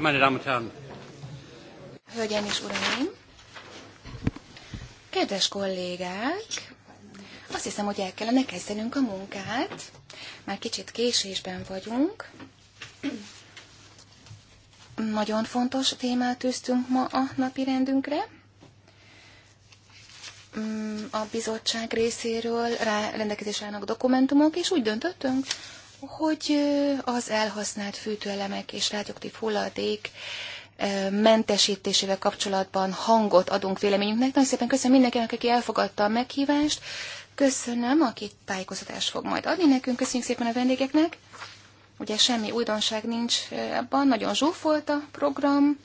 meine Damen und Herren! Hölgyeim és Uraim! Kedves kollégák! Azt hiszem, hogy el kellene kezdenünk a munkát. Már kicsit késésben vagyunk. Nagyon fontos témát tűztünk ma a napi rendünkre. Mm, a bizottság részéről rá rendelkezésre állnak dokumentumok, és úgy döntöttünk, hogy az elhasznált fűtőelemek és rádióaktív hulladék mentesítésével kapcsolatban hangot adunk véleményünknek. Nagyon szépen köszönöm mindenkinek, aki elfogadta a meghívást. Köszönöm, aki tájékoztatást fog majd adni nekünk. Köszönjük szépen a vendégeknek. Ugye semmi újdonság nincs ebben, nagyon zsúfolt a program.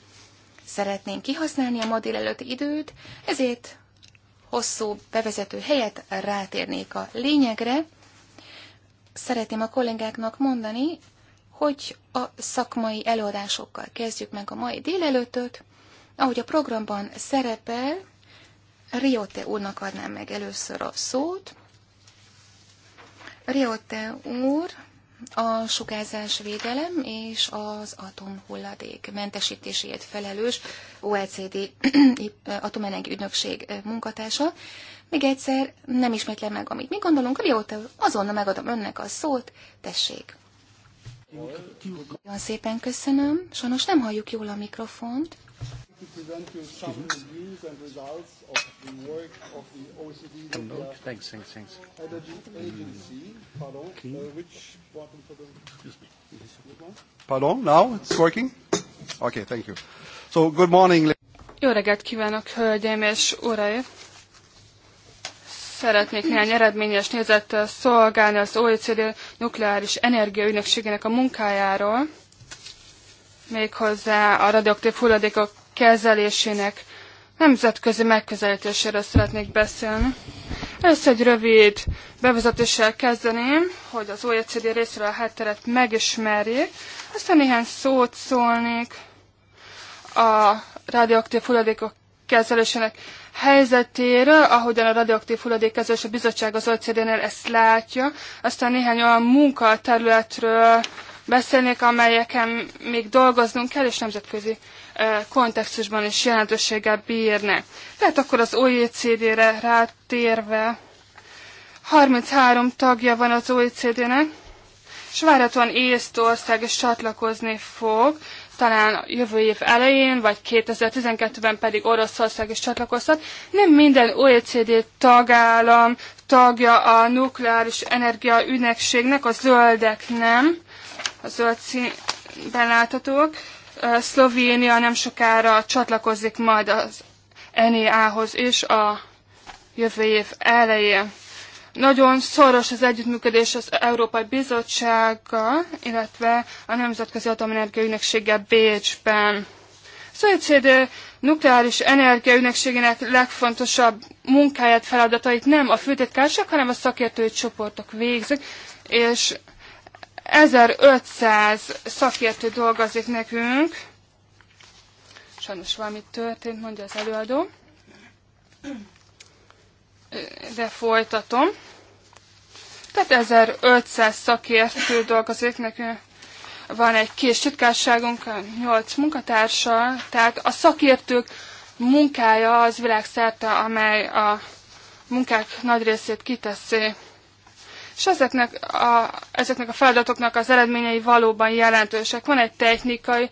Szeretnénk kihasználni a ma délelőtti időt, ezért hosszú bevezető helyet rátérnék a lényegre szeretném a kollégáknak mondani, hogy a szakmai előadásokkal kezdjük meg a mai délelőttöt. Ahogy a programban szerepel, Riote úrnak adnám meg először a szót. Riote úr a sugárzás védelem és az atomhulladék mentesítéséért felelős OECD Atomenergi Ügynökség eh, munkatársa. Még egyszer, nem ismétlem meg, amit mi gondolunk, Rióta, azonnal megadom önnek a szót, tessék. Nagyon szépen köszönöm, sajnos nem halljuk jól a mikrofont. Thanks, thanks, thanks. Pardon, now it's working? Okay, thank you. So, good morning. Jó reggelt kívánok, hölgyeim és uraim! Szeretnék néhány eredményes nézettel szolgálni az OECD nukleáris energiaügynökségének a munkájáról, méghozzá a radioaktív hulladékok kezelésének nemzetközi megközelítéséről szeretnék beszélni. Ezt egy rövid bevezetéssel kezdeném, hogy az OECD részéről a hátteret megismerjék, aztán néhány szót szólnék a radioaktív hulladékok kezelésének helyzetéről, ahogyan a radioaktív és a bizottság az OCD-nél ezt látja. Aztán néhány olyan munkaterületről beszélnék, amelyeken még dolgoznunk kell, és nemzetközi kontextusban is jelentőséggel bírnak. Tehát akkor az OECD-re rátérve 33 tagja van az OECD-nek, és várhatóan Észtország is csatlakozni fog, talán jövő év elején, vagy 2012-ben pedig Oroszország is csatlakozhat. Nem minden OECD tagállam tagja a nukleáris energia ügynökségnek, a zöldek nem, a zöld színben láthatók. Szlovénia nem sokára csatlakozik majd az NEA-hoz is a jövő év elején. Nagyon szoros az együttműködés az Európai Bizottsággal, illetve a Nemzetközi Atomenergia Ügynökséggel Bécsben. Az OECD nukleáris energiaügynökségének legfontosabb munkáját, feladatait nem a főtétkársak, hanem a szakértői csoportok végzik, és 1500 szakértő dolgozik nekünk. Sajnos valami történt, mondja az előadó de folytatom. Tehát 1500 szakértő dolgozik nekünk van egy kis titkárságunk, nyolc munkatársa, tehát a szakértők munkája az világszerte, amely a munkák nagy részét kiteszi. És ezeknek a, ezeknek a feladatoknak az eredményei valóban jelentősek. Van egy technikai,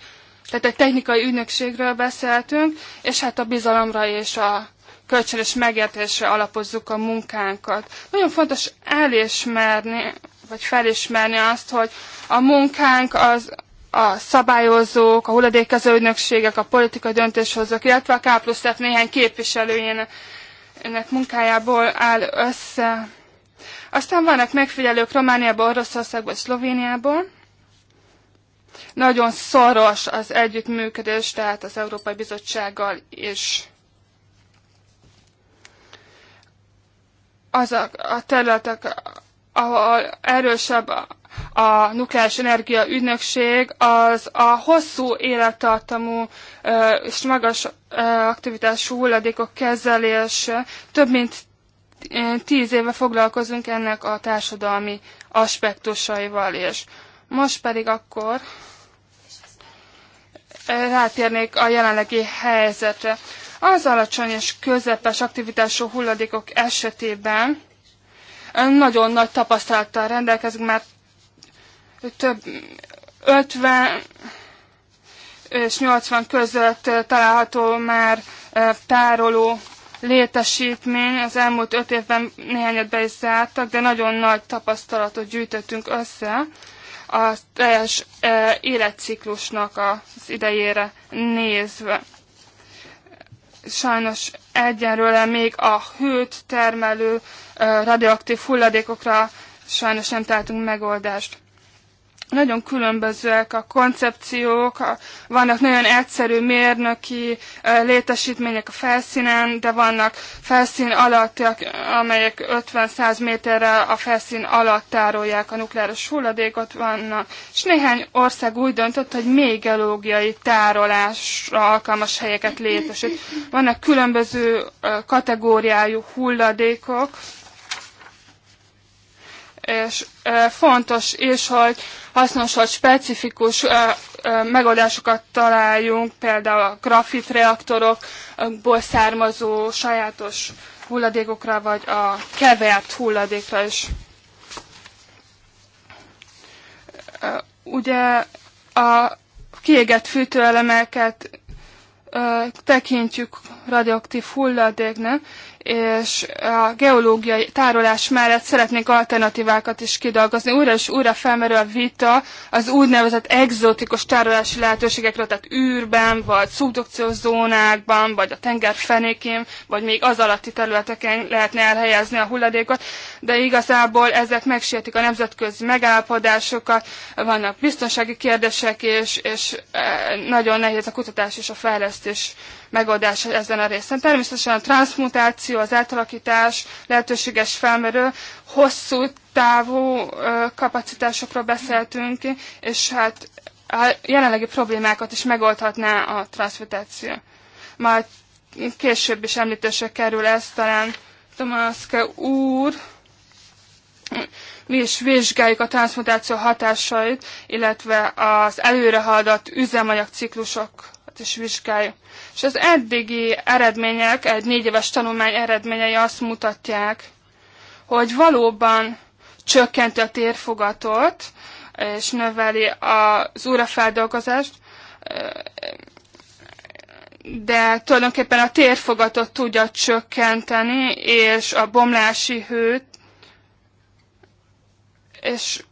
tehát egy technikai ügynökségről beszéltünk, és hát a bizalomra és a kölcsönös megértésre alapozzuk a munkánkat. Nagyon fontos elismerni, vagy felismerni azt, hogy a munkánk az a szabályozók, a hulladékező ügynökségek, a politikai döntéshozók, illetve a K plusz F néhány képviselőjének munkájából áll össze. Aztán vannak megfigyelők Romániából, Oroszországból, Szlovéniából. Nagyon szoros az együttműködés, tehát az Európai Bizottsággal is. azok a területek, ahol erősebb a nukleáris energia ügynökség, az a hosszú élettartamú és magas aktivitású hulladékok kezelése. Több mint tíz éve foglalkozunk ennek a társadalmi aspektusaival, és most pedig akkor rátérnék a jelenlegi helyzetre. Az alacsony és közepes aktivitású hulladékok esetében nagyon nagy tapasztalattal rendelkezünk, mert több 50 és 80 között található már tároló létesítmény. Az elmúlt 5 évben néhányat be is zártak, de nagyon nagy tapasztalatot gyűjtöttünk össze a teljes életciklusnak az idejére nézve sajnos egyenlőre még a hőt termelő radioaktív hulladékokra sajnos nem találtunk megoldást nagyon különbözőek a koncepciók, vannak nagyon egyszerű mérnöki létesítmények a felszínen, de vannak felszín alattiak, amelyek 50-100 méterre a felszín alatt tárolják a nukleáros hulladékot vannak, és néhány ország úgy döntött, hogy még geológiai tárolásra alkalmas helyeket létesít. Vannak különböző kategóriájú hulladékok, és fontos is, hogy hasznos, hogy specifikus megoldásokat találjunk, például a grafit reaktorokból származó sajátos hulladékokra, vagy a kevert hulladékra is. Ugye a kiégett fűtőelemeket tekintjük radioaktív hulladéknak, és a geológiai tárolás mellett szeretnék alternatívákat is kidolgozni. Újra és újra felmerül a vita az úgynevezett egzotikus tárolási lehetőségekről, tehát űrben, vagy szubdukciós zónákban, vagy a fenékén, vagy még az alatti területeken lehetne elhelyezni a hulladékot, de igazából ezek megsértik a nemzetközi megállapodásokat, vannak biztonsági kérdések, és, és eh, nagyon nehéz a kutatás és a fejlesztés megoldás ezen a részen. Természetesen a transmutáció, az átalakítás lehetőséges felmerő, hosszú távú kapacitásokról beszéltünk, és hát a jelenlegi problémákat is megoldhatná a transmutáció. Majd később is említésre kerül ez, talán Tomaszke úr, mi is vizsgáljuk a transmutáció hatásait, illetve az előrehaladott üzemanyagciklusok tanulmányokat is vizsgálja. És az eddigi eredmények, egy négy éves tanulmány eredményei azt mutatják, hogy valóban csökkenti a térfogatot, és növeli az újrafeldolgozást, de tulajdonképpen a térfogatot tudja csökkenteni, és a bomlási hőt, és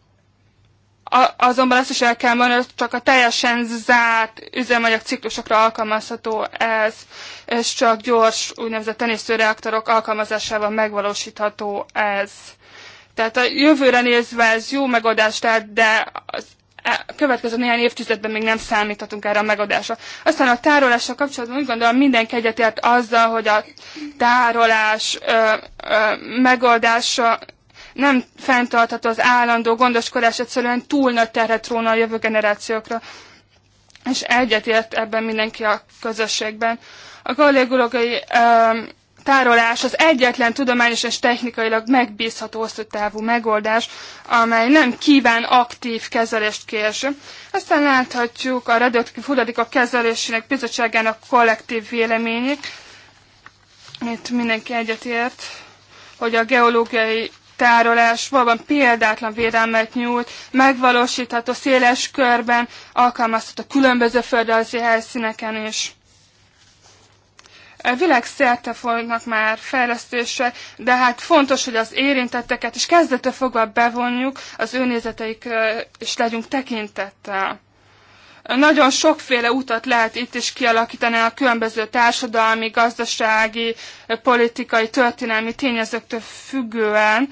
a, azonban azt is el kell mondani, hogy csak a teljesen zárt üzemanyag ciklusokra alkalmazható ez, és csak gyors úgynevezett tenyésztőreaktorok alkalmazásával megvalósítható ez. Tehát a jövőre nézve ez jó megoldás, tehát, de az a e, következő néhány évtizedben még nem számíthatunk erre a megoldásra. Aztán a tárolással kapcsolatban úgy gondolom mindenki egyetért azzal, hogy a tárolás ö, ö, megoldása nem fenntartható az állandó gondoskodás, egyszerűen túl nagy terhet róna a jövő generációkra. És egyetért ebben mindenki a közösségben. A kollégiológiai tárolás az egyetlen tudományos és technikailag megbízható hosszú távú megoldás, amely nem kíván aktív kezelést kérső. Aztán láthatjuk a radioaktív hulladékok kezelésének bizottságának kollektív véleményét. Itt mindenki egyetért, hogy a geológiai tárolás valóban példátlan védelmet nyújt, megvalósítható széles körben, alkalmazható különböző földrajzi helyszíneken is. Világszerte folynak már fejlesztésre, de hát fontos, hogy az érintetteket is kezdetől fogva bevonjuk, az ő és legyünk tekintettel. Nagyon sokféle utat lehet itt is kialakítani a különböző társadalmi, gazdasági, politikai, történelmi tényezőktől függően,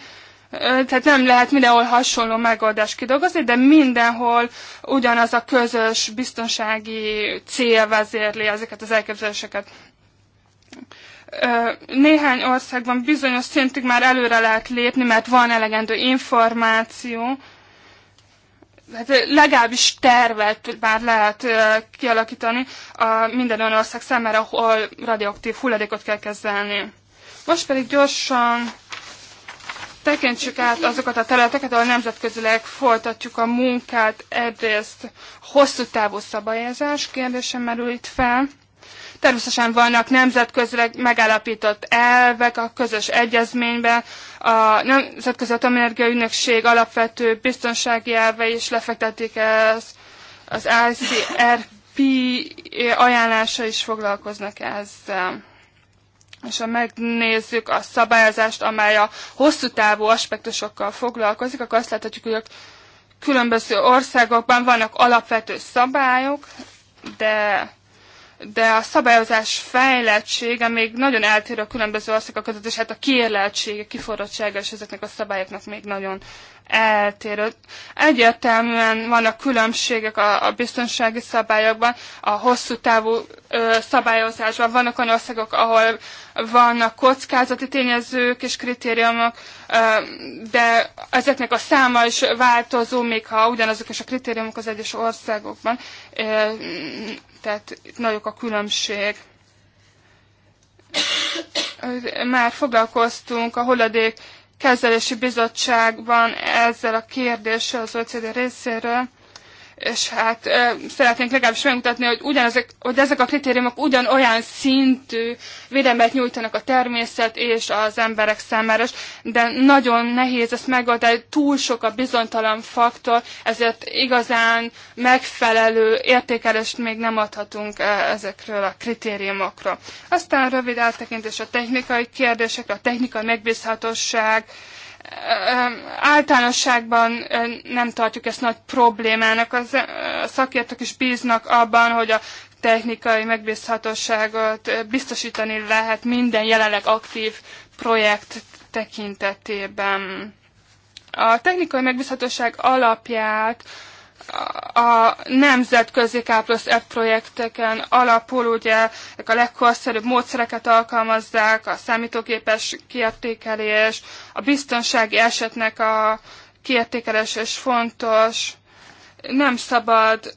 tehát nem lehet mindenhol hasonló megoldást kidolgozni, de mindenhol ugyanaz a közös biztonsági cél vezérli ezeket az elképzeléseket. Néhány országban bizonyos szintig már előre lehet lépni, mert van elegendő információ, hát legalábbis tervet már lehet kialakítani a minden olyan ország számára, ahol radioaktív hulladékot kell kezelni. Most pedig gyorsan tekintsük át azokat a területeket, ahol nemzetközileg folytatjuk a munkát, egyrészt hosszú távú szabályozás kérdése merül itt fel. Természetesen vannak nemzetközileg megállapított elvek a közös egyezményben, a Nemzetközi Atomenergia Ügynökség alapvető biztonsági elvei is lefektetik ez az ICRP ajánlása is foglalkoznak ezzel és ha megnézzük a szabályozást, amely a hosszú távú aspektusokkal foglalkozik, akkor azt láthatjuk, hogy a különböző országokban vannak alapvető szabályok, de, de a szabályozás fejlettsége még nagyon eltér a különböző országok között, és hát a kiérleltsége, kiforrottsága és ezeknek a szabályoknak még nagyon eltérő. Egyértelműen vannak különbségek a, a biztonsági szabályokban, a hosszú távú ö, szabályozásban. Vannak olyan országok, ahol vannak kockázati tényezők és kritériumok, ö, de ezeknek a száma is változó, még ha ugyanazok is a kritériumok az egyes országokban. Ö, tehát itt nagyok a különbség már foglalkoztunk a holadék kezelési bizottságban ezzel a kérdéssel az OECD részéről, és hát szeretnénk legalábbis megmutatni, hogy, ugyanezek, hogy ezek a kritériumok ugyanolyan szintű védelmet nyújtanak a természet és az emberek számára, de nagyon nehéz ezt megoldani, túl sok a bizonytalan faktor, ezért igazán megfelelő értékelést még nem adhatunk ezekről a kritériumokról. Aztán rövid áttekintés a technikai kérdésekre, a technikai megbízhatóság, általánosságban nem tartjuk ezt nagy problémának. Az, a szakértők is bíznak abban, hogy a technikai megbízhatóságot biztosítani lehet minden jelenleg aktív projekt tekintetében. A technikai megbízhatóság alapját a nemzetközi K plusz F projekteken alapul, ugye a legkorszerűbb módszereket alkalmazzák, a számítógépes kiértékelés, a biztonsági esetnek a kiértékelés és fontos, nem szabad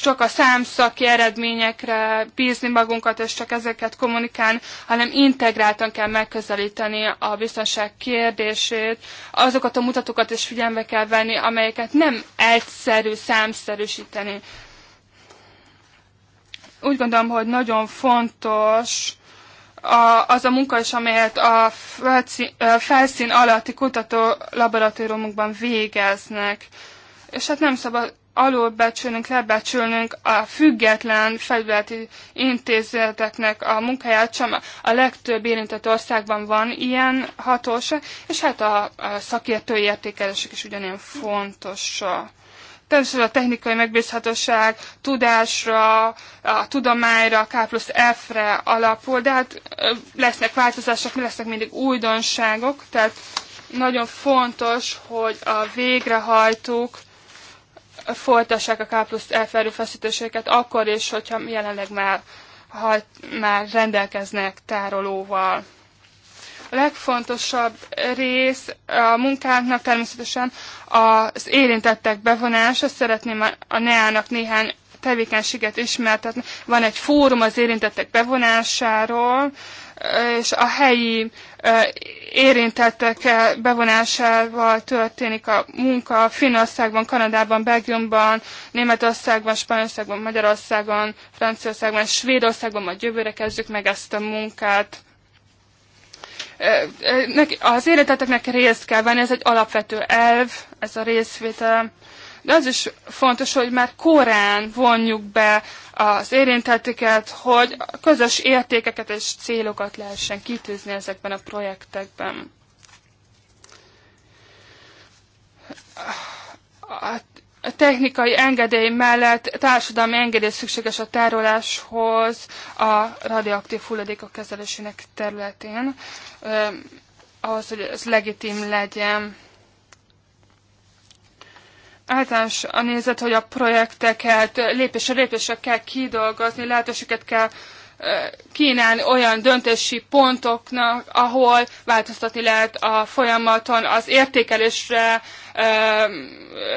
csak a számszaki eredményekre bízni magunkat, és csak ezeket kommunikálni, hanem integráltan kell megközelíteni a biztonság kérdését, azokat a mutatókat is figyelme kell venni, amelyeket nem egyszerű számszerűsíteni. Úgy gondolom, hogy nagyon fontos, a, az a munka is, amelyet a felszín, felszín alatti kutató laboratóriumokban végeznek. És hát nem szabad alulbecsülnünk, lebecsülnünk a független felületi intézeteknek a munkáját, sem a legtöbb érintett országban van ilyen hatóság, és hát a, a szakértői értékelések is ugyanilyen fontos. Természetesen a technikai megbízhatóság tudásra, a tudományra, a K plusz F-re alapul, de hát lesznek változások, lesznek mindig újdonságok, tehát nagyon fontos, hogy a végrehajtók folytassák a K plusz elfelelő feszítéseket akkor is, hogyha jelenleg már, ha, már rendelkeznek tárolóval. A legfontosabb rész a munkánknak természetesen az érintettek bevonása. Szeretném a NEA-nak néhány tevékenységet ismertetni. Van egy fórum az érintettek bevonásáról, és a helyi érintettek e bevonásával történik a munka Finnországban, Kanadában, Belgiumban, Németországban, Spanyolországban, Magyarországon, Franciaországban, Svédországban, majd jövőre kezdjük meg ezt a munkát. Az érintetteknek részt kell venni, ez egy alapvető elv, ez a részvétel de az is fontos, hogy már korán vonjuk be az érintetteket, hogy közös értékeket és célokat lehessen kitűzni ezekben a projektekben. A technikai engedély mellett társadalmi engedély szükséges a tároláshoz a radioaktív hulladékok kezelésének területén, eh, ahhoz, hogy ez legitim legyen általános a nézet, hogy a projekteket lépésre lépésre kell kidolgozni, lehetőséget kell kínálni olyan döntési pontoknak, ahol változtatni lehet a folyamaton, az értékelésre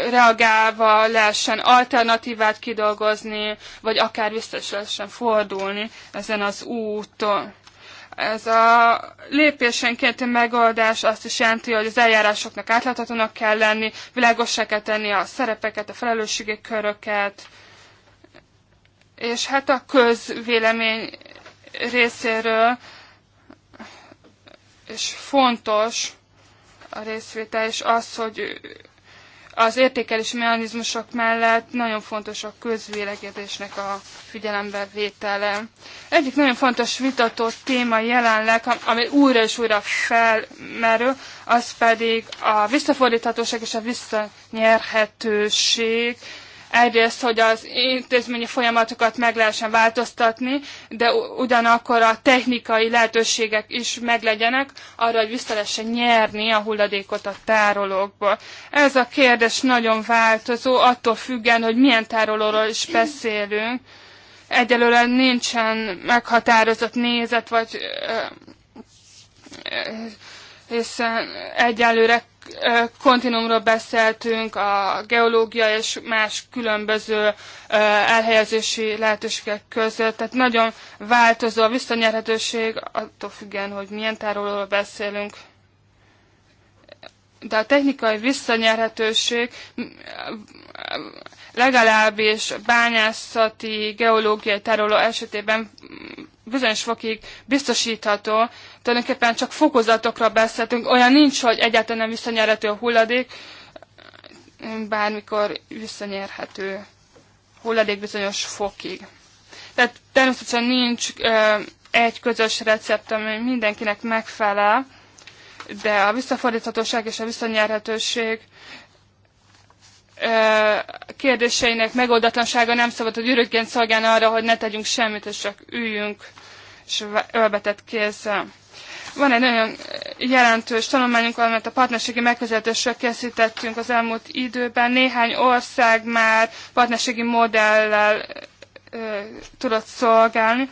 reagálva lehessen alternatívát kidolgozni, vagy akár vissza is lehessen fordulni ezen az úton. Ez a lépésenkénti megoldás azt is jelenti, hogy az eljárásoknak átláthatónak kell lenni, világossá kell tenni a szerepeket, a felelősségi köröket, és hát a közvélemény részéről és fontos a részvétel, és az, hogy az értékelési mechanizmusok mellett nagyon fontos a közvélekedésnek a figyelembe vétele. Egyik nagyon fontos vitatott téma jelenleg, ami újra és újra felmerül, az pedig a visszafordíthatóság és a visszanyerhetőség, egyrészt, hogy az intézményi folyamatokat meg lehessen változtatni, de ugyanakkor a technikai lehetőségek is meglegyenek arra, hogy vissza lehessen nyerni a hulladékot a tárolókból. Ez a kérdés nagyon változó, attól függően, hogy milyen tárolóról is beszélünk. Egyelőre nincsen meghatározott nézet, vagy hiszen egyelőre kontinumról beszéltünk, a geológia és más különböző elhelyezési lehetőségek között, tehát nagyon változó a visszanyerhetőség, attól függően, hogy milyen tárolóról beszélünk. De a technikai visszanyerhetőség legalábbis bányászati, geológiai tároló esetében bizonyos fokig biztosítható, tulajdonképpen csak fokozatokra beszéltünk, olyan nincs, hogy egyáltalán nem visszanyerhető a hulladék, bármikor visszanyerhető hulladék bizonyos fokig. Tehát természetesen nincs ö, egy közös recept, ami mindenkinek megfelel, de a visszafordíthatóság és a visszanyerhetőség ö, kérdéseinek megoldatlansága nem szabad, hogy ürökként szolgálna arra, hogy ne tegyünk semmit, és csak üljünk és ölbetett kézzel. Van egy nagyon jelentős tanulmányunk, amit a partnerségi megközelítésről készítettünk az elmúlt időben. Néhány ország már partnerségi modellel ö, tudott szolgálni.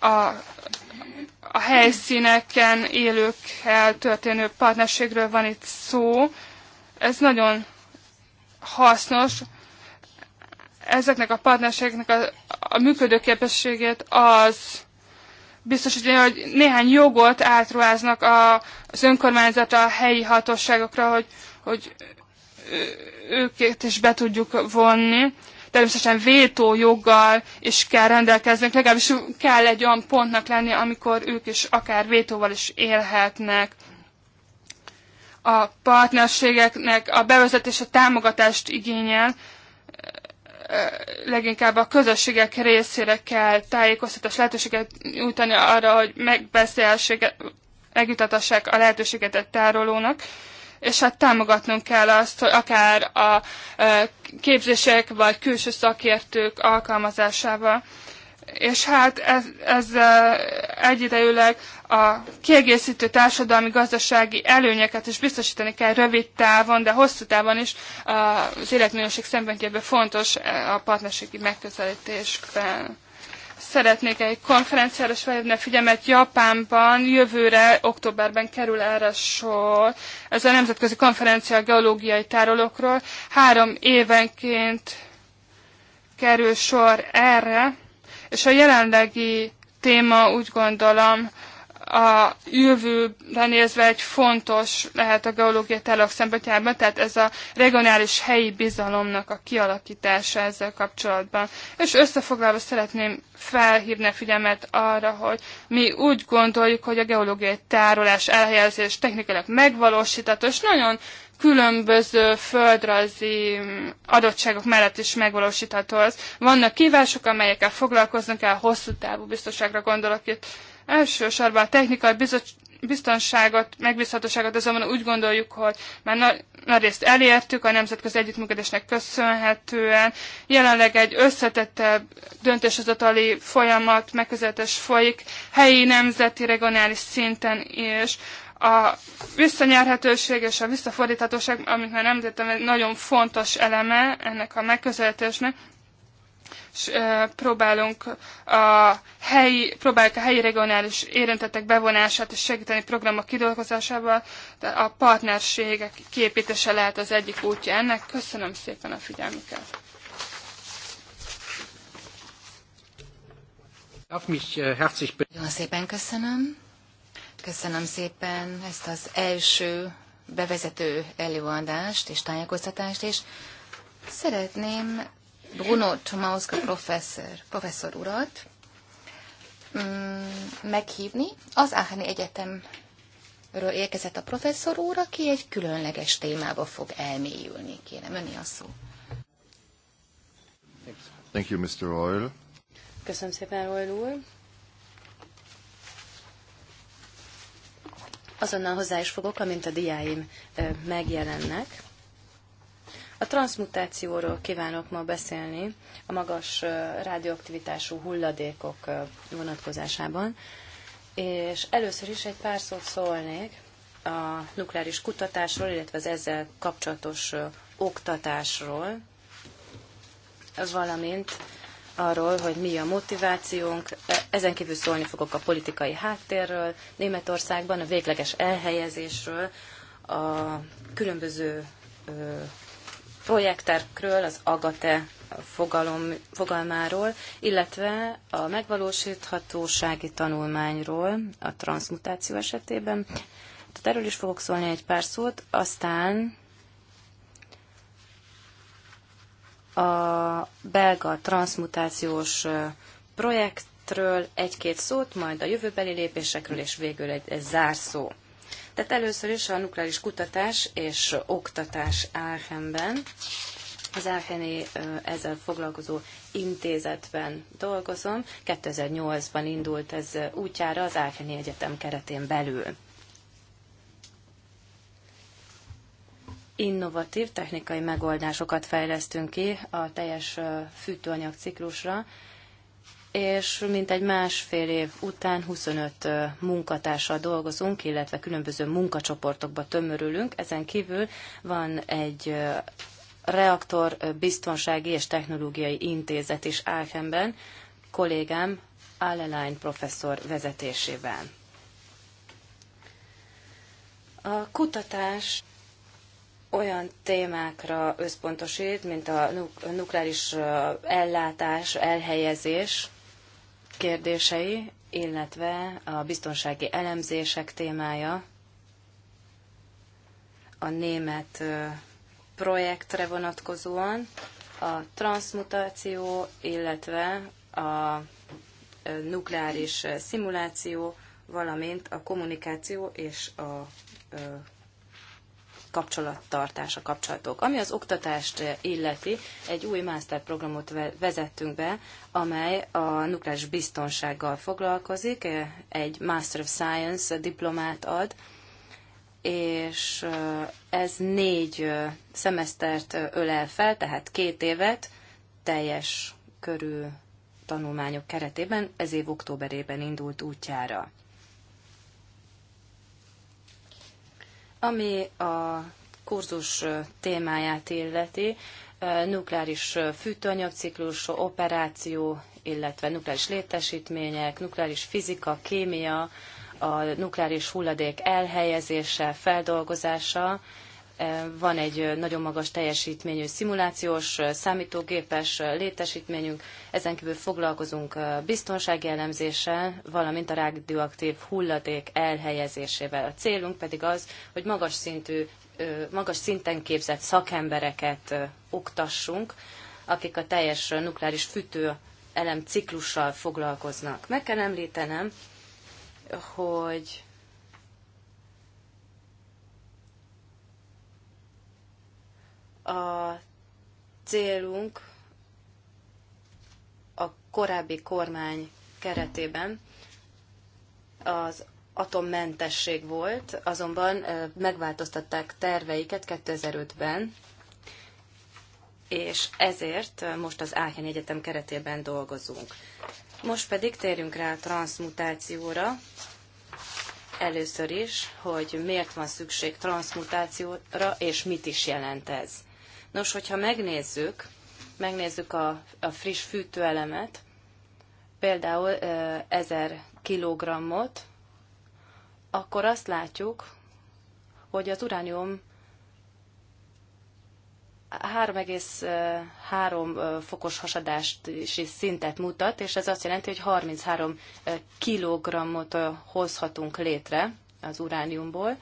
A, a helyszíneken élőkkel történő partnerségről van itt szó. Ez nagyon hasznos. Ezeknek a partnerségnek a, a működőképességét az Biztos, hogy néhány jogot átruháznak a, az önkormányzat a helyi hatóságokra, hogy, hogy őket is be tudjuk vonni. Természetesen vétó joggal is kell rendelkeznek, legalábbis kell egy olyan pontnak lenni, amikor ők is akár vétóval is élhetnek. A partnerségeknek a bevezetése támogatást igényel, leginkább a közösségek részére kell tájékoztatás lehetőséget nyújtani arra, hogy megbeszélhessék, megütatassák a lehetőséget egy tárolónak, és hát támogatnunk kell azt, hogy akár a képzések vagy külső szakértők alkalmazásával és hát ez, ezzel egyidejűleg a kiegészítő társadalmi-gazdasági előnyeket is biztosítani kell rövid távon, de hosszú távon is az életminőség szempontjából fontos a partnerségi megközelítésben. Szeretnék egy konferenciára is a figyelmet Japánban, jövőre, októberben kerül erre sor. Ez a nemzetközi konferencia a geológiai tárolókról. Három évenként kerül sor erre és a jelenlegi téma úgy gondolom a jövőben nézve egy fontos lehet a geológiai tárolók szempontjában, tehát ez a regionális helyi bizalomnak a kialakítása ezzel kapcsolatban. És összefoglalva szeretném felhívni a figyelmet arra, hogy mi úgy gondoljuk, hogy a geológiai tárolás elhelyezés technikailag megvalósítható, és nagyon különböző földrajzi adottságok mellett is megvalósítható az. Vannak kívások, amelyekkel foglalkozni kell, hosszú távú biztonságra gondolok itt. Elsősorban a technikai biztonságot, megbízhatóságot azonban úgy gondoljuk, hogy már nagy részt elértük a nemzetközi együttműködésnek köszönhetően. Jelenleg egy összetettebb döntéshozatali folyamat megközelítés folyik helyi, nemzeti, regionális szinten is a visszanyerhetőség és a visszafordíthatóság, amit már említettem, egy nagyon fontos eleme ennek a megközelítésnek, és e, próbálunk a helyi, próbáljuk a helyi regionális érintettek bevonását és segíteni programok kidolgozásával, de a partnerségek képítése lehet az egyik útja ennek. Köszönöm szépen a figyelmüket! Äh, nagyon szépen köszönöm. Köszönöm szépen ezt az első bevezető előadást és tájékoztatást, és szeretném Bruno Tomauska professzor, professzor urat mm, meghívni. Az Áhani Egyetemről érkezett a professzor úr, aki egy különleges témába fog elmélyülni. Kérem, öni a szó. Thank you, Mr. Royal. Köszönöm szépen, Royal úr. azonnal hozzá is fogok, amint a diáim megjelennek. A transmutációról kívánok ma beszélni a magas radioaktivitású hulladékok vonatkozásában, és először is egy pár szót szólnék a nukleáris kutatásról, illetve az ezzel kapcsolatos oktatásról, valamint arról, hogy mi a motivációnk. E, ezen kívül szólni fogok a politikai háttérről, Németországban a végleges elhelyezésről, a különböző projektekről, az agate fogalom, fogalmáról, illetve a megvalósíthatósági tanulmányról a transmutáció esetében. Tehát erről is fogok szólni egy pár szót, aztán a belga transmutációs projektről egy-két szót, majd a jövőbeli lépésekről, és végül egy, egy zárszó. Tehát először is a nukleáris kutatás és oktatás Áhenben, az Áheni ezzel foglalkozó intézetben dolgozom. 2008-ban indult ez útjára az Áheni Egyetem keretén belül. innovatív technikai megoldásokat fejlesztünk ki a teljes fűtőanyagciklusra, és és mintegy másfél év után 25 munkatársal dolgozunk, illetve különböző munkacsoportokba tömörülünk. Ezen kívül van egy reaktor biztonsági és technológiai intézet is Áchenben, kollégám Allelein professzor vezetésében. A kutatás olyan témákra összpontosít, mint a nukleáris ellátás, elhelyezés kérdései, illetve a biztonsági elemzések témája, a német projektre vonatkozóan, a transmutáció, illetve a nukleáris szimuláció, valamint a kommunikáció és a kapcsolattartás, a kapcsolatok. Ami az oktatást illeti, egy új masterprogramot vezettünk be, amely a nukleáris biztonsággal foglalkozik, egy Master of Science diplomát ad, és ez négy szemesztert ölel fel, tehát két évet teljes körű tanulmányok keretében, ez év októberében indult útjára. Ami a kurzus témáját illeti, nukleáris fűtőanyagciklus, operáció, illetve nukleáris létesítmények, nukleáris fizika, kémia, a nukleáris hulladék elhelyezése, feldolgozása, van egy nagyon magas teljesítményű szimulációs, számítógépes létesítményünk, ezen kívül foglalkozunk biztonsági elemzéssel, valamint a rádióaktív hulladék elhelyezésével. A célunk pedig az, hogy magas szintű, magas szinten képzett szakembereket oktassunk, akik a teljes nukleáris fűtő elem ciklussal foglalkoznak. Meg kell említenem, hogy A célunk a korábbi kormány keretében az atommentesség volt, azonban megváltoztatták terveiket 2005-ben, és ezért most az Aachen Egyetem keretében dolgozunk. Most pedig térjünk rá a transmutációra. Először is, hogy miért van szükség transmutációra, és mit is jelent ez. Nos, hogyha megnézzük, megnézzük a, a friss fűtőelemet, például 1000 kilogrammot, akkor azt látjuk, hogy az uránium 3,3 fokos hasadási szintet mutat, és ez azt jelenti, hogy 33 kilogrammot hozhatunk létre az urániumból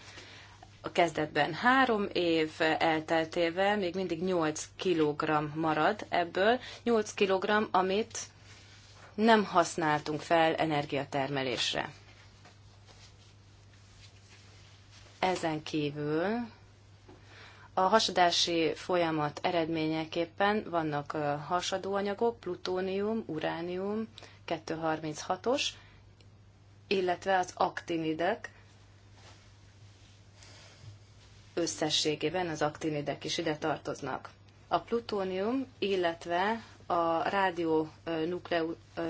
a kezdetben három év elteltével még mindig 8 kg marad ebből, 8 kg, amit nem használtunk fel energiatermelésre. Ezen kívül a hasadási folyamat eredményeképpen vannak hasadóanyagok, plutónium, uránium, 236-os, illetve az aktinidek, összességében az aktinidek is ide tartoznak. A plutónium, illetve a rádió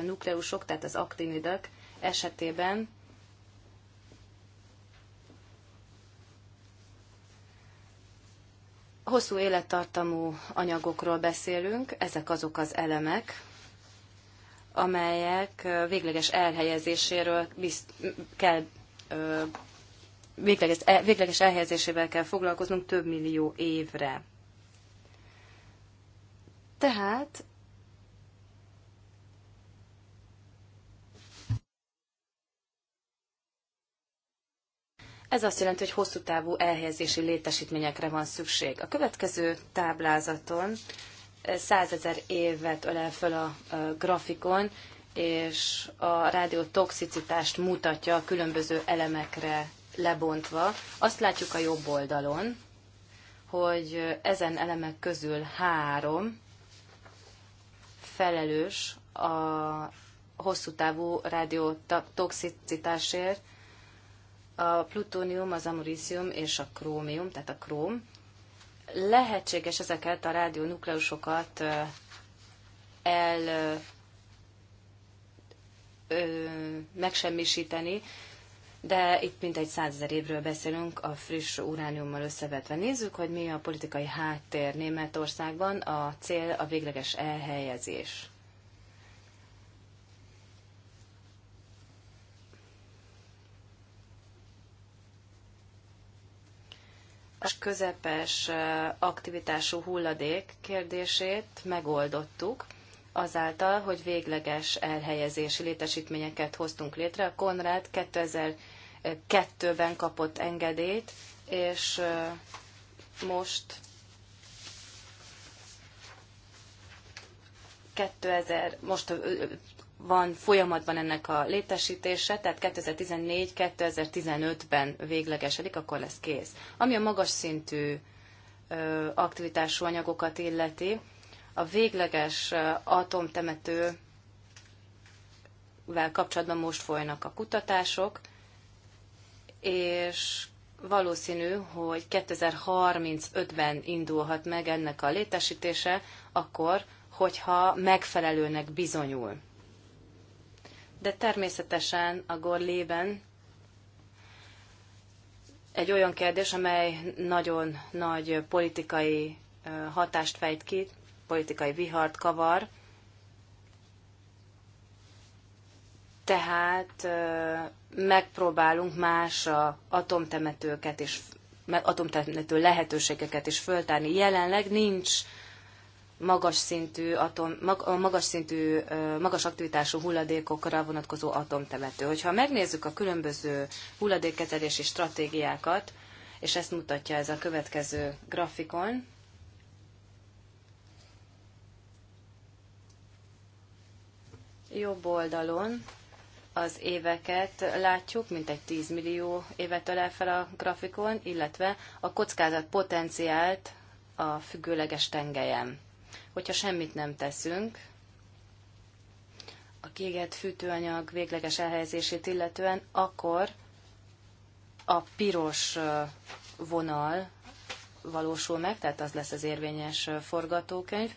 nukleusok, tehát az aktinidek esetében hosszú élettartamú anyagokról beszélünk, ezek azok az elemek, amelyek végleges elhelyezéséről bizt- kell végleges, e, végleges elhelyezésével kell foglalkoznunk több millió évre. Tehát Ez azt jelenti, hogy hosszú távú elhelyezési létesítményekre van szükség. A következő táblázaton 100 eh, évet ölel fel a eh, grafikon, és a rádió toxicitást mutatja a különböző elemekre lebontva, azt látjuk a jobb oldalon, hogy ezen elemek közül három felelős a hosszú távú radiotoxicitásért, a plutónium, az amurícium és a krómium, tehát a króm. Lehetséges ezeket a rádionukleusokat el ö, megsemmisíteni, de itt mintegy százezer évről beszélünk a friss urániummal összevetve. Nézzük, hogy mi a politikai háttér Németországban, a cél a végleges elhelyezés. A közepes aktivitású hulladék kérdését megoldottuk, azáltal, hogy végleges elhelyezési létesítményeket hoztunk létre. A Konrád 2002-ben kapott engedélyt, és most 2000, most van folyamatban ennek a létesítése, tehát 2014-2015-ben véglegesedik, akkor lesz kész. Ami a magas szintű aktivitású anyagokat illeti, a végleges atomtemetővel kapcsolatban most folynak a kutatások, és valószínű, hogy 2035-ben indulhat meg ennek a létesítése, akkor, hogyha megfelelőnek bizonyul. De természetesen a Gorlében egy olyan kérdés, amely nagyon nagy politikai hatást fejt ki, politikai vihart kavar. Tehát megpróbálunk más a atomtemetőket és atomtemető lehetőségeket is föltárni. Jelenleg nincs magas szintű, atom, mag, magas, szintű magas aktivitású hulladékokra vonatkozó atomtemető. Hogyha megnézzük a különböző hulladékkezelési stratégiákat, és ezt mutatja ez a következő grafikon, jobb oldalon az éveket látjuk, mint egy 10 millió évet talál fel a grafikon, illetve a kockázat potenciált a függőleges tengelyen. Hogyha semmit nem teszünk, a kiégett fűtőanyag végleges elhelyezését illetően, akkor a piros vonal valósul meg, tehát az lesz az érvényes forgatókönyv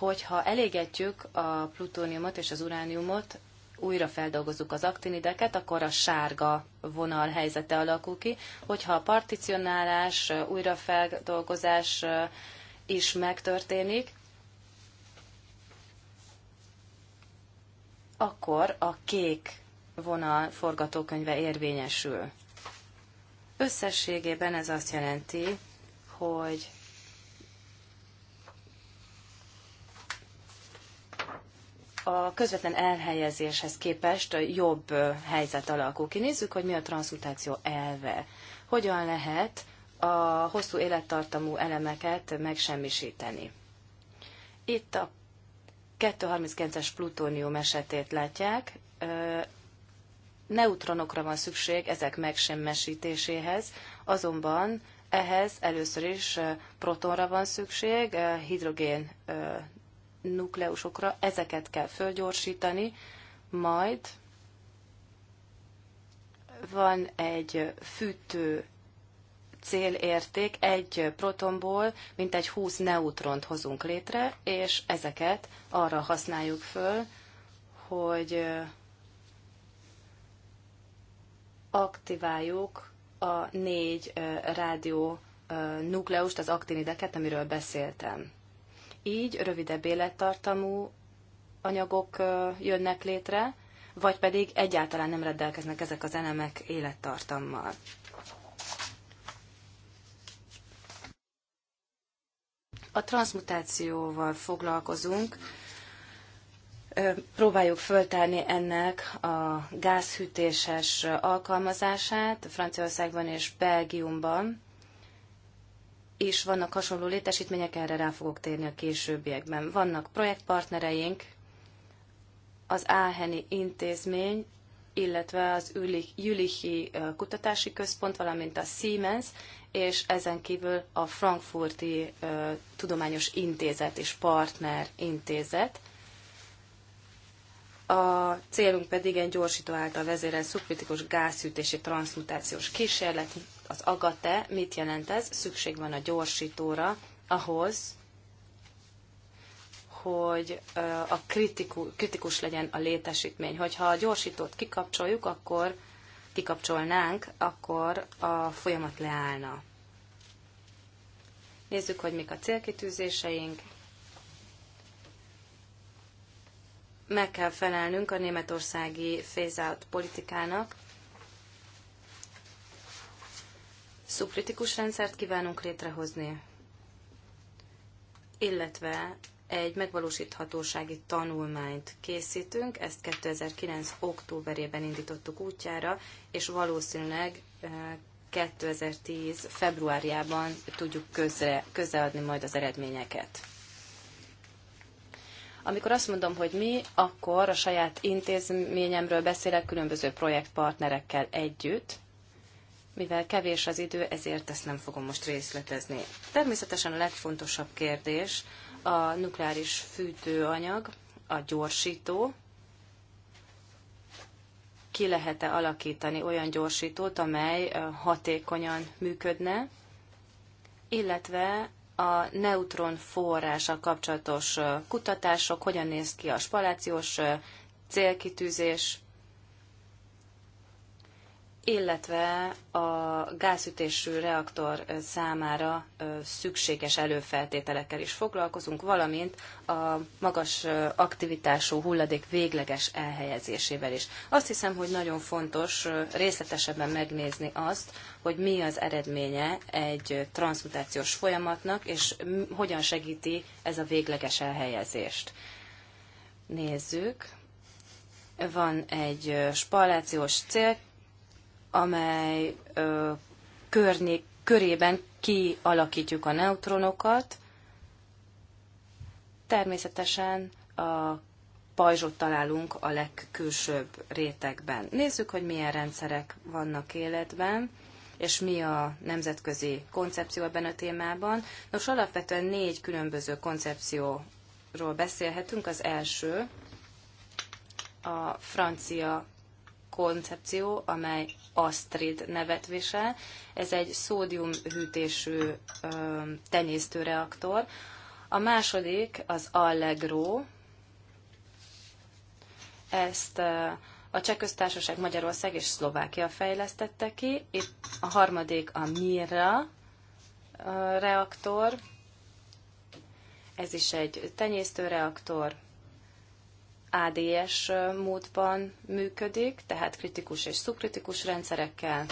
hogyha elégetjük a plutóniumot és az urániumot, újra feldolgozzuk az aktinideket, akkor a sárga vonal helyzete alakul ki. Hogyha a particionálás, újrafeldolgozás is megtörténik, akkor a kék vonal forgatókönyve érvényesül. Összességében ez azt jelenti, hogy a közvetlen elhelyezéshez képest jobb helyzet alakul ki. Nézzük, hogy mi a transzutáció elve. Hogyan lehet a hosszú élettartamú elemeket megsemmisíteni. Itt a 239-es plutónium esetét látják. Neutronokra van szükség ezek megsemmisítéséhez, azonban ehhez először is protonra van szükség, hidrogén nukleusokra, ezeket kell fölgyorsítani, majd van egy fűtő célérték, egy protonból mintegy 20 neutront hozunk létre, és ezeket arra használjuk föl, hogy aktiváljuk a négy rádió nukleust, az aktinideket, amiről beszéltem így rövidebb élettartamú anyagok jönnek létre, vagy pedig egyáltalán nem rendelkeznek ezek az elemek élettartammal. A transmutációval foglalkozunk, próbáljuk föltárni ennek a gázhűtéses alkalmazását Franciaországban és Belgiumban is vannak hasonló létesítmények, erre rá fogok térni a későbbiekben. Vannak projektpartnereink, az Áheni Intézmény, illetve az Jülichi Kutatási Központ, valamint a Siemens, és ezen kívül a Frankfurti Tudományos Intézet és Partner Intézet a célunk pedig egy gyorsító által vezérelt szubkritikus gázszűtési transzmutációs kísérlet, az agate, mit jelent ez? Szükség van a gyorsítóra ahhoz, hogy a kritikus, kritikus legyen a létesítmény. Hogyha a gyorsítót kikapcsoljuk, akkor kikapcsolnánk, akkor a folyamat leállna. Nézzük, hogy mik a célkitűzéseink. meg kell felelnünk a németországi phase-out politikának. Szubkritikus rendszert kívánunk létrehozni, illetve egy megvalósíthatósági tanulmányt készítünk, ezt 2009. októberében indítottuk útjára, és valószínűleg 2010. Eh, februárjában tudjuk közre, közreadni majd az eredményeket. Amikor azt mondom, hogy mi, akkor a saját intézményemről beszélek különböző projektpartnerekkel együtt, mivel kevés az idő, ezért ezt nem fogom most részletezni. Természetesen a legfontosabb kérdés a nukleáris fűtőanyag, a gyorsító. Ki lehet-e alakítani olyan gyorsítót, amely hatékonyan működne, illetve a neutron forrása kapcsolatos kutatások, hogyan néz ki a spalációs célkitűzés, illetve a gázütésű reaktor számára szükséges előfeltételekkel is foglalkozunk, valamint a magas aktivitású hulladék végleges elhelyezésével is. Azt hiszem, hogy nagyon fontos részletesebben megnézni azt, hogy mi az eredménye egy transmutációs folyamatnak, és hogyan segíti ez a végleges elhelyezést. Nézzük. Van egy spallációs cél, amely ö, körné, körében kialakítjuk a neutronokat. Természetesen a pajzsot találunk a legkülsőbb rétegben. Nézzük, hogy milyen rendszerek vannak életben, és mi a nemzetközi koncepció ebben a témában. Nos, alapvetően négy különböző koncepcióról beszélhetünk. Az első a francia koncepció, amely Astrid nevet visel. Ez egy szódiumhűtésű tenyésztőreaktor. A második az Allegro. Ezt a Cseh Köztársaság, Magyarország és Szlovákia fejlesztette ki. Itt a harmadik a Mira reaktor. Ez is egy tenyésztőreaktor. reaktor ADS módban működik, tehát kritikus és szubkritikus rendszerekkel.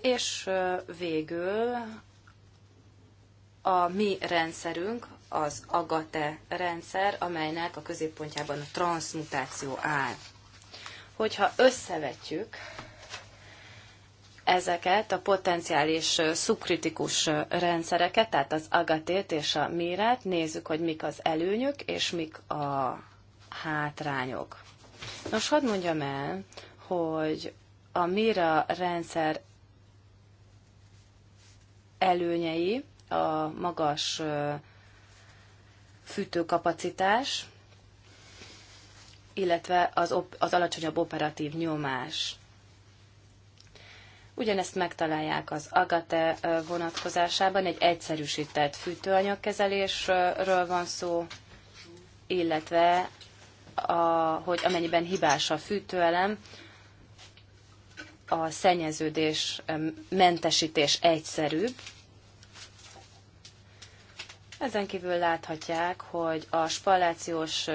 És végül a mi rendszerünk az Agate rendszer, amelynek a középpontjában a transmutáció áll. Hogyha összevetjük ezeket a potenciális szubkritikus rendszereket, tehát az agatét és a mérát, nézzük, hogy mik az előnyök és mik a hátrányok. Nos, hadd mondjam el, hogy a MIRA rendszer előnyei a magas fűtőkapacitás, illetve az, az alacsonyabb operatív nyomás. Ugyanezt megtalálják az Agate vonatkozásában, egy egyszerűsített fűtőanyagkezelésről van szó, illetve a, hogy amennyiben hibás a fűtőelem, a szennyeződés mentesítés egyszerűbb. Ezen kívül láthatják, hogy a spallációs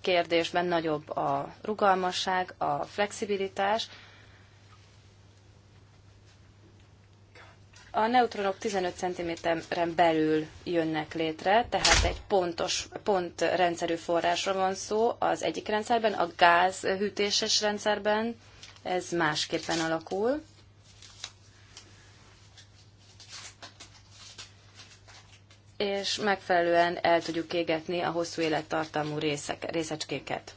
kérdésben nagyobb a rugalmasság, a flexibilitás, a neutronok 15 cm-en belül jönnek létre, tehát egy pontos, pontrendszerű forrásra van szó az egyik rendszerben, a gáz hűtéses rendszerben ez másképpen alakul. és megfelelően el tudjuk égetni a hosszú élettartamú részek, részecskéket.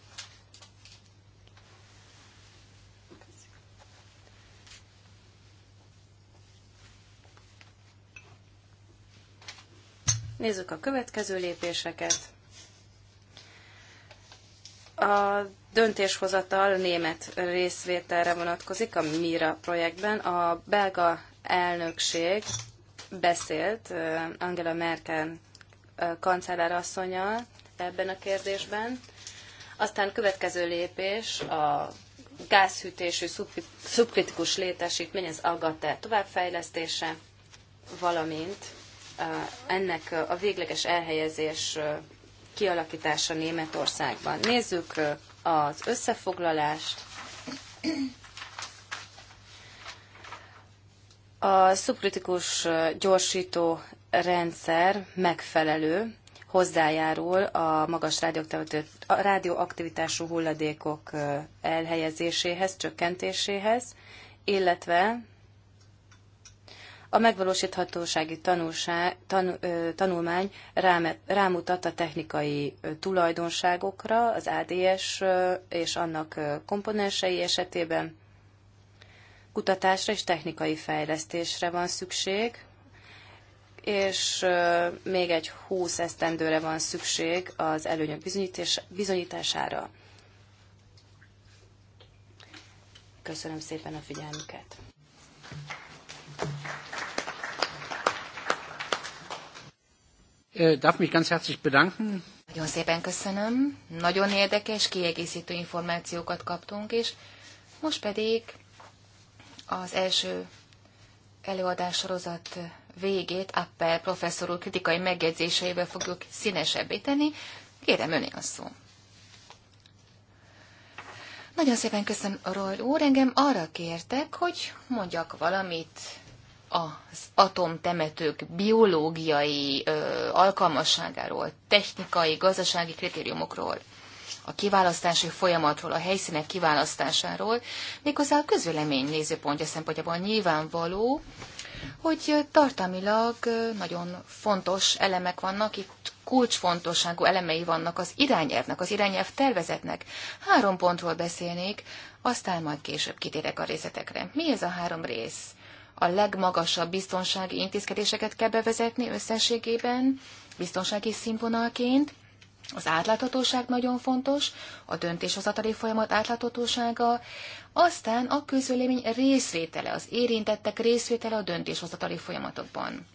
Nézzük a következő lépéseket. A döntéshozatal német részvételre vonatkozik a MIRA projektben. A belga elnökség beszélt Angela Merkel kancellárasszonyjal ebben a kérdésben. Aztán következő lépés a gázhűtésű szubkritikus létesítmény, az Agate továbbfejlesztése, valamint ennek a végleges elhelyezés kialakítása Németországban. Nézzük az összefoglalást. A szubkritikus gyorsító rendszer megfelelő, hozzájárul a magas rádióaktivitású hulladékok elhelyezéséhez, csökkentéséhez, illetve a megvalósíthatósági tan, ö, tanulmány rám, rámutat a technikai ö, tulajdonságokra az ADS ö, és annak ö, komponensei esetében. Kutatásra és technikai fejlesztésre van szükség, és ö, még egy húsz esztendőre van szükség az előnyök bizonyítására. Köszönöm szépen a figyelmüket! Äh, darf mich ganz herzlich bedanken. Nagyon szépen köszönöm. Nagyon érdekes, kiegészítő információkat kaptunk, és most pedig az első előadás sorozat végét Appel professzor úr kritikai megjegyzéseivel fogjuk színesebbé tenni. Kérem, öné a szó. Nagyon szépen köszönöm, Roy úr. Engem arra kértek, hogy mondjak valamit az atomtemetők biológiai ö, alkalmasságáról, technikai, gazdasági kritériumokról, a kiválasztási folyamatról, a helyszínek kiválasztásáról, méghozzá a közvélemény nézőpontja szempontjából nyilvánvaló, hogy tartalmilag nagyon fontos elemek vannak, itt kulcsfontosságú elemei vannak az irányelvnek, az irányelv tervezetnek. Három pontról beszélnék, aztán majd később kitérek a részletekre. Mi ez a három rész? a legmagasabb biztonsági intézkedéseket kell bevezetni összességében, biztonsági színvonalként. Az átláthatóság nagyon fontos, a döntéshozatali folyamat átláthatósága, aztán a közvélemény részvétele, az érintettek részvétele a döntéshozatali folyamatokban.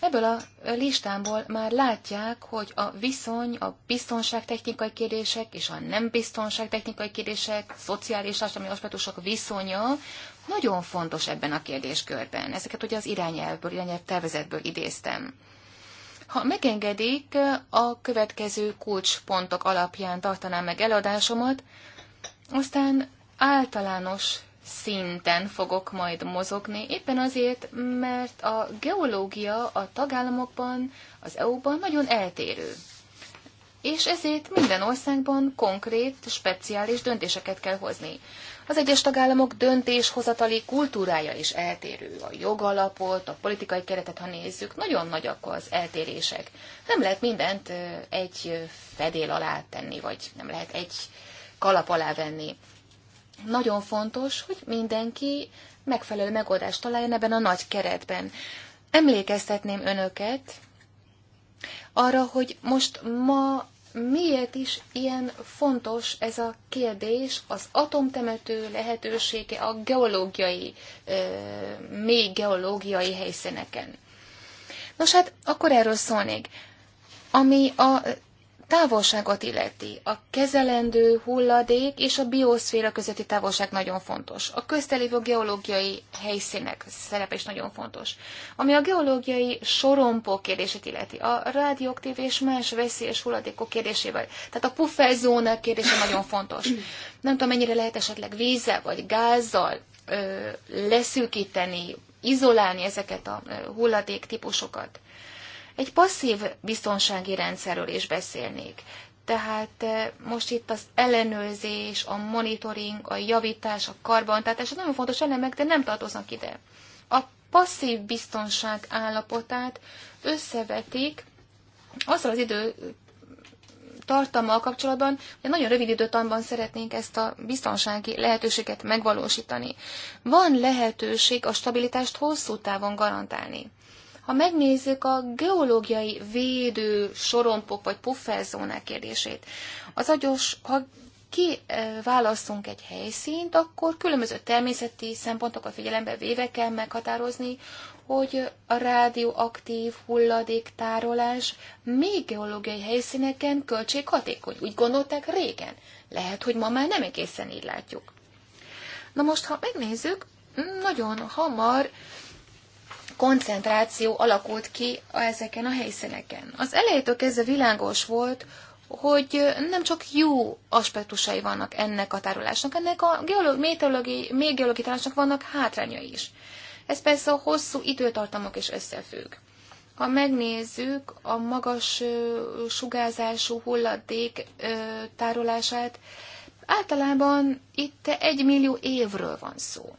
Ebből a listámból már látják, hogy a viszony, a biztonságtechnikai kérdések és a nem biztonságtechnikai kérdések, szociális társadalmi aspektusok viszonya nagyon fontos ebben a kérdéskörben. Ezeket ugye az irányelvből, irányelv tervezetből idéztem. Ha megengedik, a következő kulcspontok alapján tartanám meg előadásomat, aztán általános szinten fogok majd mozogni, éppen azért, mert a geológia a tagállamokban, az EU-ban nagyon eltérő. És ezért minden országban konkrét, speciális döntéseket kell hozni. Az egyes tagállamok döntéshozatali kultúrája is eltérő. A jogalapot, a politikai keretet, ha nézzük, nagyon nagyak az eltérések. Nem lehet mindent egy fedél alá tenni, vagy nem lehet egy kalap alá venni. Nagyon fontos, hogy mindenki megfelelő megoldást találjon ebben a nagy keretben. Emlékeztetném önöket arra, hogy most ma miért is ilyen fontos ez a kérdés, az atomtemető lehetősége a geológiai, még geológiai helyszíneken. Nos hát, akkor erről szólnék. Ami a távolságot illeti. A kezelendő hulladék és a bioszféra közötti távolság nagyon fontos. A köztelévő geológiai helyszínek szerepe is nagyon fontos. Ami a geológiai sorompó kérdését illeti, a rádióaktív és más veszélyes hulladékok kérdésével, tehát a puffelzóna kérdése nagyon fontos. Nem tudom, mennyire lehet esetleg vízzel vagy gázzal ö, leszűkíteni, izolálni ezeket a hulladék típusokat egy passzív biztonsági rendszerről is beszélnék. Tehát eh, most itt az ellenőrzés, a monitoring, a javítás, a karbantartás, nagyon fontos elemek, de nem tartoznak ide. A passzív biztonság állapotát összevetik azzal az idő tartalmal kapcsolatban, hogy nagyon rövid időtanban szeretnénk ezt a biztonsági lehetőséget megvalósítani. Van lehetőség a stabilitást hosszú távon garantálni. Ha megnézzük a geológiai védő sorompok vagy pufferzónák kérdését, az agyos, ha kiválasztunk eh, egy helyszínt, akkor különböző természeti szempontokat figyelembe véve kell meghatározni, hogy a rádióaktív hulladéktárolás még geológiai helyszíneken költséghatékony. Úgy gondolták régen. Lehet, hogy ma már nem egészen így látjuk. Na most, ha megnézzük, nagyon hamar koncentráció alakult ki ezeken a helyszíneken. Az elejétől kezdve világos volt, hogy nem csak jó aspektusai vannak ennek a tárolásnak, ennek a még geológiai tárolásnak vannak hátrányai is. Ez persze a hosszú időtartamok is összefügg. Ha megnézzük a magas sugárzású hulladék tárolását, általában itt egy millió évről van szó.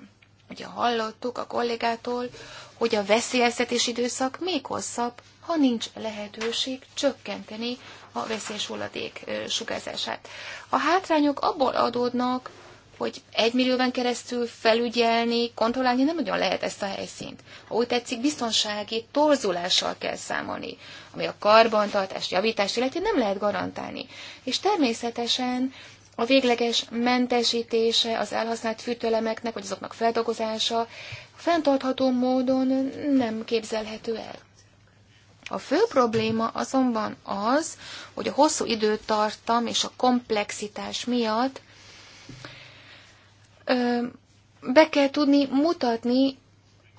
Ugye hallottuk a kollégától, hogy a veszélyeztetés időszak még hosszabb, ha nincs lehetőség csökkenteni a veszélyes hulladék sugárzását. A hátrányok abból adódnak, hogy egy millióven keresztül felügyelni, kontrollálni nem nagyon lehet ezt a helyszínt. Ha úgy tetszik, biztonsági torzulással kell számolni, ami a karbantartást, javítást illetve nem lehet garantálni. És természetesen a végleges mentesítése az elhasznált fűtőelemeknek, vagy azoknak feldolgozása fenntartható módon nem képzelhető el. A fő probléma azonban az, hogy a hosszú időtartam és a komplexitás miatt ö, be kell tudni mutatni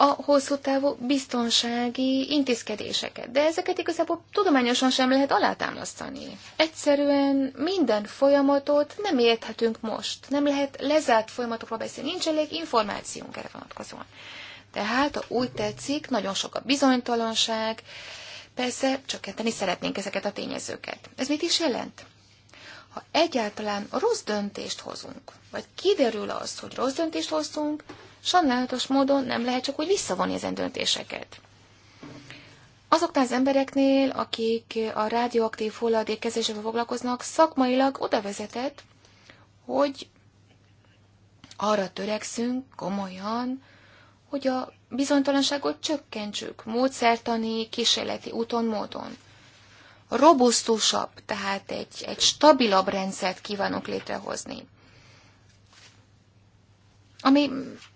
a hosszú távú biztonsági intézkedéseket, de ezeket igazából tudományosan sem lehet alátámasztani. Egyszerűen minden folyamatot nem érthetünk most, nem lehet lezárt folyamatokról beszélni, nincs elég információnk erre vonatkozóan. Tehát, ha úgy tetszik, nagyon sok a bizonytalanság, persze csökkenteni szeretnénk ezeket a tényezőket. Ez mit is jelent? Ha egyáltalán rossz döntést hozunk, vagy kiderül az, hogy rossz döntést hoztunk, sajnálatos módon nem lehet csak úgy visszavonni ezen döntéseket. Azoknál az embereknél, akik a rádióaktív hulladék kezelésével foglalkoznak, szakmailag oda vezetett, hogy arra törekszünk komolyan, hogy a bizonytalanságot csökkentsük módszertani, kísérleti úton, módon. Robusztusabb, tehát egy, egy stabilabb rendszert kívánunk létrehozni ami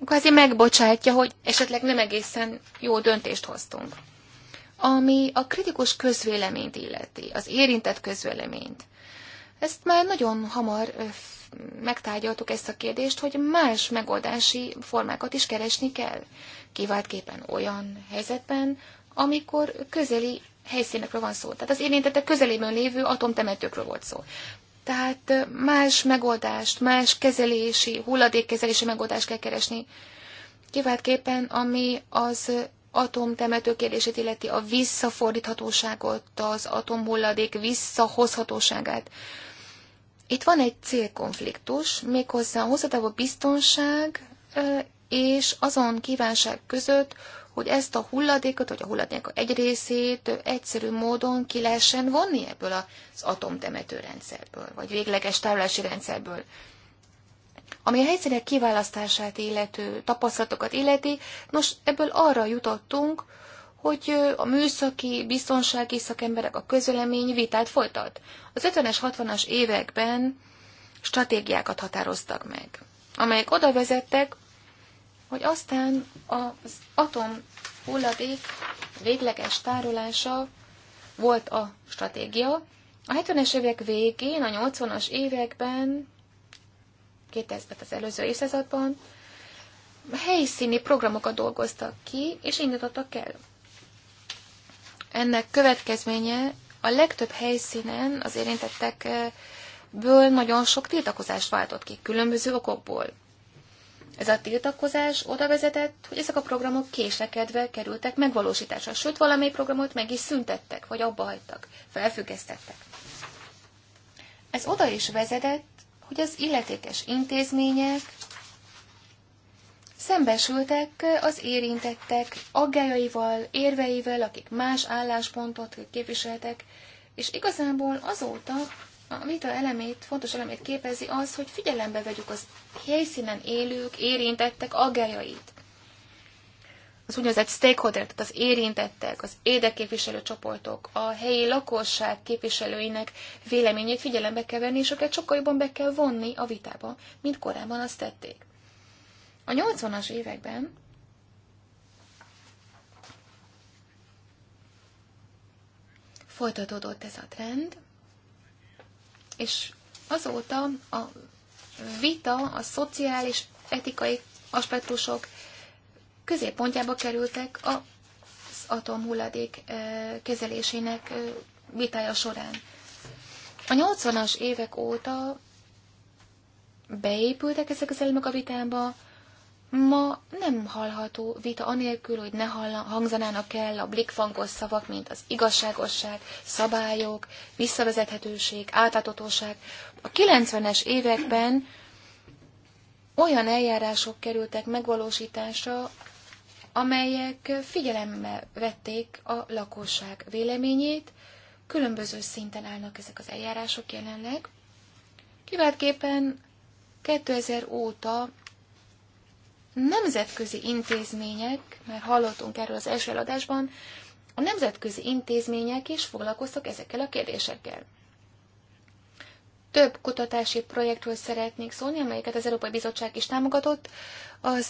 kvázi megbocsátja, hogy esetleg nem egészen jó döntést hoztunk. Ami a kritikus közvéleményt illeti, az érintett közvéleményt. Ezt már nagyon hamar megtárgyaltuk ezt a kérdést, hogy más megoldási formákat is keresni kell. Kiváltképpen olyan helyzetben, amikor közeli helyszínekről van szó. Tehát az érintettek közelében lévő atomtemetőkről volt szó. Tehát más megoldást, más kezelési, hulladékkezelési megoldást kell keresni. Kiváltképpen, ami az atomtemető kérdését illeti a visszafordíthatóságot, az atomhulladék visszahozhatóságát. Itt van egy célkonfliktus, méghozzá a hozatávú biztonság és azon kívánság között, hogy ezt a hulladékot, vagy a hulladék egy részét egyszerű módon ki lehessen vonni ebből az atomtemető rendszerből, vagy végleges tárolási rendszerből. Ami a helyszínek kiválasztását illető tapasztalatokat illeti, nos, ebből arra jutottunk, hogy a műszaki, biztonsági szakemberek, a közölemény vitát folytat. Az 50-es, 60-as években stratégiákat határoztak meg, amelyek oda vezettek, hogy aztán az atom hulladék végleges tárolása volt a stratégia. A 70-es évek végén, a 80-as években, 2000 az előző évszázadban, helyszíni programokat dolgoztak ki, és indítottak el. Ennek következménye a legtöbb helyszínen az érintettekből nagyon sok tiltakozást váltott ki, különböző okokból. Ez a tiltakozás oda vezetett, hogy ezek a programok késlekedve kerültek megvalósításra, sőt valamely programot meg is szüntettek, vagy abba hagytak, felfüggesztettek. Ez oda is vezetett, hogy az illetékes intézmények szembesültek az érintettek aggájaival, érveivel, akik más álláspontot képviseltek, és igazából azóta a vita elemét, fontos elemét képezi az, hogy figyelembe vegyük az helyszínen élők, érintettek aggájait. Az úgynevezett stakeholder, tehát az érintettek, az érdekképviselő csoportok, a helyi lakosság képviselőinek véleményét figyelembe kell venni, és őket sokkal jobban be kell vonni a vitába, mint korábban azt tették. A 80-as években folytatódott ez a trend, és azóta a vita, a szociális, etikai aspektusok középpontjába kerültek az atomhulladék kezelésének vitája során. A 80-as évek óta beépültek ezek az elemek a vitámba, Ma nem hallható vita anélkül, hogy ne hangzanának el a blikfangos szavak, mint az igazságosság, szabályok, visszavezethetőség, átláthatóság. A 90-es években olyan eljárások kerültek megvalósításra, amelyek figyelembe vették a lakosság véleményét, különböző szinten állnak ezek az eljárások jelenleg. Kiváltképpen 2000 óta nemzetközi intézmények, mert hallottunk erről az első eladásban, a nemzetközi intézmények is foglalkoztak ezekkel a kérdésekkel. Több kutatási projektről szeretnék szólni, amelyeket az Európai Bizottság is támogatott. Az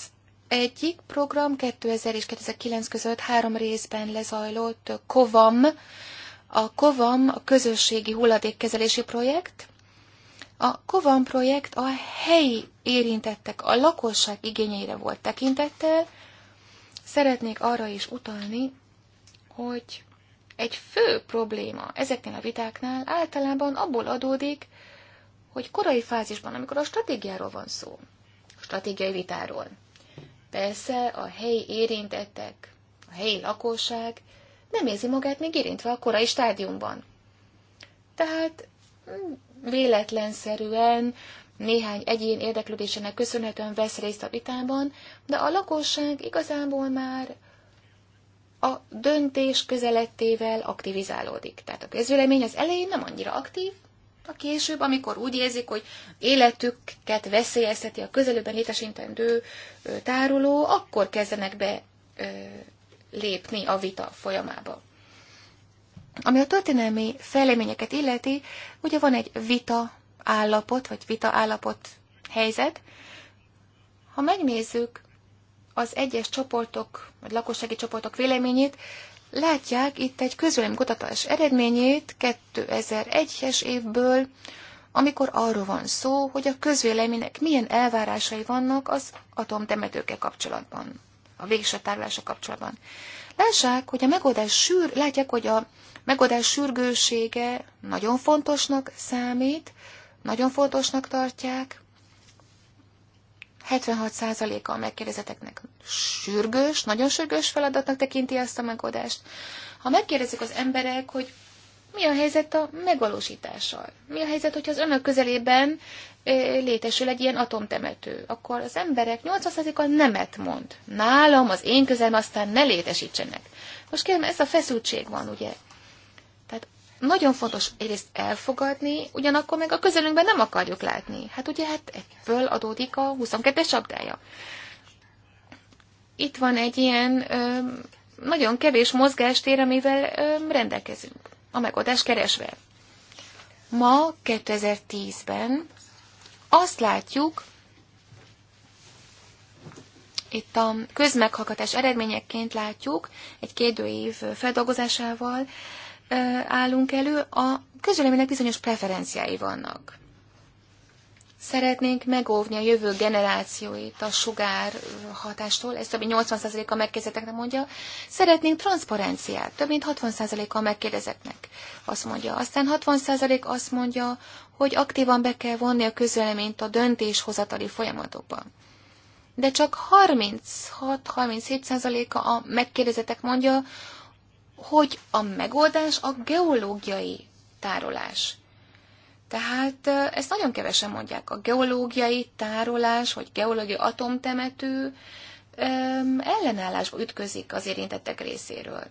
egyik program 2000 és 2009 között három részben lezajlott COVAM. A COVAM a közösségi hulladékkezelési projekt, a Kovan projekt a helyi érintettek, a lakosság igényeire volt tekintettel. Szeretnék arra is utalni, hogy egy fő probléma ezeknél a vitáknál általában abból adódik, hogy korai fázisban, amikor a stratégiáról van szó, a stratégiai vitáról, persze a helyi érintettek, a helyi lakosság nem érzi magát még érintve a korai stádiumban. Tehát mm, véletlenszerűen néhány egyén érdeklődésének köszönhetően vesz részt a vitában, de a lakosság igazából már a döntés közelettével aktivizálódik. Tehát a közvélemény az elején nem annyira aktív, a később, amikor úgy érzik, hogy életüket veszélyezteti a közelőben létesítendő tároló, akkor kezdenek be lépni a vita folyamába. Ami a történelmi fejleményeket illeti, ugye van egy vita állapot, vagy vita állapot helyzet. Ha megnézzük az egyes csoportok, vagy lakossági csoportok véleményét, látják itt egy kutatás eredményét 2001-es évből, amikor arról van szó, hogy a közvéleménynek milyen elvárásai vannak az atomtemetőkkel kapcsolatban, a végső tárgyalásra kapcsolatban. Lássák, hogy a megoldás sűr, látják, hogy a megoldás sürgősége nagyon fontosnak számít, nagyon fontosnak tartják. 76%-a a megkérdezeteknek sürgős, nagyon sürgős feladatnak tekinti ezt a megoldást. Ha megkérdezik az emberek, hogy mi a helyzet a megvalósítással? Mi a helyzet, hogyha az önök közelében létesül egy ilyen atomtemető, akkor az emberek 80%-a nemet mond. Nálam, az én közelem aztán ne létesítsenek. Most kérem, ez a feszültség van, ugye? Tehát nagyon fontos egyrészt elfogadni, ugyanakkor meg a közelünkben nem akarjuk látni. Hát ugye, hát ebből adódik a 22-es csapdája. Itt van egy ilyen ö, nagyon kevés mozgástér, amivel ö, rendelkezünk. A megoldás keresve. Ma 2010-ben azt látjuk, itt a közmeghallgatás eredményekként látjuk, egy év feldolgozásával állunk elő, a közöleménynek bizonyos preferenciái vannak. Szeretnénk megóvni a jövő generációit a sugár hatástól, ezt több mint 80%-a megkérdezetteknek mondja. Szeretnénk transzparenciát, több mint 60%-a megkérdezetnek azt mondja. Aztán 60% azt mondja, hogy aktívan be kell vonni a közvéleményt a döntéshozatali folyamatokba. De csak 36-37%-a a megkérdezetek mondja, hogy a megoldás a geológiai tárolás. Tehát ezt nagyon kevesen mondják. A geológiai tárolás, vagy geológiai atomtemető ellenállásba ütközik az érintettek részéről.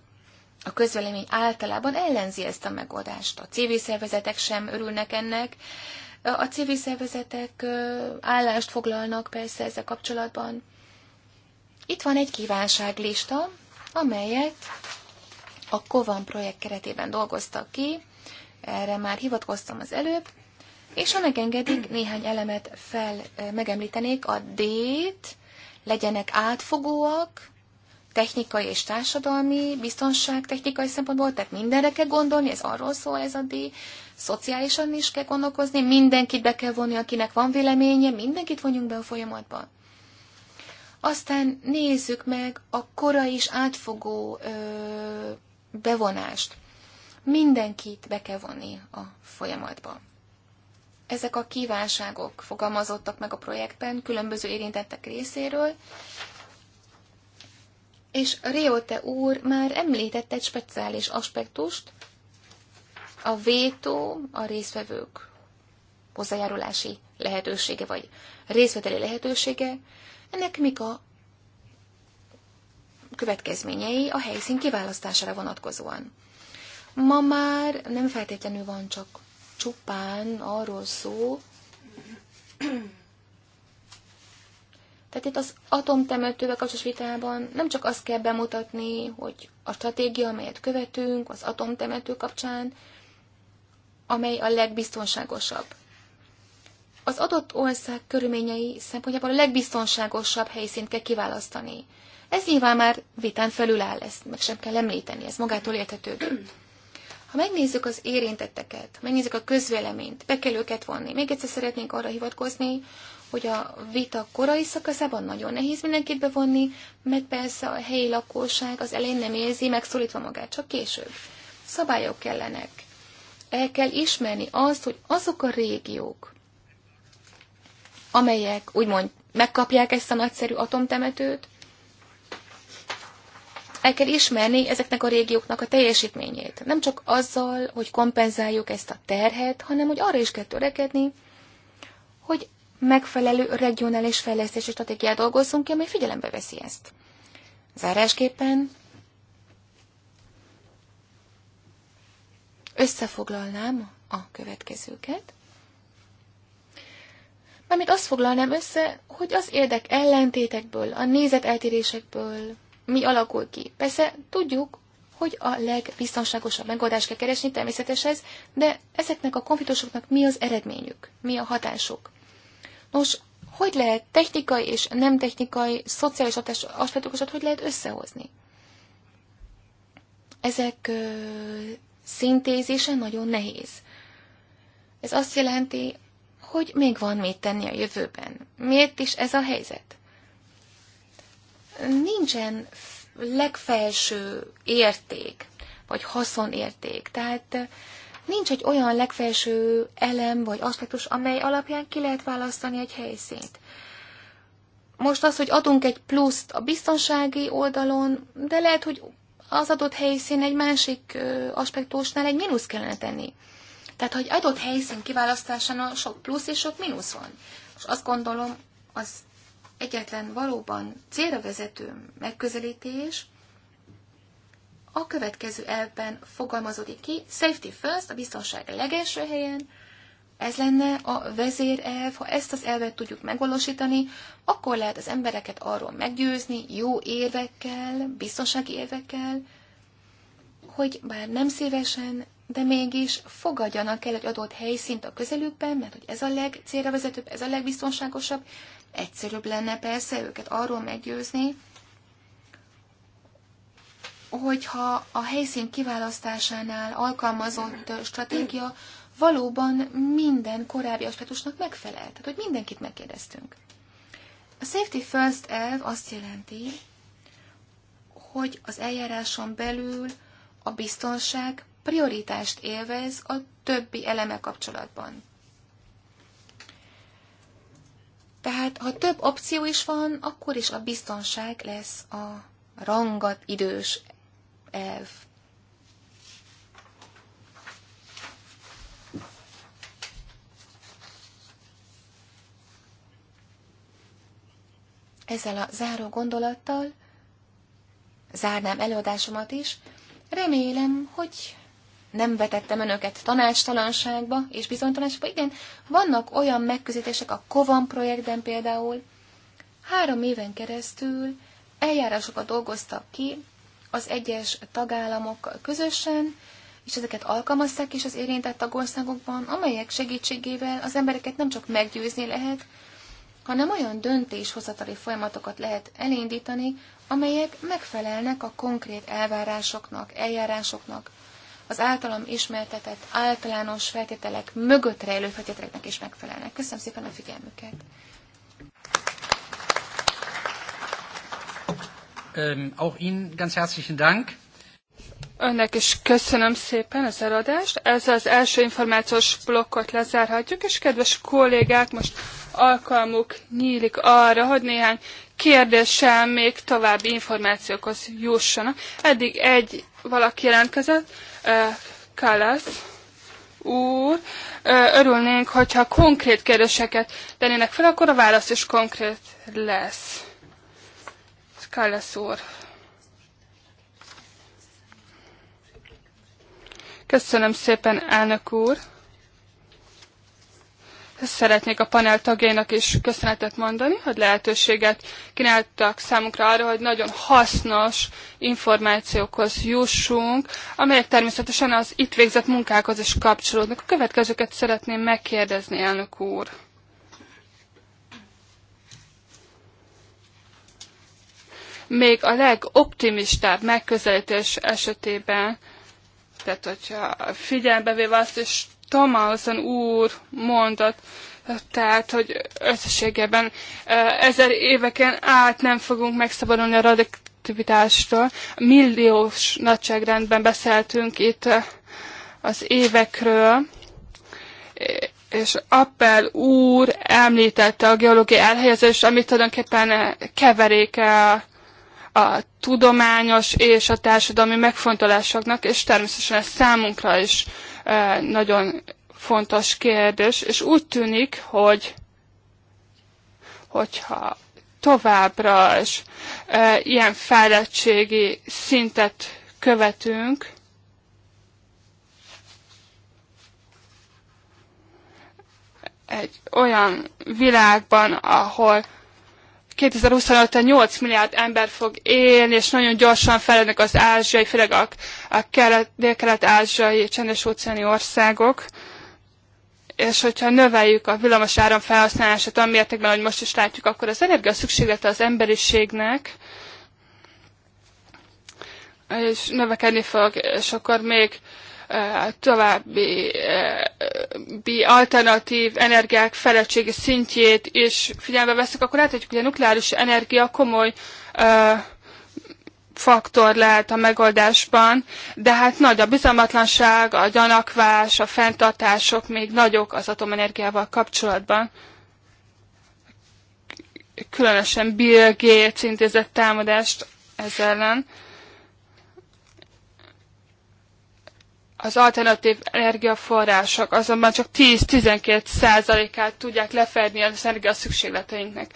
A közvélemény általában ellenzi ezt a megoldást. A civil szervezetek sem örülnek ennek. A civil szervezetek állást foglalnak persze ezzel kapcsolatban. Itt van egy kívánságlista, amelyet a Kovan projekt keretében dolgoztak ki, erre már hivatkoztam az előbb, és ha megengedik, néhány elemet fel megemlítenék, a D-t, legyenek átfogóak, technikai és társadalmi biztonság technikai szempontból, tehát mindenre kell gondolni, ez arról szól ez a díj, szociálisan is kell gondolkozni, mindenkit be kell vonni, akinek van véleménye, mindenkit vonjunk be a folyamatba. Aztán nézzük meg a kora és átfogó ö, bevonást. Mindenkit be kell vonni a folyamatba. Ezek a kívánságok fogalmazottak meg a projektben különböző érintettek részéről, és Rióte úr már említett egy speciális aspektust, a vétó a részvevők hozzájárulási lehetősége, vagy részveteli lehetősége, ennek mik a következményei a helyszín kiválasztására vonatkozóan. Ma már nem feltétlenül van csak csupán arról szó, tehát itt az atomtemetővel kapcsolatos vitában nem csak azt kell bemutatni, hogy a stratégia, amelyet követünk az atomtemető kapcsán, amely a legbiztonságosabb. Az adott ország körülményei szempontjából a legbiztonságosabb helyszínt kell kiválasztani. Ez nyilván már vitán felül áll, ezt meg sem kell említeni, ez magától értetődő. Ha megnézzük az érintetteket, megnézzük a közvéleményt, be kell őket vonni. Még egyszer szeretnénk arra hivatkozni, hogy a vita korai szakaszában nagyon nehéz mindenkit bevonni, meg persze a helyi lakosság az elején nem érzi megszólítva magát, csak később. Szabályok kellenek. El kell ismerni azt, hogy azok a régiók, amelyek úgymond megkapják ezt a nagyszerű atomtemetőt, el kell ismerni ezeknek a régióknak a teljesítményét. Nem csak azzal, hogy kompenzáljuk ezt a terhet, hanem hogy arra is kell törekedni, hogy megfelelő regionális fejlesztési stratégiát dolgozzunk ki, ami figyelembe veszi ezt. Zárásképpen összefoglalnám a következőket. Amit azt foglalnám össze, hogy az érdek ellentétekből, a nézeteltérésekből mi alakul ki. Persze tudjuk, hogy a legbiztonságosabb megoldást kell keresni, természetes ez, de ezeknek a konfliktusoknak mi az eredményük, mi a hatásuk. Nos, hogy lehet technikai és nem technikai, szociális aspektusokat hogy lehet összehozni? Ezek ö, szintézése nagyon nehéz. Ez azt jelenti, hogy még van mit tenni a jövőben. Miért is ez a helyzet? Nincsen legfelső érték, vagy haszonérték. Tehát Nincs egy olyan legfelső elem vagy aspektus, amely alapján ki lehet választani egy helyszínt. Most az, hogy adunk egy pluszt a biztonsági oldalon, de lehet, hogy az adott helyszín egy másik aspektusnál egy mínusz kellene tenni. Tehát, hogy adott helyszín kiválasztásánál sok plusz és sok mínusz van. És azt gondolom, az egyetlen valóban célra vezető megközelítés, a következő elvben fogalmazódik ki, safety first, a biztonság a legelső helyen, ez lenne a vezérelv, ha ezt az elvet tudjuk megvalósítani, akkor lehet az embereket arról meggyőzni, jó érvekkel, biztonsági érvekkel, hogy bár nem szívesen, de mégis fogadjanak el egy adott helyszínt a közelükben, mert hogy ez a legcélra vezetőbb, ez a legbiztonságosabb, egyszerűbb lenne persze őket arról meggyőzni, hogyha a helyszín kiválasztásánál alkalmazott stratégia valóban minden korábbi aspektusnak megfelel. Tehát, hogy mindenkit megkérdeztünk. A safety first elv azt jelenti, hogy az eljáráson belül a biztonság prioritást élvez a többi eleme kapcsolatban. Tehát, ha több opció is van, akkor is a biztonság lesz a rangat idős elv. Ezzel a záró gondolattal zárnám előadásomat is. Remélem, hogy nem vetettem önöket tanácstalanságba és bizonytalanságba. Igen, vannak olyan megközelítések a Kovan projektben például. Három éven keresztül eljárásokat dolgoztak ki, az egyes tagállamok közösen, és ezeket alkalmazták is az érintett tagországokban, amelyek segítségével az embereket nem csak meggyőzni lehet, hanem olyan döntéshozatali folyamatokat lehet elindítani, amelyek megfelelnek a konkrét elvárásoknak, eljárásoknak, az általam ismertetett általános feltételek mögött rejlő feltételeknek is megfelelnek. Köszönöm szépen a figyelmüket! Ähm, auch Ihnen ganz herzlichen Dank. Önnek is köszönöm szépen az eladást. Ezzel az első információs blokkot lezárhatjuk, és kedves kollégák, most alkalmuk nyílik arra, hogy néhány kérdéssel még további információkhoz jussanak. Eddig egy valaki jelentkezett, Kalasz úr. Örülnénk, hogyha konkrét kérdéseket tennének fel, akkor a válasz is konkrét lesz. Kallas Köszönöm szépen, elnök úr. Szeretnék a panel tagjainak is köszönetet mondani, hogy lehetőséget kínáltak számunkra arra, hogy nagyon hasznos információkhoz jussunk, amelyek természetesen az itt végzett munkákhoz is kapcsolódnak. A következőket szeretném megkérdezni, elnök úr. még a legoptimistább megközelítés esetében, tehát hogyha figyelembe véve azt is Tomahawson úr mondott, tehát, hogy összességében ezer éveken át nem fogunk megszabadulni a radioaktivitástól. Milliós nagyságrendben beszéltünk itt az évekről, és Appel úr említette a geológiai elhelyezést, amit tulajdonképpen keveréke a a tudományos és a társadalmi megfontolásoknak, és természetesen ez számunkra is nagyon fontos kérdés, és úgy tűnik, hogy hogyha továbbra is e, ilyen fejlettségi szintet követünk, egy olyan világban, ahol 2025-re 8 milliárd ember fog élni, és nagyon gyorsan felednek az ázsiai, főleg a, a dél-kelet-ázsiai csendes óceáni országok. És hogyha növeljük a villamos áram felhasználását olyan mértékben, ahogy most is látjuk, akkor az energia szükséglete az emberiségnek, és növekedni fog, és akkor még további e, bi alternatív energiák felettségi szintjét is figyelembe veszük, akkor láthatjuk, hogy a nukleáris energia komoly e, faktor lehet a megoldásban, de hát nagy a bizalmatlanság, a gyanakvás, a fenntartások még nagyok az atomenergiával kapcsolatban. Különösen Bill Gates intézett támadást ez ellen. az alternatív energiaforrások azonban csak 10-12 százalékát tudják lefedni az energia szükségleteinknek.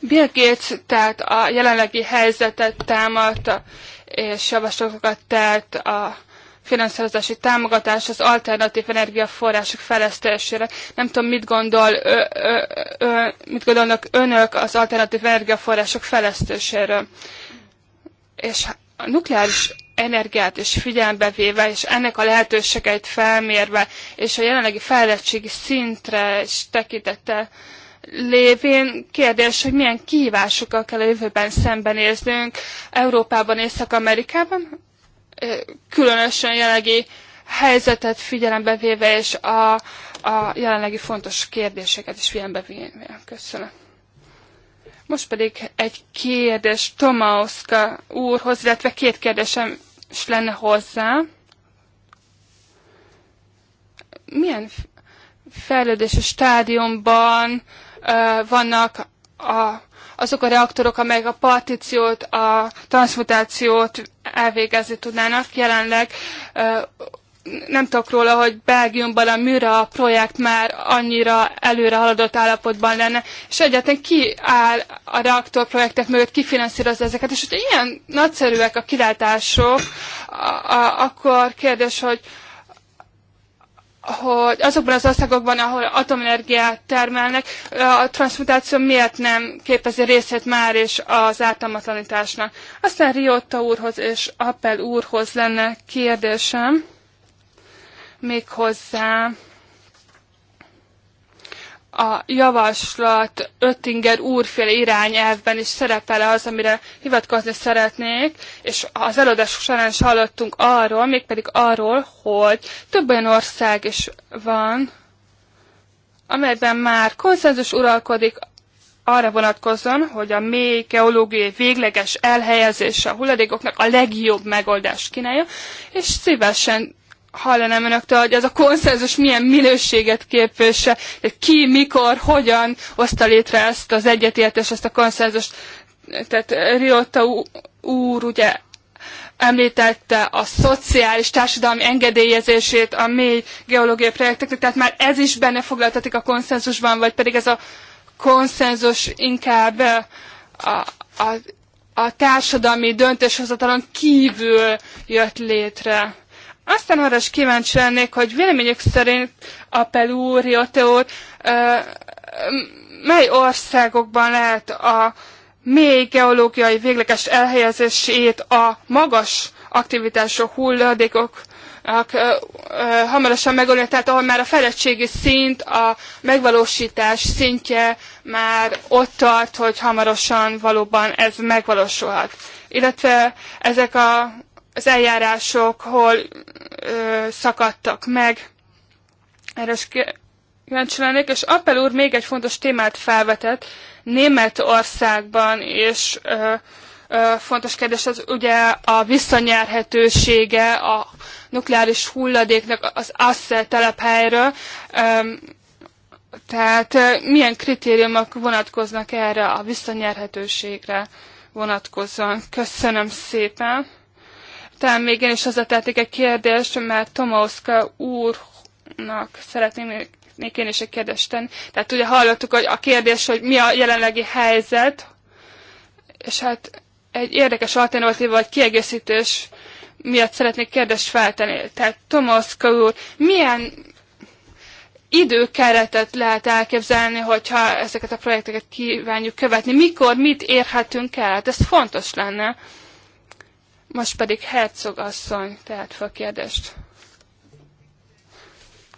Bill Gates tehát a jelenlegi helyzetet támadta, és javaslatokat tett a finanszírozási támogatás az alternatív energiaforrások fejlesztésére. Nem tudom, mit, gondol, ö, ö, ö, mit gondolnak önök az alternatív energiaforrások fejlesztéséről és a nukleáris energiát is figyelembe véve, és ennek a lehetőségeit felmérve, és a jelenlegi fejlettségi szintre is tekintettel lévén kérdés, hogy milyen kihívásokkal kell a jövőben szembenéznünk Európában, Észak-Amerikában, különösen jelenlegi helyzetet figyelembe véve, és a, a jelenlegi fontos kérdéseket is figyelembe véve. Köszönöm. Most pedig egy kérdés Tomauszka úrhoz, illetve két kérdésem is lenne hozzá. Milyen fejlődési stádiumban uh, vannak a, azok a reaktorok, amelyek a partíciót, a transmutációt elvégezni tudnának. Jelenleg uh, nem tudok róla, hogy Belgiumban a Műra projekt már annyira előre haladott állapotban lenne, és egyáltalán ki áll a reaktor projektek mögött, ki finanszírozza ezeket, és hogyha ilyen nagyszerűek a kilátások, a, a, akkor kérdés, hogy hogy azokban az országokban, ahol atomenergiát termelnek, a transmutáció miért nem képezi részét már is az ártalmatlanításnak. Aztán Riotta úrhoz és Appel úrhoz lenne kérdésem méghozzá a javaslat Öttinger úrféle irányelvben is szerepel az, amire hivatkozni szeretnék, és az előadás során is hallottunk arról, mégpedig arról, hogy több olyan ország is van, amelyben már konszenzus uralkodik arra vonatkozóan, hogy a mély geológiai végleges elhelyezése a hulladékoknak a legjobb megoldást kínálja, és szívesen hallanám önöktől, hogy ez a konszenzus milyen minőséget képvisel, ki, mikor, hogyan hozta létre ezt az egyetértést, ezt a konszenzust. Tehát Riotta úr ugye említette a szociális társadalmi engedélyezését a mély geológiai projekteknek, tehát már ez is benne foglaltatik a konszenzusban, vagy pedig ez a konszenzus inkább eh, a, a, a társadalmi döntéshozatalon kívül jött létre. Aztán arra is kíváncsi lennék, hogy véleményük szerint a Pelú, Rio Teor, mely országokban lehet a mély geológiai végleges elhelyezését a magas aktivitások, hulladékok hamarosan megoldani, tehát ahol már a fejlettségi szint, a megvalósítás szintje már ott tart, hogy hamarosan valóban ez megvalósulhat. Illetve ezek a az eljárások hol ö, szakadtak meg. Erre is kíváncsi lennék, és Appel úr még egy fontos témát felvetett, Németországban és ö, ö, fontos kérdés az ugye a visszanyerhetősége a nukleáris hulladéknak az Asszel telephelyről. Ö, tehát milyen kritériumok vonatkoznak erre a visszanyerhetőségre vonatkozóan? Köszönöm szépen! Talán még én is hozzátették egy kérdést, mert Tomauszka úrnak szeretném még én is egy kérdést tenni. Tehát ugye hallottuk hogy a kérdés, hogy mi a jelenlegi helyzet, és hát egy érdekes alternatív vagy kiegészítés miatt szeretnék kérdést feltenni. Tehát Tomoszka úr, milyen időkeretet lehet elképzelni, hogyha ezeket a projekteket kívánjuk követni? Mikor, mit érhetünk el? Hát ez fontos lenne. Most pedig Herzog asszony tehát fel kérdést.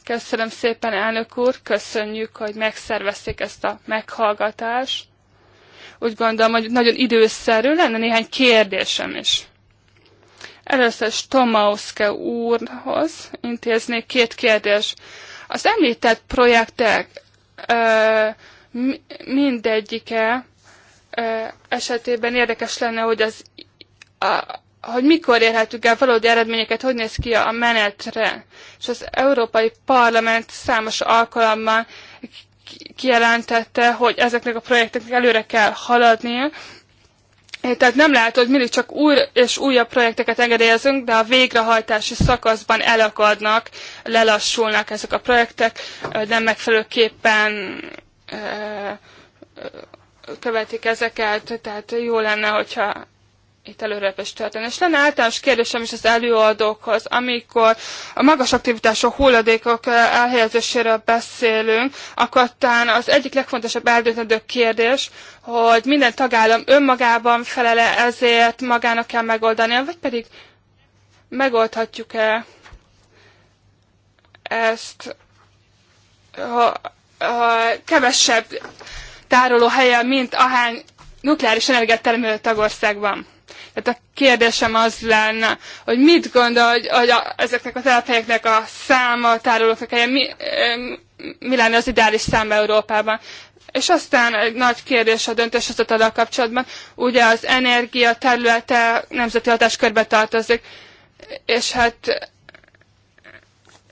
Köszönöm szépen, elnök úr, köszönjük, hogy megszervezték ezt a meghallgatást. Úgy gondolom, hogy nagyon időszerű lenne néhány kérdésem is. Először is Tomauszke úrhoz intéznék két kérdés. Az említett projektek ö, mindegyike ö, esetében érdekes lenne, hogy az a, hogy mikor érhetünk el valódi eredményeket, hogy néz ki a menetre. És az Európai Parlament számos alkalommal kijelentette, hogy ezeknek a projekteknek előre kell haladnia, tehát nem lehet, hogy mindig csak új és újabb projekteket engedélyezünk, de a végrehajtási szakaszban elakadnak, lelassulnak ezek a projektek, nem megfelelőképpen követik ezeket, tehát jó lenne, hogyha itt is történni. És lenne általános kérdésem is az előadókhoz, amikor a magas aktivitású hulladékok eh, elhelyezéséről beszélünk, akkor talán az egyik legfontosabb eldöntendő kérdés, hogy minden tagállam önmagában felele ezért, magának kell megoldania, vagy pedig megoldhatjuk-e ezt ha, ha kevesebb tároló helye, mint ahány nukleáris energiát termelő tagországban. Tehát a kérdésem az lenne, hogy mit gondol, hogy, hogy a, ezeknek a telephelyeknek a száma, a tárolóknak helye, mi, mi lenne az ideális szám Európában. És aztán egy nagy kérdés a döntéshozatala kapcsolatban. Ugye az energia területe nemzeti hatáskörbe tartozik, és hát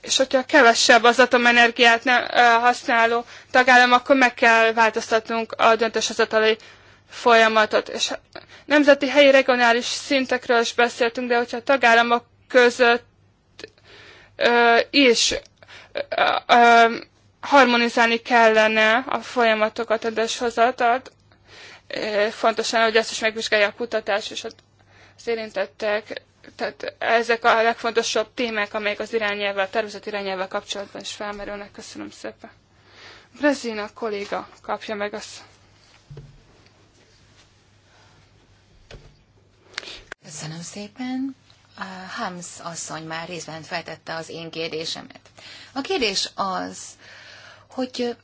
és hogyha kevesebb az atomenergiát nem, használó tagállam, akkor meg kell változtatnunk a döntéshozatalai folyamatot. És nemzeti, helyi, regionális szintekről is beszéltünk, de hogyha a tagállamok között ö, is ö, ö, harmonizálni kellene a folyamatokat, a döntéshozatalt, fontos lenne, hogy ezt is megvizsgálja a kutatás és az érintettek. Tehát ezek a legfontosabb témák, amelyek az irányelvvel, a tervezett irányelvvel kapcsolatban is felmerülnek. Köszönöm szépen. Brezina kolléga kapja meg a Köszönöm szépen. A Hams asszony már részben feltette az én kérdésemet. A kérdés az, hogy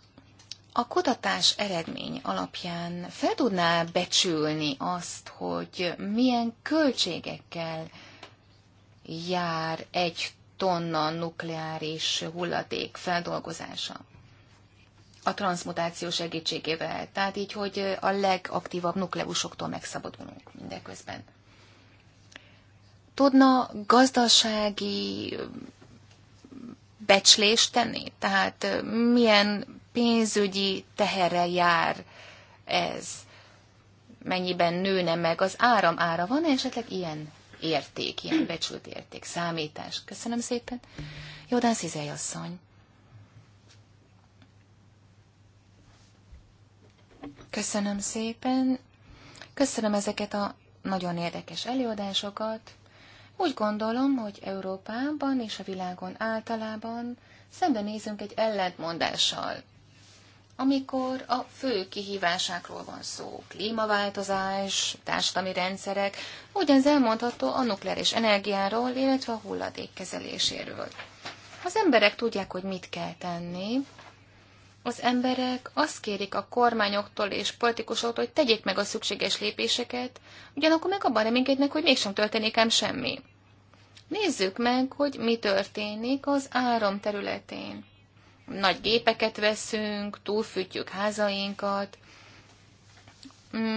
a kutatás eredmény alapján fel tudná becsülni azt, hogy milyen költségekkel jár egy tonna nukleáris hulladék feldolgozása a transmutáció segítségével, tehát így, hogy a legaktívabb nukleusoktól megszabadulunk mindeközben tudna gazdasági becslést tenni? Tehát milyen pénzügyi teherre jár ez? Mennyiben nőne meg az áram ára? Van -e esetleg ilyen érték, ilyen becsült érték, számítás? Köszönöm szépen. de Szizely asszony. Köszönöm szépen. Köszönöm ezeket a nagyon érdekes előadásokat. Úgy gondolom, hogy Európában és a világon általában szembenézünk egy ellentmondással. Amikor a fő kihívásákról van szó, klímaváltozás, társadalmi rendszerek, ugyanez elmondható a nukleáris energiáról, illetve a hulladékkezeléséről. Az emberek tudják, hogy mit kell tenni, az emberek azt kérik a kormányoktól és politikusoktól, hogy tegyék meg a szükséges lépéseket, ugyanakkor meg abban reménykednek, hogy mégsem történik ám semmi. Nézzük meg, hogy mi történik az áram területén. Nagy gépeket veszünk, túlfűtjük házainkat,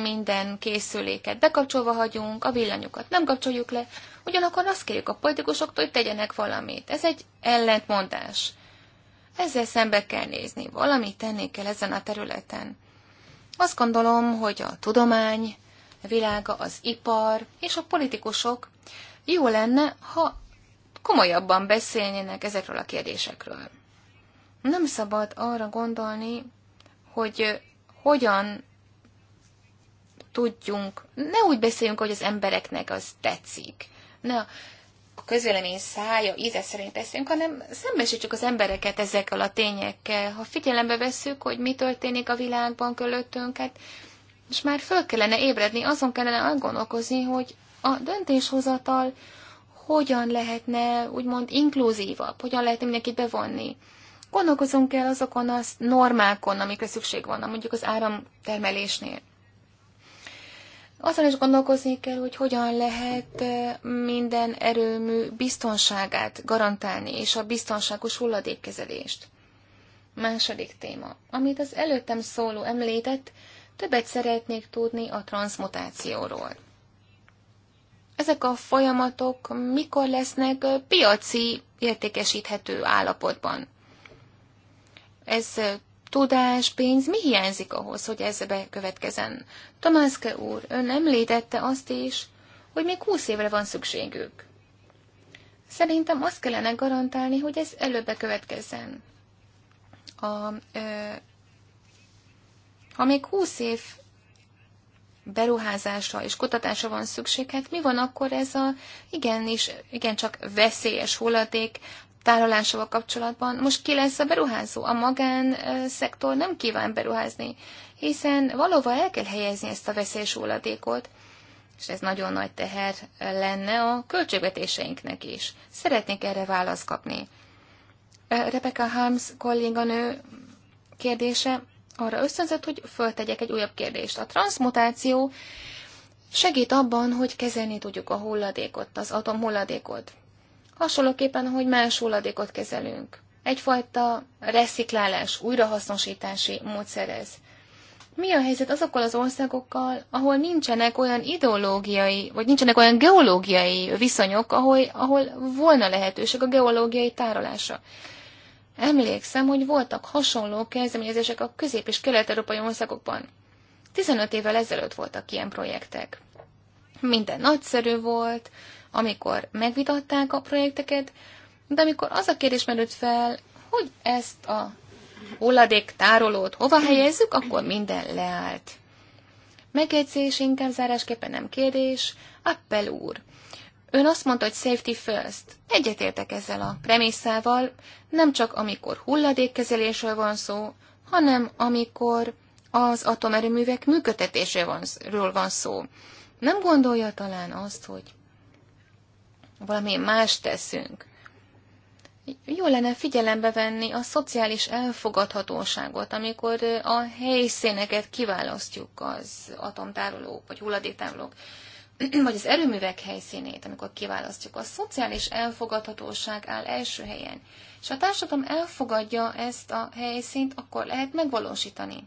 minden készüléket bekapcsolva hagyunk, a villanyokat nem kapcsoljuk le, ugyanakkor azt kérjük a politikusoktól, hogy tegyenek valamit. Ez egy ellentmondás. Ezzel szembe kell nézni, valamit tenni kell ezen a területen. Azt gondolom, hogy a tudomány, a világa, az ipar és a politikusok jó lenne, ha komolyabban beszélnének ezekről a kérdésekről. Nem szabad arra gondolni, hogy hogyan tudjunk, ne úgy beszéljünk, hogy az embereknek az tetszik. Ne a közvélemény szája íze szerint teszünk, hanem szembesítjük az embereket ezekkel a tényekkel. Ha figyelembe vesszük, hogy mi történik a világban körülöttünk, hát és már föl kellene ébredni, azon kellene gondolkozni, hogy a döntéshozatal hogyan lehetne úgymond inkluzívabb, hogyan lehetne mindenkit bevonni. Gondolkozunk el azokon a normákon, amikre szükség van, mondjuk az áramtermelésnél. Aztán is gondolkozni kell, hogy hogyan lehet minden erőmű biztonságát garantálni, és a biztonságos hulladékkezelést. Második téma. Amit az előttem szóló említett, többet szeretnék tudni a transmutációról. Ezek a folyamatok mikor lesznek piaci értékesíthető állapotban? Ez tudás, pénz, mi hiányzik ahhoz, hogy ez bekövetkezen? Tamászke úr, ön említette azt is, hogy még 20 évre van szükségük. Szerintem azt kellene garantálni, hogy ez előbb bekövetkezzen. A, ö, ha még 20 év beruházásra és kutatásra van szükség, hát mi van akkor ez a igenis, igencsak veszélyes hulladék tárolásával kapcsolatban. Most ki lesz a beruházó? A magán szektor nem kíván beruházni, hiszen valóban el kell helyezni ezt a veszélyes hulladékot, és ez nagyon nagy teher lenne a költségvetéseinknek is. Szeretnék erre választ kapni. Rebecca Harms kolléganő kérdése arra ösztönzött, hogy föltegyek egy újabb kérdést. A transmutáció segít abban, hogy kezelni tudjuk a hulladékot, az atomhulladékot. Hasonlóképpen, ahogy más hulladékot kezelünk. Egyfajta resziklálás, újrahasznosítási módszer ez. Mi a helyzet azokkal az országokkal, ahol nincsenek olyan ideológiai, vagy nincsenek olyan geológiai viszonyok, ahol, ahol volna lehetőség a geológiai tárolása? Emlékszem, hogy voltak hasonló kezdeményezések a közép- és kelet-európai országokban. 15 évvel ezelőtt voltak ilyen projektek. Minden nagyszerű volt, amikor megvitatták a projekteket, de amikor az a kérdés merült fel, hogy ezt a hulladék tárolót hova helyezzük, akkor minden leállt. Megjegyzés inkább zárásképpen nem kérdés. Appel úr, ön azt mondta, hogy safety first. Egyetértek ezzel a premisszával, nem csak amikor hulladékkezelésről van szó, hanem amikor az atomerőművek működtetéséről van szó. Nem gondolja talán azt, hogy valami más teszünk. Jó lenne figyelembe venni a szociális elfogadhatóságot, amikor a helyszíneket kiválasztjuk az atomtárolók, vagy hulladéktárolók, vagy az erőművek helyszínét, amikor kiválasztjuk. A szociális elfogadhatóság áll első helyen. És ha a társadalom elfogadja ezt a helyszínt, akkor lehet megvalósítani.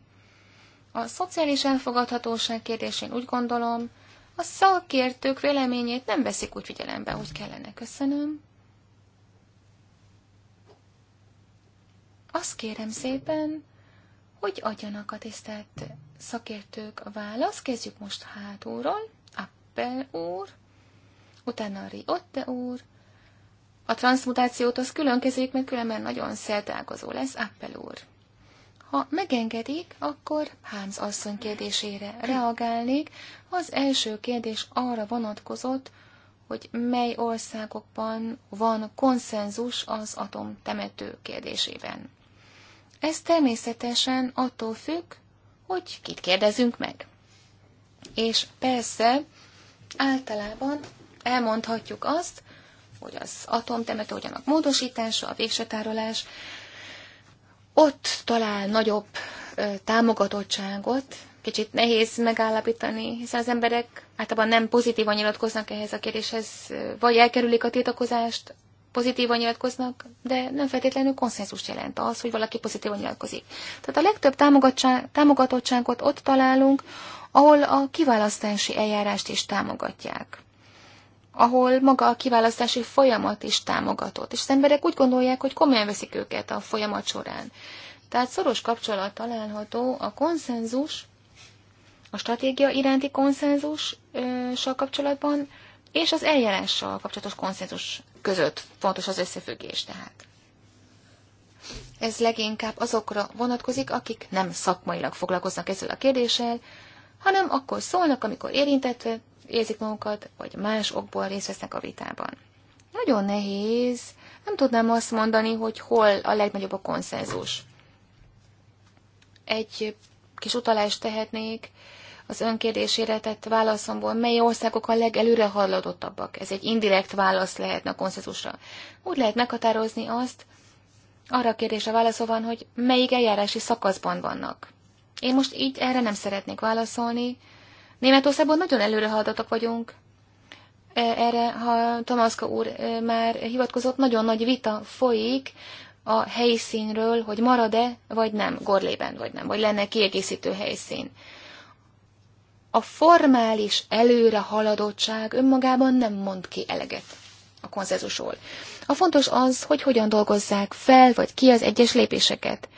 A szociális elfogadhatóság kérdésén úgy gondolom, a szakértők véleményét nem veszik úgy figyelembe, hogy kellene. Köszönöm. Azt kérem szépen, hogy adjanak a tisztelt szakértők a választ. Kezdjük most hátulról. Appel úr, utána Riotte úr. A transmutációt az külön kezeljük, mert különben nagyon szertálkozó lesz. Appel úr. Ha megengedik, akkor Hánz asszony kérdésére reagálnék. Az első kérdés arra vonatkozott, hogy mely országokban van konszenzus az atomtemető kérdésében. Ez természetesen attól függ, hogy kit kérdezünk meg. És persze, általában elmondhatjuk azt, hogy az atomtemető, ugyanak a módosítása, a végsetárolás, tárolás ott talál nagyobb támogatottságot, kicsit nehéz megállapítani, hiszen az emberek általában nem pozitívan nyilatkoznak ehhez a kérdéshez, vagy elkerülik a tiltakozást, pozitívan nyilatkoznak, de nem feltétlenül konszenzus jelent az, hogy valaki pozitívan nyilatkozik. Tehát a legtöbb támogatottságot ott találunk, ahol a kiválasztási eljárást is támogatják ahol maga a kiválasztási folyamat is támogatott, és az emberek úgy gondolják, hogy komolyan veszik őket a folyamat során. Tehát szoros kapcsolat található a konszenzus, a stratégia iránti konszenzussal kapcsolatban, és az eljárással kapcsolatos konszenzus között fontos az összefüggés tehát. Ez leginkább azokra vonatkozik, akik nem szakmailag foglalkoznak ezzel a kérdéssel, hanem akkor szólnak, amikor érintettek, érzik magukat, vagy más okból részt vesznek a vitában. Nagyon nehéz, nem tudnám azt mondani, hogy hol a legnagyobb a konszenzus. Egy kis utalást tehetnék az önkérdésére tett válaszomból, mely országok a legelőre halladottabbak. Ez egy indirekt válasz lehetne a konszenzusra. Úgy lehet meghatározni azt, arra a kérdésre van, hogy melyik eljárási szakaszban vannak. Én most így erre nem szeretnék válaszolni, Németországban nagyon előre haladatok vagyunk. E, erre, ha Tomaszka úr e, már hivatkozott, nagyon nagy vita folyik a helyszínről, hogy marad-e, vagy nem, Gorlében, vagy nem, vagy lenne kiegészítő helyszín. A formális előre haladottság önmagában nem mond ki eleget a konszenzusról. A fontos az, hogy hogyan dolgozzák fel, vagy ki az egyes lépéseket.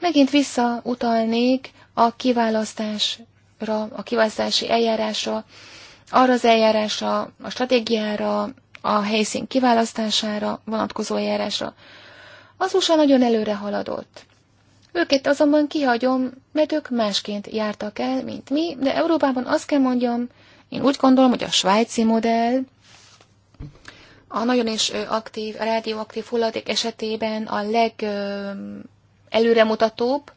Megint visszautalnék a kiválasztás a kiválasztási eljárásra, arra az eljárásra, a stratégiára, a helyszín kiválasztására vonatkozó eljárásra. Az USA nagyon előre haladott. Őket azonban kihagyom, mert ők másként jártak el, mint mi, de Európában azt kell mondjam, én úgy gondolom, hogy a svájci modell, a nagyon is aktív, a rádióaktív hulladék esetében a legelőremutatóbb,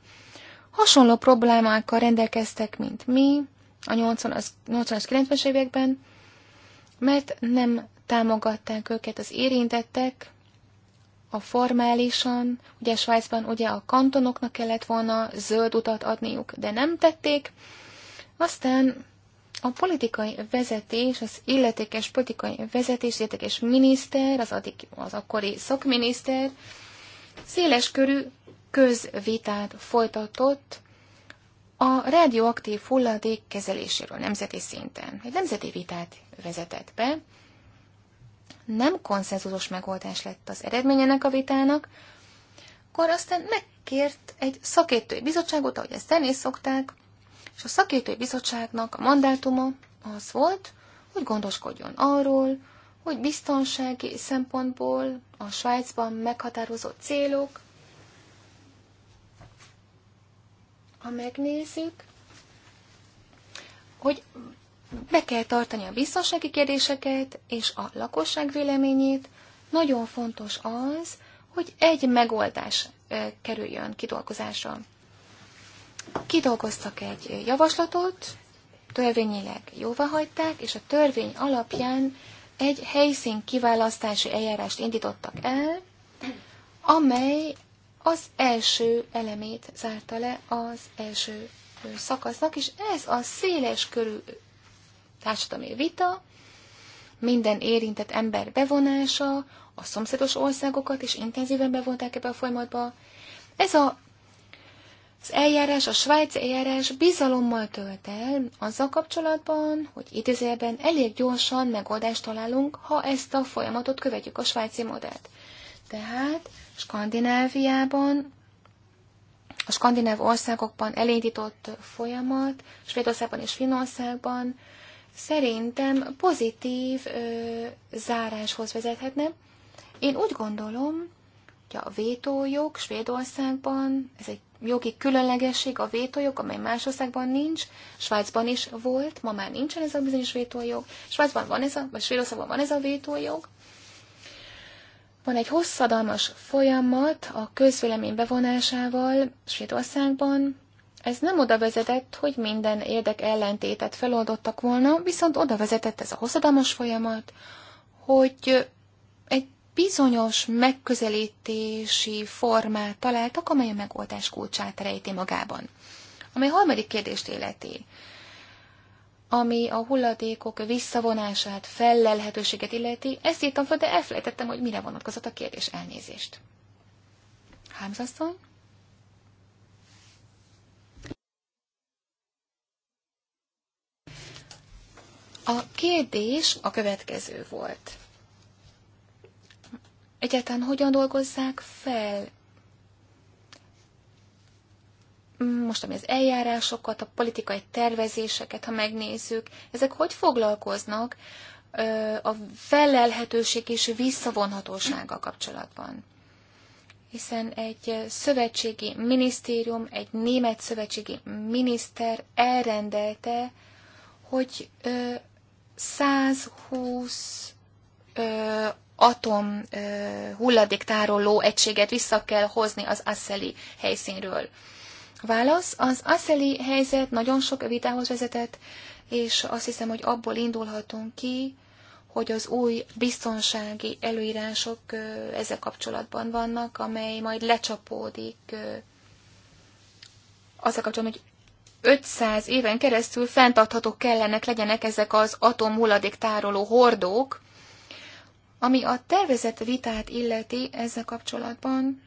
hasonló problémákkal rendelkeztek, mint mi a 80-as, 90-es években, mert nem támogatták őket az érintettek, a formálisan, ugye Svájcban ugye a kantonoknak kellett volna zöld utat adniuk, de nem tették. Aztán a politikai vezetés, az illetékes politikai vezetés, illetékes miniszter, az, addig, az akkori szakminiszter széles körű közvitát folytatott a radioaktív hulladék kezeléséről nemzeti szinten. Egy nemzeti vitát vezetett be, nem konszenzusos megoldás lett az eredményenek a vitának, akkor aztán megkért egy szakértői bizottságot, ahogy ezt tenni szokták, és a szakértői bizottságnak a mandátuma az volt, hogy gondoskodjon arról, hogy biztonsági szempontból a Svájcban meghatározott célok Ha megnézzük, hogy be kell tartani a biztonsági kérdéseket és a lakosság véleményét, nagyon fontos az, hogy egy megoldás kerüljön kidolgozásra. Kidolgoztak egy javaslatot, törvényileg jóváhagyták, és a törvény alapján egy helyszín kiválasztási eljárást indítottak el, amely az első elemét zárta le az első szakasznak, és ez a széles körű társadalmi vita, minden érintett ember bevonása, a szomszédos országokat is intenzíven bevonták ebbe a folyamatba. Ez a, az eljárás, a svájci eljárás bizalommal tölt el azzal kapcsolatban, hogy idézőjelben elég gyorsan megoldást találunk, ha ezt a folyamatot követjük a svájci modellt. Tehát Skandináviában, a skandináv országokban elindított folyamat, Svédországban és Finnországban szerintem pozitív ö, záráshoz vezethetne. Én úgy gondolom, hogy a vétójog Svédországban, ez egy jogi különlegesség, a vétójog, amely más országban nincs, Svájcban is volt, ma már nincsen ez a bizonyos vétójog, Svájcban van ez a, vagy Svédországban van ez a vétójog, van egy hosszadalmas folyamat a közvélemény bevonásával Svédországban. Ez nem oda vezetett, hogy minden érdek ellentétet feloldottak volna, viszont oda vezetett ez a hosszadalmas folyamat, hogy egy bizonyos megközelítési formát találtak, amely a megoldás kulcsát rejti magában. Amely a harmadik kérdést életi ami a hulladékok visszavonását, fellelhetőséget illeti, ezt írtam fel, de elfelejtettem, hogy mire vonatkozott a kérdés elnézést. Hámzasszony? A kérdés a következő volt. Egyáltalán hogyan dolgozzák fel most ami az eljárásokat, a politikai tervezéseket, ha megnézzük, ezek hogy foglalkoznak a felelhetőség és visszavonhatósága kapcsolatban? hiszen egy szövetségi minisztérium, egy német szövetségi miniszter elrendelte, hogy 120 atom hulladéktároló egységet vissza kell hozni az Asseli helyszínről. Válasz, az aszeli helyzet nagyon sok vitához vezetett, és azt hiszem, hogy abból indulhatunk ki, hogy az új biztonsági előírások ezzel kapcsolatban vannak, amely majd lecsapódik azzal kapcsolatban, hogy 500 éven keresztül fenntarthatók kellenek legyenek ezek az atomhulladék tároló hordók, ami a tervezett vitát illeti ezzel kapcsolatban,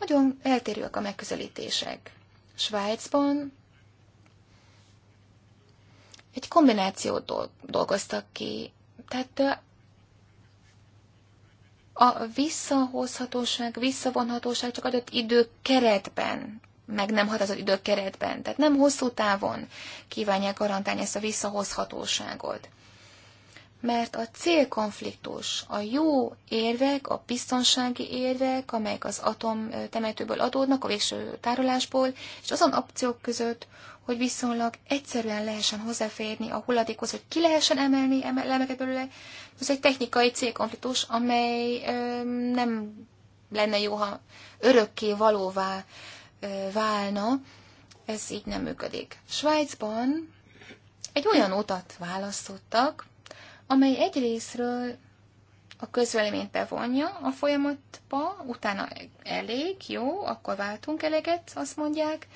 nagyon eltérőek a megközelítések. Svájcban egy kombinációt dolgoztak ki. Tehát a visszahozhatóság, visszavonhatóság csak adott időkeretben, meg nem határozott időkeretben. Tehát nem hosszú távon kívánják garantálni ezt a visszahozhatóságot mert a célkonfliktus, a jó érvek, a biztonsági érvek, amelyek az atom temetőből adódnak, a végső tárolásból, és azon opciók között, hogy viszonylag egyszerűen lehessen hozzáférni a hulladékhoz, hogy ki lehessen emelni elemeket belőle, ez egy technikai célkonfliktus, amely ö, nem lenne jó, ha örökké valóvá ö, válna, ez így nem működik. Svájcban egy olyan utat választottak, amely egyrésztről a közvéleményt bevonja a folyamatba, utána elég, jó, akkor váltunk eleget, azt mondják,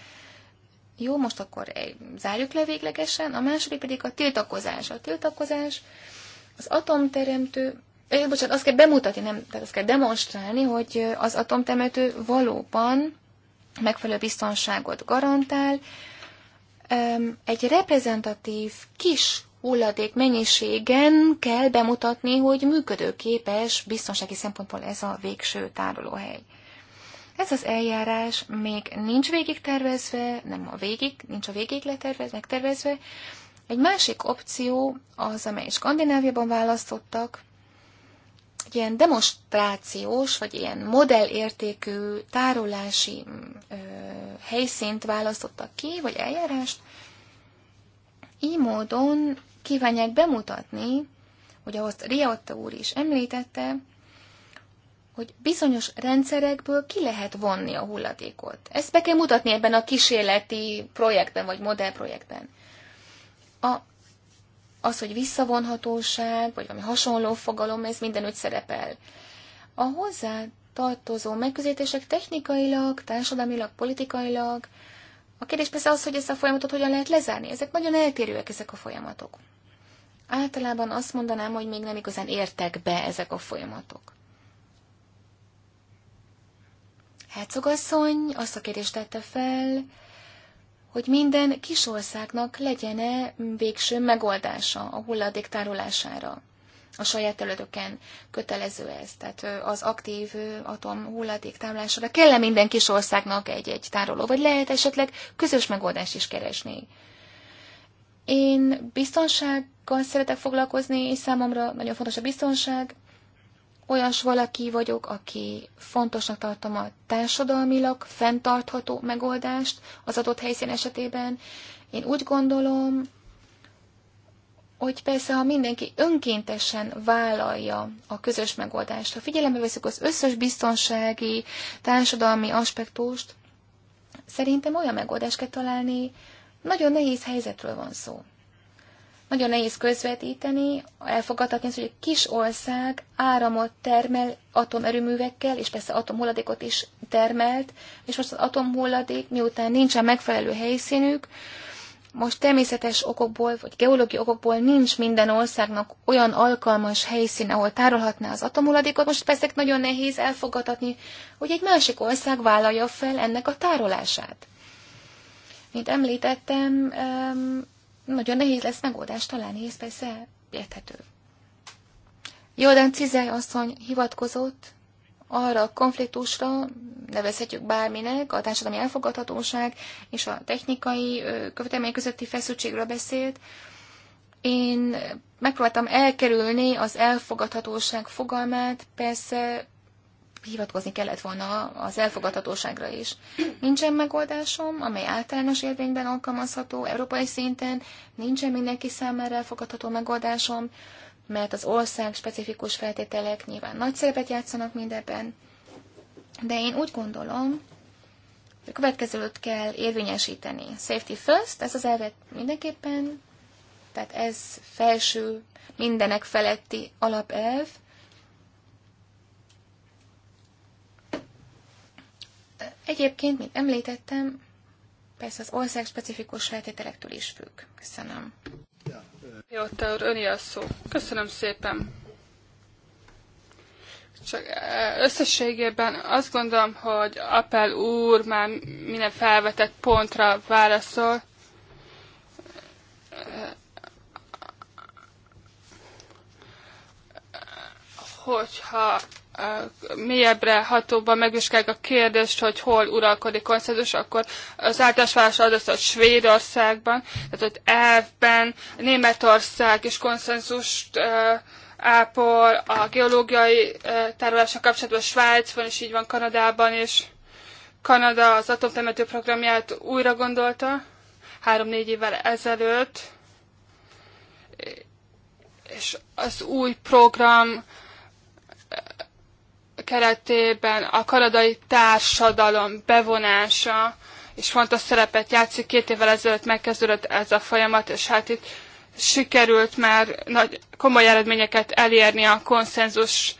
jó, most akkor zárjuk le véglegesen, a második pedig a tiltakozás. A tiltakozás az atomteremtő, eh, bocsánat, azt kell bemutatni, nem, tehát azt kell demonstrálni, hogy az atomteremtő valóban megfelelő biztonságot garantál, egy reprezentatív kis hulladék mennyiségen kell bemutatni, hogy működőképes biztonsági szempontból ez a végső tárolóhely. Ez az eljárás még nincs végig tervezve, nem a végig, nincs a végig letervezve, megtervezve. Egy másik opció az, amely Skandináviában választottak, egy ilyen demonstrációs, vagy ilyen modellértékű tárolási ö, helyszínt választottak ki, vagy eljárást. Így módon kívánják bemutatni, hogy ahhoz Riotta úr is említette, hogy bizonyos rendszerekből ki lehet vonni a hulladékot. Ezt be kell mutatni ebben a kísérleti projektben, vagy modellprojektben. A, az, hogy visszavonhatóság, vagy valami hasonló fogalom, ez mindenütt szerepel. A hozzá tartozó megközelítések technikailag, társadalmilag, politikailag, a kérdés persze az, hogy ezt a folyamatot hogyan lehet lezárni. Ezek nagyon eltérőek, ezek a folyamatok. Általában azt mondanám, hogy még nem igazán értek be ezek a folyamatok. Hercogasszony azt a kérdést tette fel, hogy minden országnak legyen-e végső megoldása a hulladék tárolására a saját területeken kötelező ez. Tehát az aktív atom hulladék támlására kell -e minden kis országnak egy-egy tároló, vagy lehet esetleg közös megoldást is keresni. Én biztonsággal szeretek foglalkozni, és számomra nagyon fontos a biztonság. Olyas valaki vagyok, aki fontosnak tartom a társadalmilag fenntartható megoldást az adott helyszín esetében. Én úgy gondolom, hogy persze, ha mindenki önkéntesen vállalja a közös megoldást, ha figyelembe veszük az összes biztonsági, társadalmi aspektust, szerintem olyan megoldást kell találni, nagyon nehéz helyzetről van szó. Nagyon nehéz közvetíteni, elfogadhatni azt, hogy egy kis ország áramot termel atomerőművekkel, és persze atomhulladékot is termelt, és most az atomhulladék, miután nincsen megfelelő helyszínük, most természetes okokból, vagy geológiai okokból nincs minden országnak olyan alkalmas helyszín, ahol tárolhatná az atomuladékot. Most persze nagyon nehéz elfogadatni, hogy egy másik ország vállalja fel ennek a tárolását. Mint említettem, nagyon nehéz lesz megoldást találni, ez persze érthető. Jordan Cizel asszony hivatkozott arra a konfliktusra, nevezhetjük bárminek, a társadalmi elfogadhatóság és a technikai követelmények közötti feszültségről beszélt. Én megpróbáltam elkerülni az elfogadhatóság fogalmát, persze hivatkozni kellett volna az elfogadhatóságra is. Nincsen megoldásom, amely általános érvényben alkalmazható, európai szinten nincsen mindenki számára elfogadható megoldásom, mert az ország specifikus feltételek nyilván nagy szerepet játszanak mindebben. De én úgy gondolom, hogy a következőt kell érvényesíteni. Safety first, ez az elvet mindenképpen, tehát ez felső, mindenek feletti alapelv, Egyébként, mint említettem, persze az ország specifikus feltételektől is függ. Köszönöm. Jó, te úr, öni a szó. Köszönöm szépen. Csak összességében azt gondolom, hogy Apel úr már minden felvetett pontra válaszol. Hogyha mélyebbre hatóban megvizsgáljuk a kérdést, hogy hol uralkodik konszenzus, akkor az általános válasz az, hogy Svédországban, tehát ott elvben Németország is konszenzust ápol, a geológiai tárolása kapcsolatban Svájcban is így van, Kanadában is. Kanada az atomtemető programját újra gondolta, három-négy évvel ezelőtt, és az új program keretében a kanadai társadalom bevonása és fontos szerepet játszik. Két évvel ezelőtt megkezdődött ez a folyamat, és hát itt sikerült már nagy, komoly eredményeket elérni a konszenzus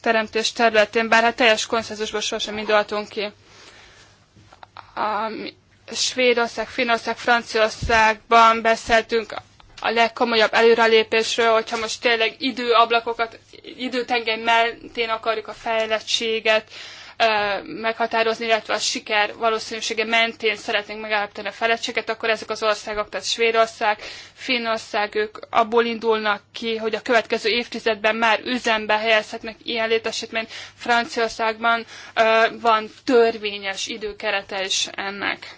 teremtés területén, bár hát teljes konszenzusból sosem indultunk ki. A Svédország, Finnország, Franciaországban beszéltünk a legkomolyabb előrelépésről, hogyha most tényleg időablakokat időtengely mentén akarjuk a fejlettséget meghatározni, illetve a siker valószínűsége mentén szeretnénk megállapítani a fejlettséget, akkor ezek az országok, tehát Svédország, Finnország, ők abból indulnak ki, hogy a következő évtizedben már üzembe helyezhetnek ilyen létesítményt. Franciaországban van törvényes időkerete is ennek.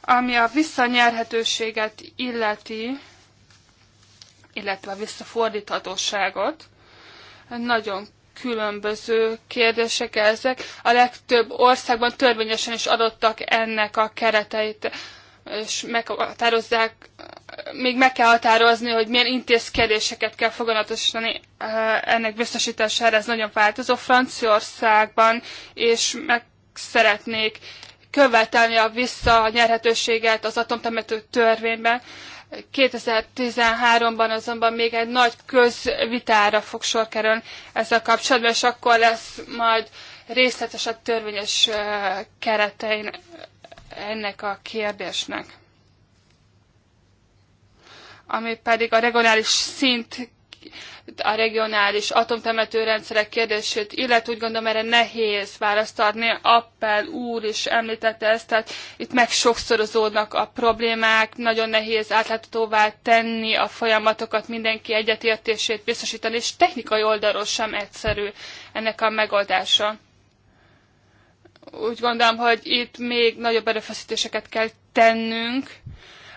Ami a visszanyerhetőséget illeti, illetve a visszafordíthatóságot, nagyon különböző kérdések ezek. A legtöbb országban törvényesen is adottak ennek a kereteit, és meghatározzák, még meg kell határozni, hogy milyen intézkedéseket kell foganatosítani eh, ennek biztosítására. Ez nagyon változó Franciaországban, és meg szeretnék követelni a visszanyerhetőséget az atomtemető törvényben. 2013-ban azonban még egy nagy közvitára fog sor kerülni ezzel kapcsolatban, és akkor lesz majd részletesebb törvényes keretein ennek a kérdésnek. Ami pedig a regionális szint a regionális atomtemetőrendszerek kérdését, illetve úgy gondolom erre nehéz választ adni. Appel úr is említette ezt, tehát itt meg sokszorozódnak a problémák, nagyon nehéz átláthatóvá tenni a folyamatokat, mindenki egyetértését biztosítani, és technikai oldalról sem egyszerű ennek a megoldása. Úgy gondolom, hogy itt még nagyobb erőfeszítéseket kell tennünk,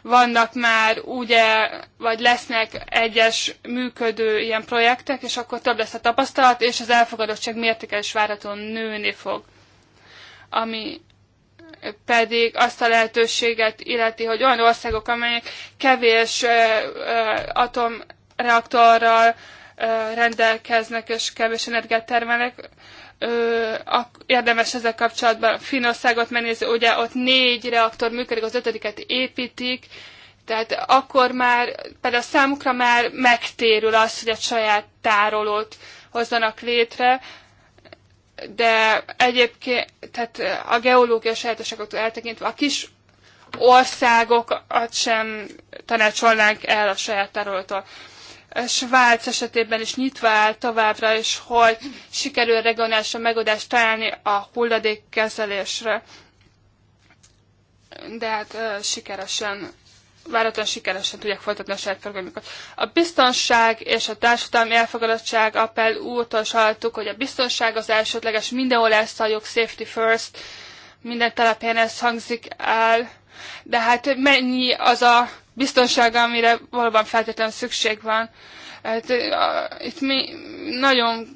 vannak már ugye, vagy lesznek egyes működő ilyen projektek, és akkor több lesz a tapasztalat, és az elfogadottság mértéke is váraton nőni fog. Ami pedig azt a lehetőséget illeti, hogy olyan országok, amelyek kevés atomreaktorral rendelkeznek és kevés energiát termelnek, ö, a, érdemes ezzel kapcsolatban Finországot megnézni, ugye ott négy reaktor működik, az ötödiket építik, tehát akkor már, például számukra már megtérül az, hogy egy saját tárolót hozzanak létre, de egyébként, tehát a geológiai sajátosságoktól eltekintve a kis országokat sem tanácsolnánk el a saját tárolótól. Svájc esetében is nyitva áll továbbra is, hogy sikerül regionálisan megoldást találni a hulladékkezelésre. De hát sikeresen váratlan sikeresen tudják folytatni a saját programjukat. A biztonság és a társadalmi elfogadottság appell úrtól hallottuk, hogy a biztonság az elsődleges, mindenhol ezt halljuk, safety first, minden telepén ez hangzik el, de hát mennyi az a biztonsága, amire valóban feltétlenül szükség van. Hát, itt mi nagyon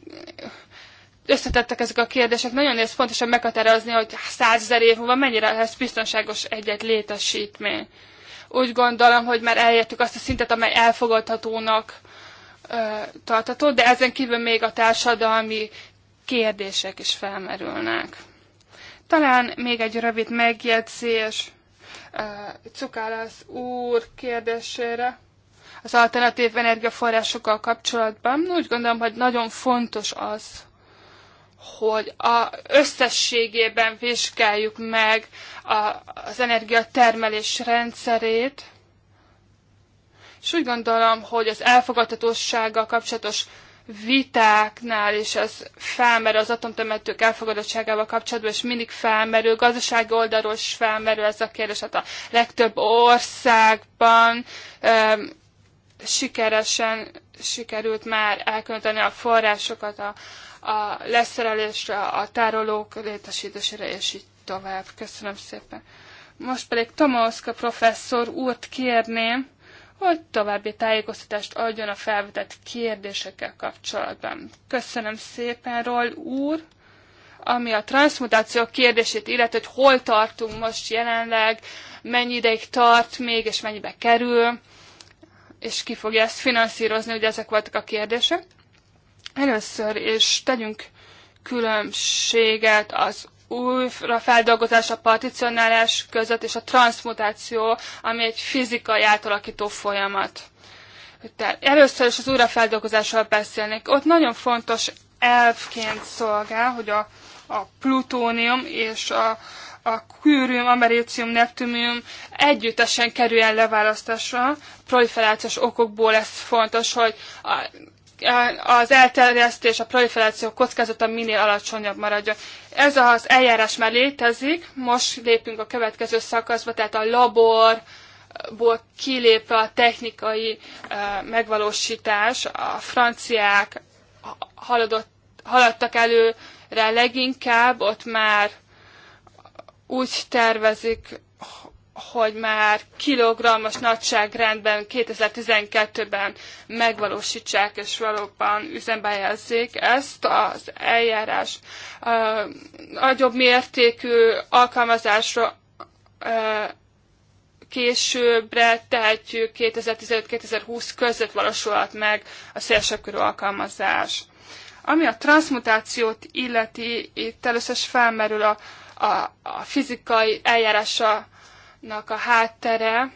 összetettek ezek a kérdések, nagyon nehéz pontosan meghatározni, hogy százezer év múlva mennyire lesz biztonságos egy-egy létesítmény. Úgy gondolom, hogy már elértük azt a szintet, amely elfogadhatónak ö, tartató, de ezen kívül még a társadalmi kérdések is felmerülnek. Talán még egy rövid megjegyzés Uh, Cukálász úr kérdésére az alternatív energiaforrásokkal kapcsolatban. Úgy gondolom, hogy nagyon fontos az, hogy a összességében vizsgáljuk meg a, az energiatermelés rendszerét, és úgy gondolom, hogy az elfogadhatósággal kapcsolatos vitáknál is az felmerül az atomtemetők elfogadottságával kapcsolatban, és mindig felmerül, gazdasági oldalról is felmerül ez a kérdés, hát a legtöbb országban um, sikeresen sikerült már elkönteni a forrásokat a, a leszerelésre, a tárolók létesítésére, és így tovább. Köszönöm szépen. Most pedig Tomoszka professzor úrt kérném, hogy további tájékoztatást adjon a felvetett kérdésekkel kapcsolatban. Köszönöm szépen, Roll úr! Ami a transmutáció kérdését illet, hogy hol tartunk most jelenleg, mennyi ideig tart még, és mennyibe kerül, és ki fogja ezt finanszírozni, ugye ezek voltak a kérdések. Először is tegyünk különbséget az újrafeldolgozás, a particionálás között, és a transmutáció, ami egy fizikai átalakító folyamat. Tehát először is az újrafeldolgozásról beszélnék. Ott nagyon fontos elfként szolgál, hogy a, a plutónium és a, a kürium, americium, neptunium együttesen kerüljen leválasztásra. Proliferációs okokból ez fontos, hogy a az elterjesztés, a proliferáció kockázata minél alacsonyabb maradjon. Ez az eljárás már létezik, most lépünk a következő szakaszba, tehát a laborból kilépve a technikai megvalósítás, a franciák haladott, haladtak előre leginkább, ott már úgy tervezik, hogy már kilogrammos nagyságrendben 2012-ben megvalósítsák, és valóban üzembe ezt az eljárás ö, nagyobb mértékű alkalmazásra ö, későbbre tehetjük 2015-2020 között valósulhat meg a szélsőkörű körű alkalmazás. Ami a transmutációt illeti, itt először is felmerül a, a, a fizikai eljárása nak a háttere,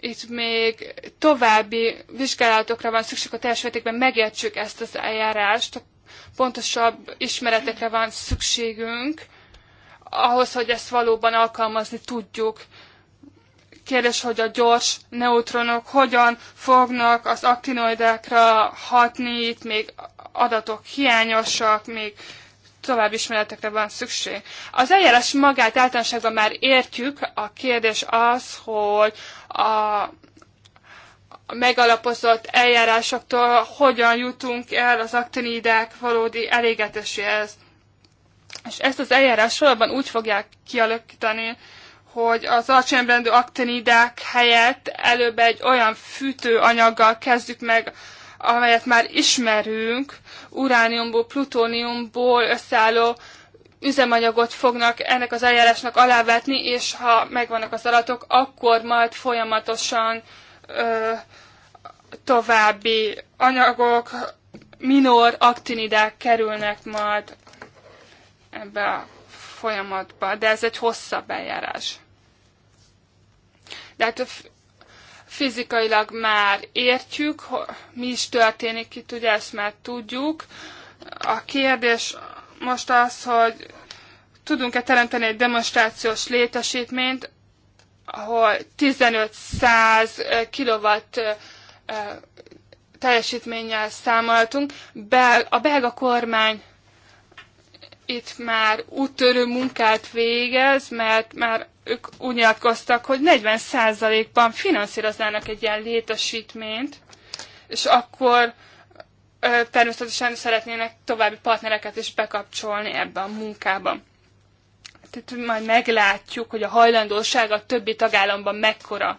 itt még további vizsgálatokra van szükség, a teljes mértékben megértsük ezt az eljárást, pontosabb ismeretekre van szükségünk, ahhoz, hogy ezt valóban alkalmazni tudjuk. Kérdés, hogy a gyors neutronok hogyan fognak az aktinoidákra hatni, itt még adatok hiányosak, még további ismeretekre van szükség. Az eljárás magát általánoságban már értjük, a kérdés az, hogy a megalapozott eljárásoktól hogyan jutunk el az aktinidák valódi elégetéséhez. És ezt az eljárás valóban úgy fogják kialakítani, hogy az alacsonyabrendű aktinidák helyett előbb egy olyan fűtőanyaggal kezdjük meg, amelyet már ismerünk, urániumból, plutóniumból összeálló üzemanyagot fognak ennek az eljárásnak alávetni, és ha megvannak az adatok, akkor majd folyamatosan ö, további anyagok, minor aktinidák kerülnek majd ebbe a folyamatba, de ez egy hosszabb eljárás. De hát fizikailag már értjük, mi is történik itt, ugye ezt már tudjuk. A kérdés most az, hogy tudunk-e teremteni egy demonstrációs létesítményt, ahol 15-100 kilowatt teljesítménnyel számoltunk. A belga kormány itt már úttörő munkát végez, mert már ők úgy nyilatkoztak, hogy 40%-ban finanszíroznának egy ilyen létesítményt, és akkor természetesen szeretnének további partnereket is bekapcsolni ebbe a munkába. Tehát majd meglátjuk, hogy a hajlandóság a többi tagállamban mekkora.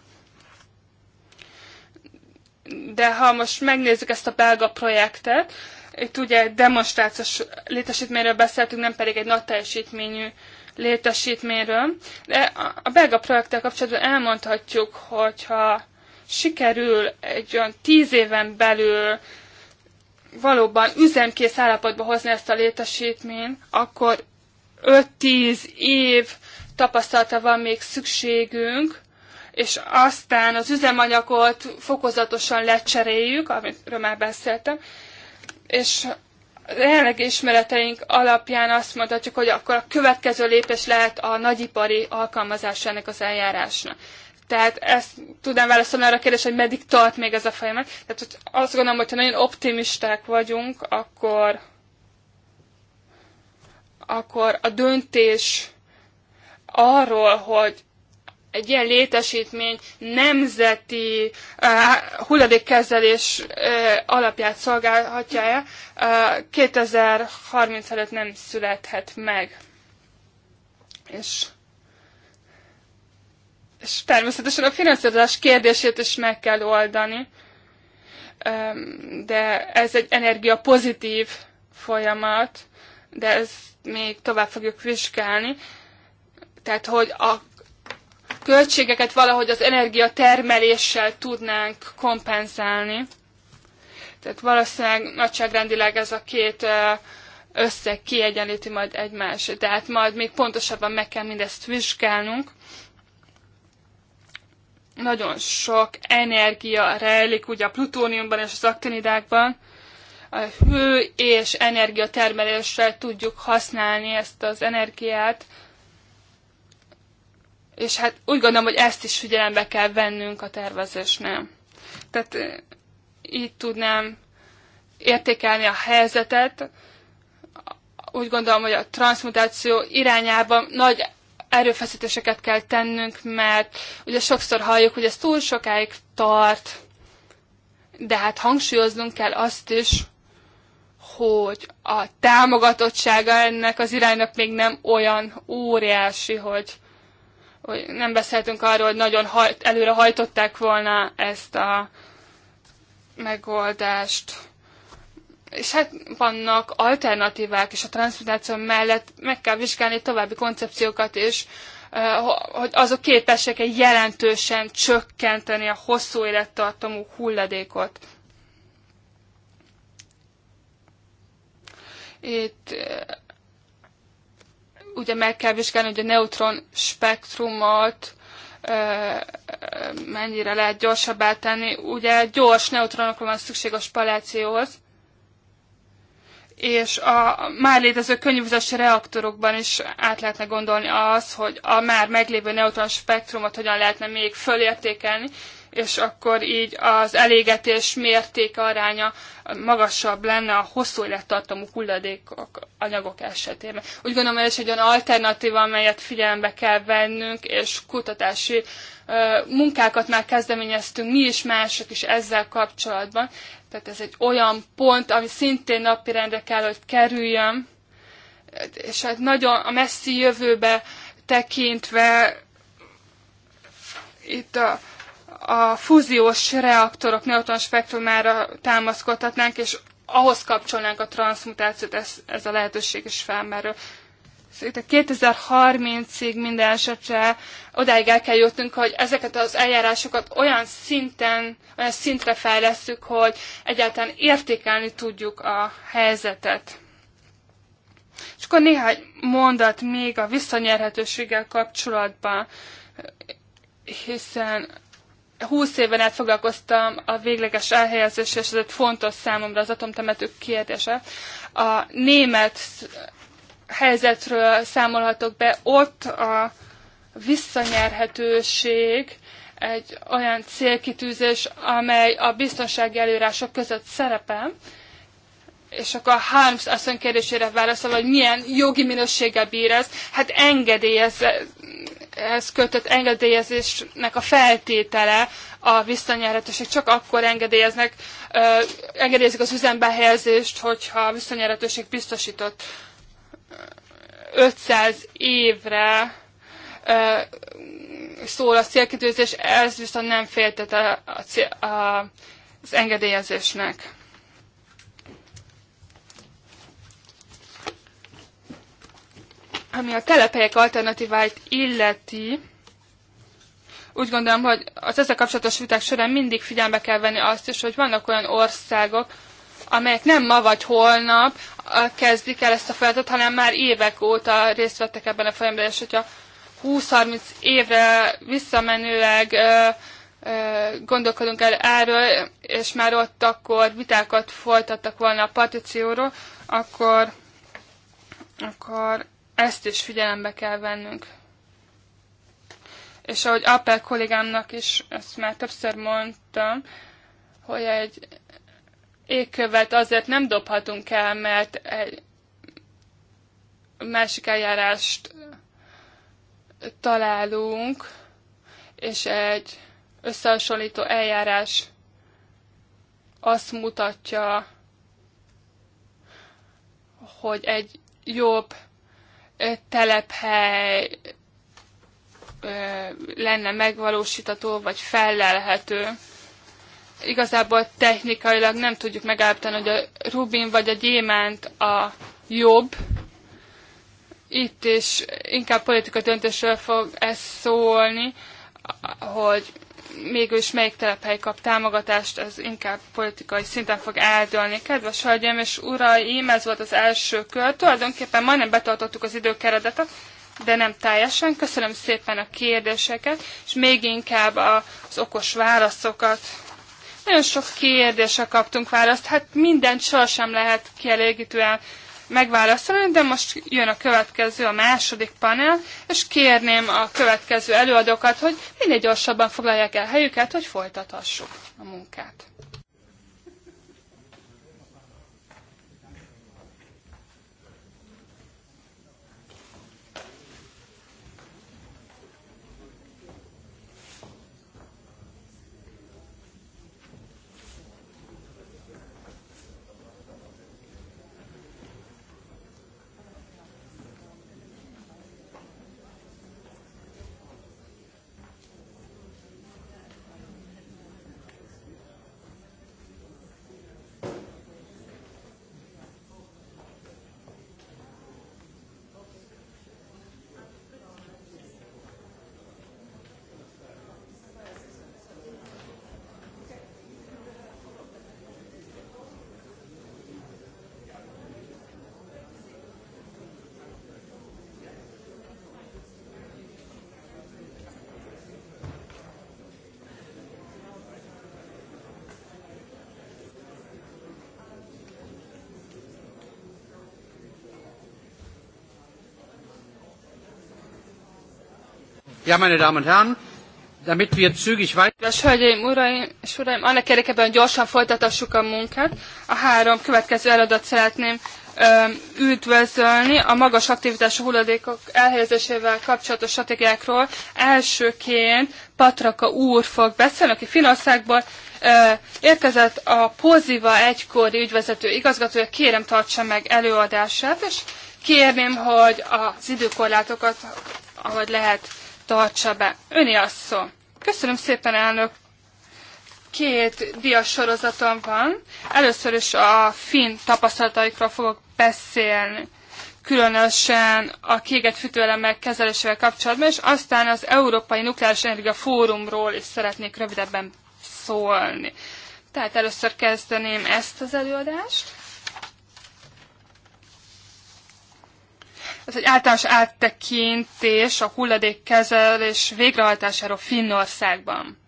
De ha most megnézzük ezt a belga projektet, itt ugye demonstrációs létesítményről beszéltünk, nem pedig egy nagy teljesítményű létesítményről, de a belga projekttel kapcsolatban elmondhatjuk, hogyha sikerül egy olyan tíz éven belül valóban üzemkész állapotba hozni ezt a létesítményt, akkor 5-10 év tapasztalata van még szükségünk, és aztán az üzemanyagot fokozatosan lecseréljük, amiről már beszéltem, és jelenlegi ismereteink alapján azt mondhatjuk, hogy akkor a következő lépés lehet a nagyipari alkalmazás ennek az eljárásnak. Tehát ezt tudnám válaszolni arra a kérdés, hogy meddig tart még ez a folyamat. Tehát hogy azt gondolom, hogyha nagyon optimisták vagyunk, akkor, akkor a döntés arról, hogy egy ilyen létesítmény nemzeti uh, hulladékkezelés uh, alapját szolgálhatja-e, uh, eh, 2030 előtt nem születhet meg. És, és természetesen a finanszírozás kérdését is meg kell oldani, um, de ez egy energia pozitív folyamat, de ezt még tovább fogjuk vizsgálni. Tehát, hogy a költségeket valahogy az energiatermeléssel tudnánk kompenzálni. Tehát valószínűleg nagyságrendileg ez a két összeg kiegyenlíti majd egymást. Tehát majd még pontosabban meg kell mindezt vizsgálnunk. Nagyon sok energia rejlik ugye a plutóniumban és az aktinidákban. A hő és energiatermelésre tudjuk használni ezt az energiát, és hát úgy gondolom, hogy ezt is figyelembe kell vennünk a tervezésnél. Tehát így tudnám értékelni a helyzetet. Úgy gondolom, hogy a transmutáció irányában nagy erőfeszítéseket kell tennünk, mert ugye sokszor halljuk, hogy ez túl sokáig tart, de hát hangsúlyoznunk kell azt is, hogy a támogatottsága ennek az iránynak még nem olyan óriási, hogy, hogy nem beszéltünk arról, hogy nagyon hajt, előre hajtották volna ezt a megoldást. És hát vannak alternatívák, és a transzmutáció mellett meg kell vizsgálni további koncepciókat is, hogy azok képesek egy jelentősen csökkenteni a hosszú élettartamú hulladékot. Itt ugye meg kell vizsgálni, hogy a neutron spektrumot mennyire lehet gyorsabbá tenni. Ugye gyors neutronokra van szükség a spalációhoz, és a már létező könnyűvizesi reaktorokban is át lehetne gondolni az, hogy a már meglévő neutron spektrumot hogyan lehetne még fölértékelni, és akkor így az elégetés mértéke aránya magasabb lenne a hosszú élettartamú hulladékok, anyagok esetében. Úgy gondolom, ez egy olyan alternatíva, amelyet figyelembe kell vennünk, és kutatási munkákat már kezdeményeztünk mi is, mások is ezzel kapcsolatban. Tehát ez egy olyan pont, ami szintén napirendre kell, hogy kerüljön, és hát nagyon a messzi jövőbe tekintve itt a a fúziós reaktorok neutron spektrumára támaszkodhatnánk, és ahhoz kapcsolnánk a transmutációt, ez, ez a lehetőség is felmerül. Szóval 2030-ig minden esetre odáig el kell jutnunk, hogy ezeket az eljárásokat olyan szinten, olyan szintre fejlesztjük, hogy egyáltalán értékelni tudjuk a helyzetet. És akkor néhány mondat még a visszanyerhetőséggel kapcsolatban, hiszen 20 éven át foglalkoztam a végleges elhelyezés, és ez egy fontos számomra az atomtemetők kérdése. A német helyzetről számolhatok be, ott a visszanyerhetőség egy olyan célkitűzés, amely a biztonsági előírások között szerepel, és akkor a Harms asszony kérdésére válaszol, hogy milyen jogi minőséggel bír ez, hát engedélyez ez kötött engedélyezésnek a feltétele a visszanyerhetőség. Csak akkor engedélyeznek, engedélyezik az üzembe helyezést, hogyha a visszanyerhetőség biztosított 500 évre szól a célkitűzés, ez viszont nem feltétele a, a, az engedélyezésnek. Ami a telephelyek alternatíváit illeti, úgy gondolom, hogy az ezzel kapcsolatos viták során mindig figyelme kell venni azt is, hogy vannak olyan országok, amelyek nem ma vagy holnap kezdik el ezt a feladatot, hanem már évek óta részt vettek ebben a folyamatban, és hogyha 20-30 évre visszamenőleg gondolkodunk el erről, és már ott akkor vitákat folytattak volna a partícióról, akkor, akkor ezt is figyelembe kell vennünk. És ahogy Apple kollégámnak is, ezt már többször mondtam, hogy egy égkövet azért nem dobhatunk el, mert egy másik eljárást találunk, és egy összehasonlító eljárás azt mutatja, hogy egy jobb telephely lenne megvalósítható, vagy fellelhető. Igazából technikailag nem tudjuk megállapítani, hogy a rubin vagy a gyémánt a jobb. Itt is inkább politikai döntésről fog ez szólni, hogy mégis melyik telephely kap támogatást, ez inkább politikai szinten fog eldőlni. Kedves hölgyeim és uraim, ez volt az első kör. Tulajdonképpen majdnem betartottuk az időkeretet, de nem teljesen. Köszönöm szépen a kérdéseket, és még inkább az okos válaszokat. Nagyon sok kérdésre kaptunk választ, hát mindent sohasem lehet kielégítően megválaszolni, de most jön a következő, a második panel, és kérném a következő előadókat, hogy minél gyorsabban foglalják el helyüket, hogy folytathassuk a munkát. Ja, meine Damen und Herren, damit wir zügig weiter... Hölgyeim, uraim és uraim, annak érdekében gyorsan folytatassuk a munkát. A három következő eladat szeretném üdvözölni a magas aktivitású hulladékok elhelyezésével kapcsolatos stratégiákról. Elsőként Patraka úr fog beszélni, aki Finországból érkezett a Poziva egykori ügyvezető igazgatója. Kérem, tartsa meg előadását, és kérném, hogy az időkorlátokat, ahogy lehet, tartsa be. Öni a szó. Köszönöm szépen, elnök két diasorozatom sorozatom van. Először is a finn tapasztalataikról fogok beszélni, különösen a kiégett fűtőelemek kezelésével kapcsolatban, és aztán az Európai Nukleáris Energia Fórumról is szeretnék rövidebben szólni. Tehát először kezdeném ezt az előadást. Ez egy általános áttekintés a hulladékkezelés végrehajtásáról Finnországban.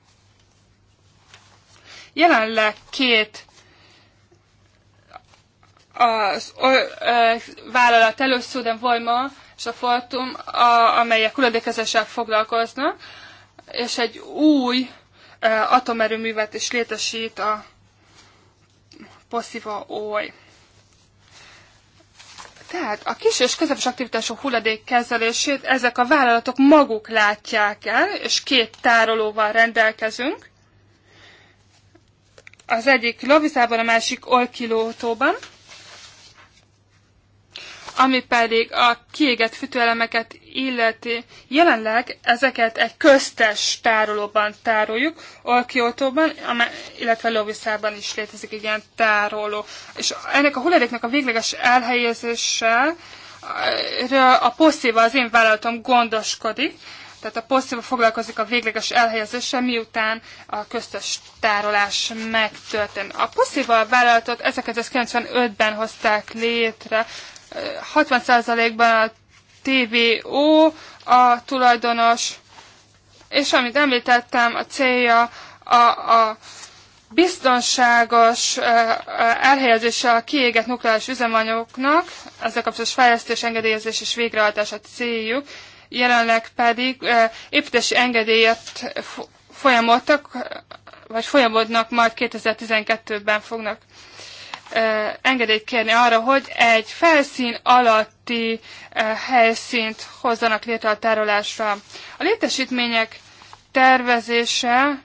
Jelenleg két az ö, ö, vállalat először, de Vajma és a Fortum, a, amelyek hulladékezéssel foglalkoznak, és egy új ö, atomerőművet is létesít a Posziva Oly. Tehát a kis és közepes aktivitások hulladékkezelését ezek a vállalatok maguk látják el, és két tárolóval rendelkezünk. Az egyik Lovizában, a másik Olkilótóban. Ami pedig a kiégett fűtőelemeket illeti, jelenleg ezeket egy köztes tárolóban tároljuk, Olkiotóban, illetve Loviszában is létezik egy ilyen tároló. És ennek a hulladéknak a végleges elhelyezéssel a poszéva az én vállalatom gondoskodik, tehát a poszéva foglalkozik a végleges elhelyezéssel, miután a köztes tárolás megtörtént. A poszéva vállalatot 1995-ben hozták létre, 60%-ban a TVO a tulajdonos, és amit említettem, a célja a, a biztonságos elhelyezése a kiégett nukleáris üzemanyagoknak, ezzel kapcsolatos fejlesztés, engedélyezés és végrehajtás a céljuk, jelenleg pedig építési engedélyet folyamodtak, vagy folyamodnak, majd 2012-ben fognak engedélyt kérni arra, hogy egy felszín alatti helyszínt hozzanak létre a tárolásra. A létesítmények tervezése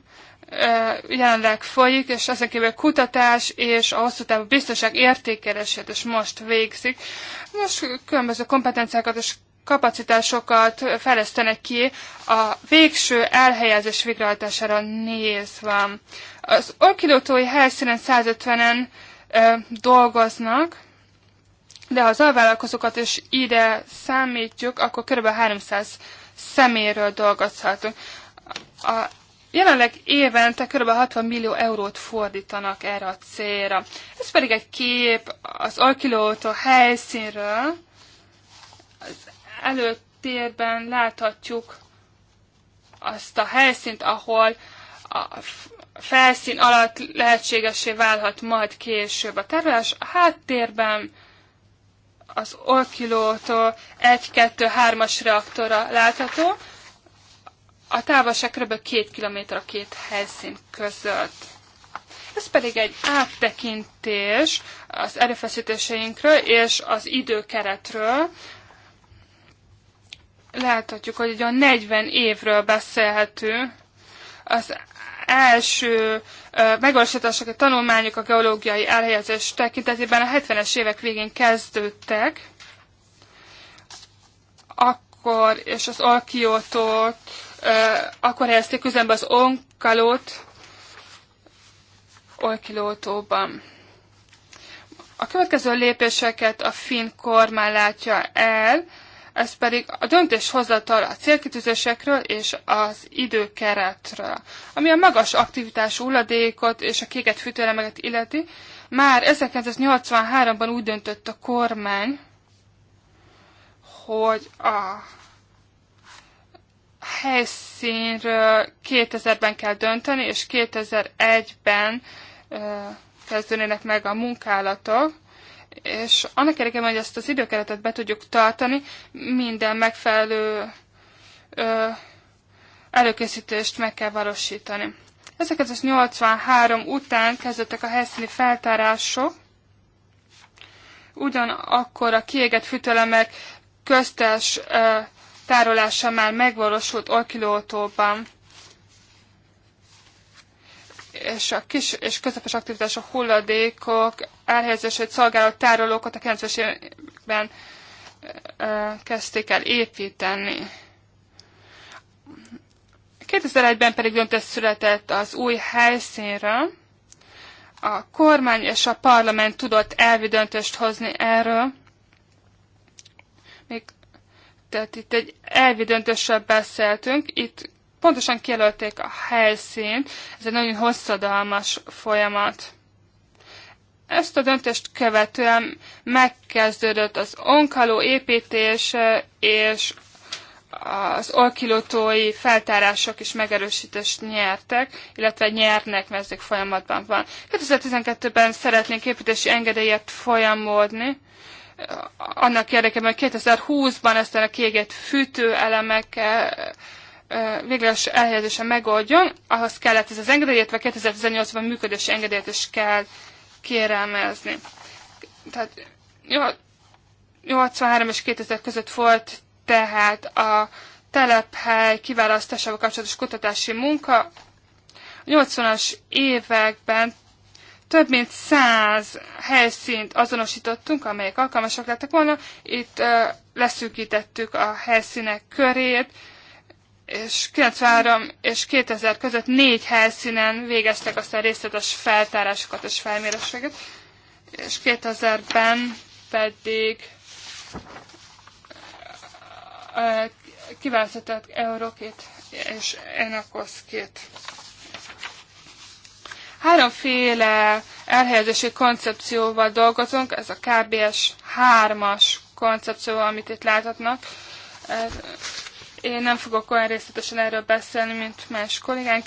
jelenleg folyik, és ezen kívül kutatás és a hosszú távú biztonság értékelését is most végzik. Most különböző kompetenciákat és kapacitásokat fejlesztenek ki a végső elhelyezés végrehajtására nézve. Az orkidótói helyszínen 150-en dolgoznak, de ha az alvállalkozókat is ide számítjuk, akkor kb. 300 szeméről dolgozhatunk. A jelenleg évente kb. 60 millió eurót fordítanak erre a célra. Ez pedig egy kép az Alkilóta helyszínről. Az előtérben láthatjuk azt a helyszínt, ahol a felszín alatt lehetségesé válhat majd később a tárolás. A háttérben az Olkilótól 1-2-3-as reaktora látható, a távolság kb. 2 km a két helyszín között. Ez pedig egy áttekintés az erőfeszítéseinkről és az időkeretről. Láthatjuk, hogy egy olyan 40 évről beszélhetünk. Az első megvalósítások, a tanulmányok a geológiai elhelyezés tekintetében a 70-es évek végén kezdődtek, akkor, és az Alkiotót, akkor helyezték üzembe az Onkalót, Olkilótóban. A következő lépéseket a finn kormány látja el, ez pedig a döntéshozatal a célkitűzésekről és az időkeretről. Ami a magas aktivitású hulladékot és a kéket fűtőelemeket illeti, már 1983-ban úgy döntött a kormány, hogy a helyszínről 2000-ben kell dönteni, és 2001-ben kezdődnének meg a munkálatok, és annak érdekében, hogy ezt az időkeretet be tudjuk tartani, minden megfelelő ö, előkészítést meg kell valósítani. 1983 után kezdődtek a helyszíni feltárások, ugyanakkor a kiégett fütelemek köztes ö, tárolása már megvalósult orkilótóban és a kis és közepes aktivitások hulladékok elhelyezését szolgáló tárolókat a 90-es években kezdték el építeni. 2001-ben pedig döntés született az új helyszínről. A kormány és a parlament tudott elvi döntést hozni erről. Még, tehát itt egy elvi döntésről beszéltünk. Itt pontosan kijelölték a helyszínt, ez egy nagyon hosszadalmas folyamat. Ezt a döntést követően megkezdődött az onkaló építése és az orkilotói feltárások is megerősítést nyertek, illetve nyernek, mert ezek folyamatban van. 2012-ben szeretnénk építési engedélyet folyamodni, annak érdekében, hogy 2020-ban ezt a kiégett fűtőelemekkel végleges elhelyezése megoldjon, ahhoz kellett ez az engedély, illetve 2018-ban működési engedélyt is kell kérelmezni. Tehát 83 és 2000 között volt tehát a telephely kiválasztásával kapcsolatos kutatási munka. A 80-as években több mint 100 helyszínt azonosítottunk, amelyek alkalmasak lettek volna. Itt leszűkítettük a helyszínek körét, és 93 és 2000 között négy helyszínen végeztek a részletes feltárásokat és felméréseket, és 2000-ben pedig kiválasztották Eurokét és Enakoszkét. Háromféle elhelyezési koncepcióval dolgozunk, ez a KBS 3-as koncepció, amit itt láthatnak. Ez, én nem fogok olyan részletesen erről beszélni, mint más kollégánk.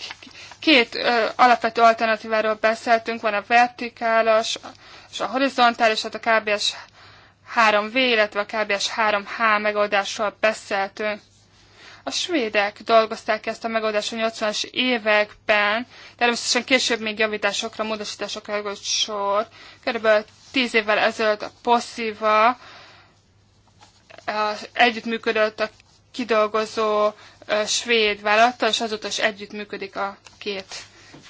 Két ö, alapvető alternatíváról beszéltünk, van a vertikálas, és a horizontális, tehát a KBS 3V, illetve a KBS 3H megoldásról beszéltünk. A svédek dolgozták ezt a megoldást a 80-as években, természetesen később még javításokra, módosításokra került sor. Körülbelül 10 évvel ezelőtt a Possiva együttműködött a kidolgozó svéd vállalattal, és azóta is működik a két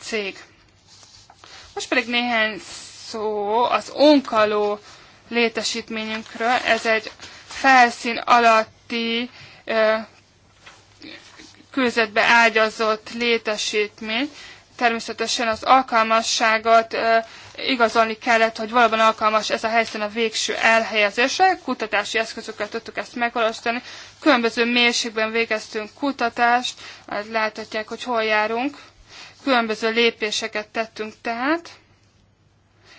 cég. Most pedig néhány szó az onkaló létesítményünkről. Ez egy felszín alatti kőzetbe ágyazott létesítmény. Természetesen az alkalmasságot igazolni kellett, hogy valóban alkalmas ez a helyszín a végső elhelyezésre. Kutatási eszközökkel tudtuk ezt megvalósítani. Különböző mélységben végeztünk kutatást, láthatják, hogy hol járunk. Különböző lépéseket tettünk tehát,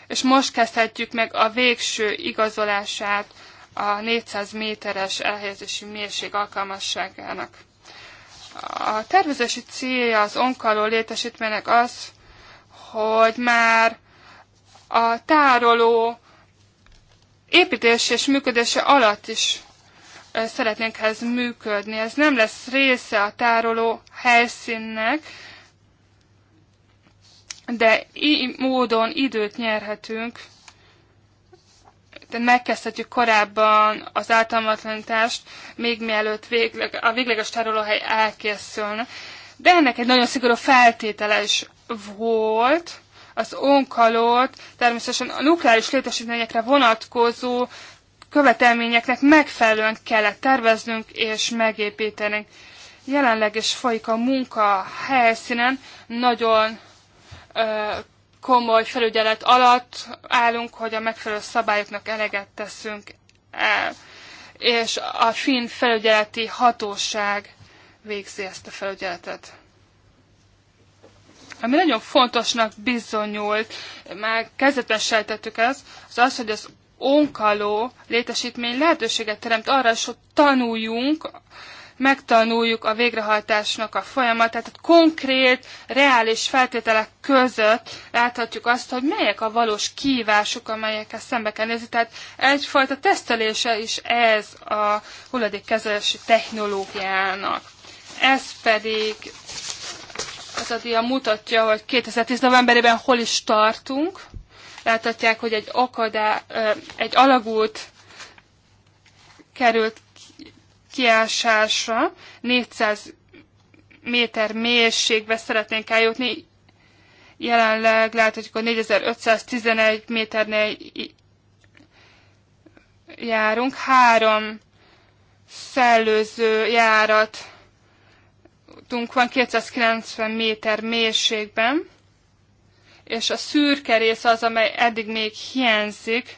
és most kezdhetjük meg a végső igazolását a 400 méteres elhelyezési mélység alkalmasságának. A tervezési célja az onkaló létesítménynek az, hogy már a tároló építés és működése alatt is szeretnénk ehhez működni. Ez nem lesz része a tároló helyszínnek, de így módon időt nyerhetünk, tehát megkezdhetjük korábban az általmatlanítást, még mielőtt végleg, a végleges tárolóhely elkészülne. De ennek egy nagyon szigorú feltétele is volt, az onkalót természetesen a nukleáris létesítményekre vonatkozó követelményeknek megfelelően kellett terveznünk és megépítenünk. Jelenleg is folyik a munka helyszínen, nagyon ö, komoly felügyelet alatt állunk, hogy a megfelelő szabályoknak eleget teszünk el. És a finn felügyeleti hatóság végzi ezt a felügyeletet ami nagyon fontosnak bizonyult, már kezdetben sejtettük ezt, az az, hogy az onkaló létesítmény lehetőséget teremt arra is, hogy tanuljunk, megtanuljuk a végrehajtásnak a folyamatát, tehát konkrét, reális feltételek között láthatjuk azt, hogy melyek a valós kívások, amelyekkel szembe kell nézni. Tehát egyfajta tesztelése is ez a hulladékkezelési technológiának. Ez pedig századia mutatja, hogy 2010 novemberében hol is tartunk. Láthatják, hogy egy okadá, egy alagút került kiásásra, 400 méter mélységbe szeretnénk eljutni. Jelenleg láthatjuk, hogy 4511 méternél járunk. Három szellőző járat kikötőnk van 290 méter mélységben, és a szürke rész az, amely eddig még hiányzik,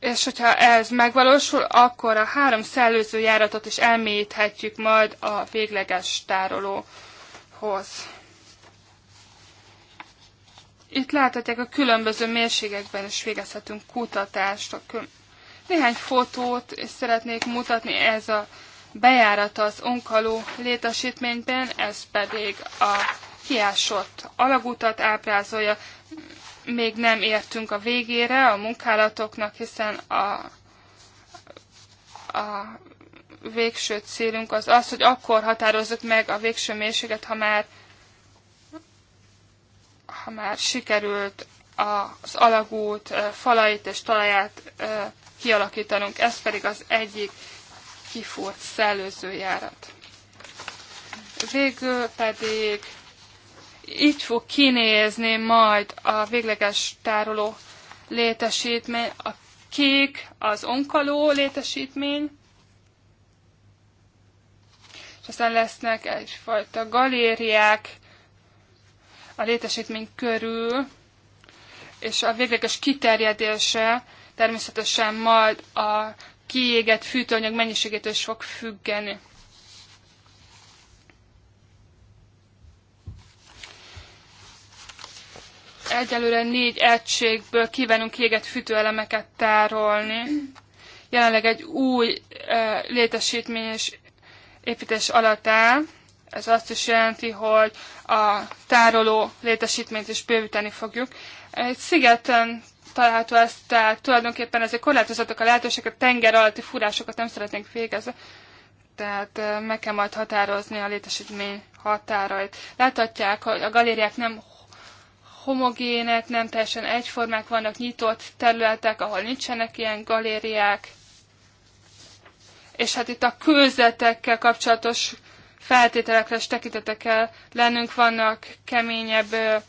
és hogyha ez megvalósul, akkor a három szellőző járatot is elmélyíthetjük majd a végleges tárolóhoz. Itt láthatják a különböző mérségekben is végezhetünk kutatást. Néhány fotót szeretnék mutatni, ez a bejárata az onkaló létesítményben, ez pedig a kiásott alagutat ábrázolja. Még nem értünk a végére a munkálatoknak, hiszen a, a végső célunk az az, hogy akkor határozzuk meg a végső mélységet, ha már, ha már sikerült az alagút falait és talaját kialakítanunk. Ez pedig az egyik kifúrt szellőzőjárat. Végül pedig így fog kinézni majd a végleges tároló létesítmény, a kék az onkaló létesítmény, és aztán lesznek egyfajta galériák a létesítmény körül, és a végleges kiterjedése természetesen majd a kiégett fűtőanyag mennyiségétől is fog függeni. Egyelőre négy egységből kívánunk kiégett fűtőelemeket tárolni. Jelenleg egy új e, létesítmény és építés alatt áll. Ez azt is jelenti, hogy a tároló létesítményt is bővíteni fogjuk. Egy szigeten található ez, tehát tulajdonképpen ezek korlátozottak a lehetőségek, a tenger alatti fúrásokat nem szeretnénk végezni, tehát meg kell majd határozni a létesítmény határait. Láthatják, hogy a galériák nem homogének, nem teljesen egyformák, vannak nyitott területek, ahol nincsenek ilyen galériák. És hát itt a kőzetekkel kapcsolatos feltételekre is tekintetek el lennünk, vannak keményebb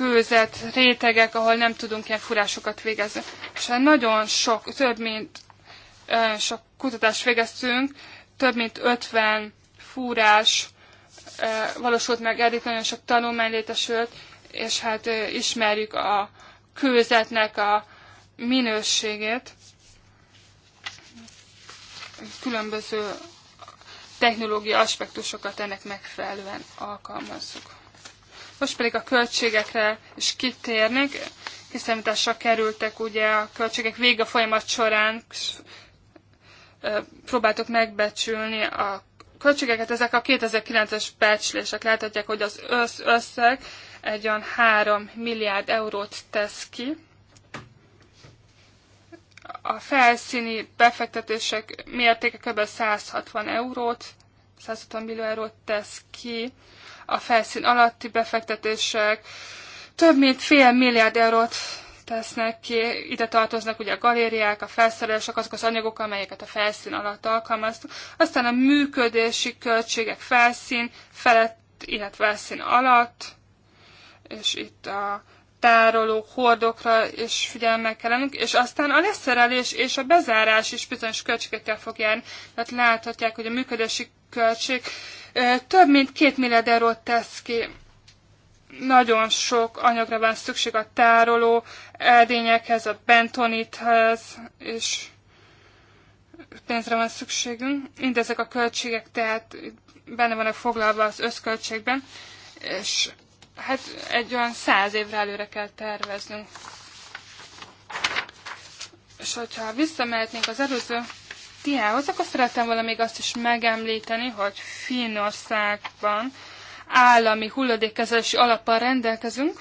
kőzet, rétegek, ahol nem tudunk ilyen furásokat végezni. És hát nagyon sok, több mint sok kutatást végeztünk, több mint 50 fúrás valósult meg, eddig nagyon sok tanulmány létesült, és hát ismerjük a kőzetnek a minőségét. Különböző technológia aspektusokat ennek megfelelően alkalmazzuk. Most pedig a költségekre is kitérnék, kiszámításra kerültek ugye a költségek vége folyamat során próbáltuk megbecsülni a költségeket. Ezek a 2009-es becslések láthatják, hogy az össz összeg egy olyan 3 milliárd eurót tesz ki. A felszíni befektetések mértéke kb. 160 eurót, 160 millió eurót tesz ki a felszín alatti befektetések több mint fél milliárd eurót tesznek ki, ide tartoznak ugye a galériák, a felszerelések, azok az anyagok, amelyeket a felszín alatt alkalmaznak. Aztán a működési költségek felszín felett, illetve felszín alatt, és itt a tároló hordokra is figyelme kell lennünk, és aztán a leszerelés és a bezárás is bizonyos költségekkel fog járni. Tehát láthatják, hogy a működési költség több mint két milliárd eurót tesz ki. Nagyon sok anyagra van szükség a tároló edényekhez, a bentonithez, és pénzre van szükségünk. Mindezek a költségek, tehát benne vannak foglalva az összköltségben, és hát egy olyan száz évre előre kell terveznünk. És hogyha visszamehetnénk az előző Tiához, akkor szeretem volna még azt is megemlíteni, hogy Finnországban állami hulladékkezelési alappal rendelkezünk,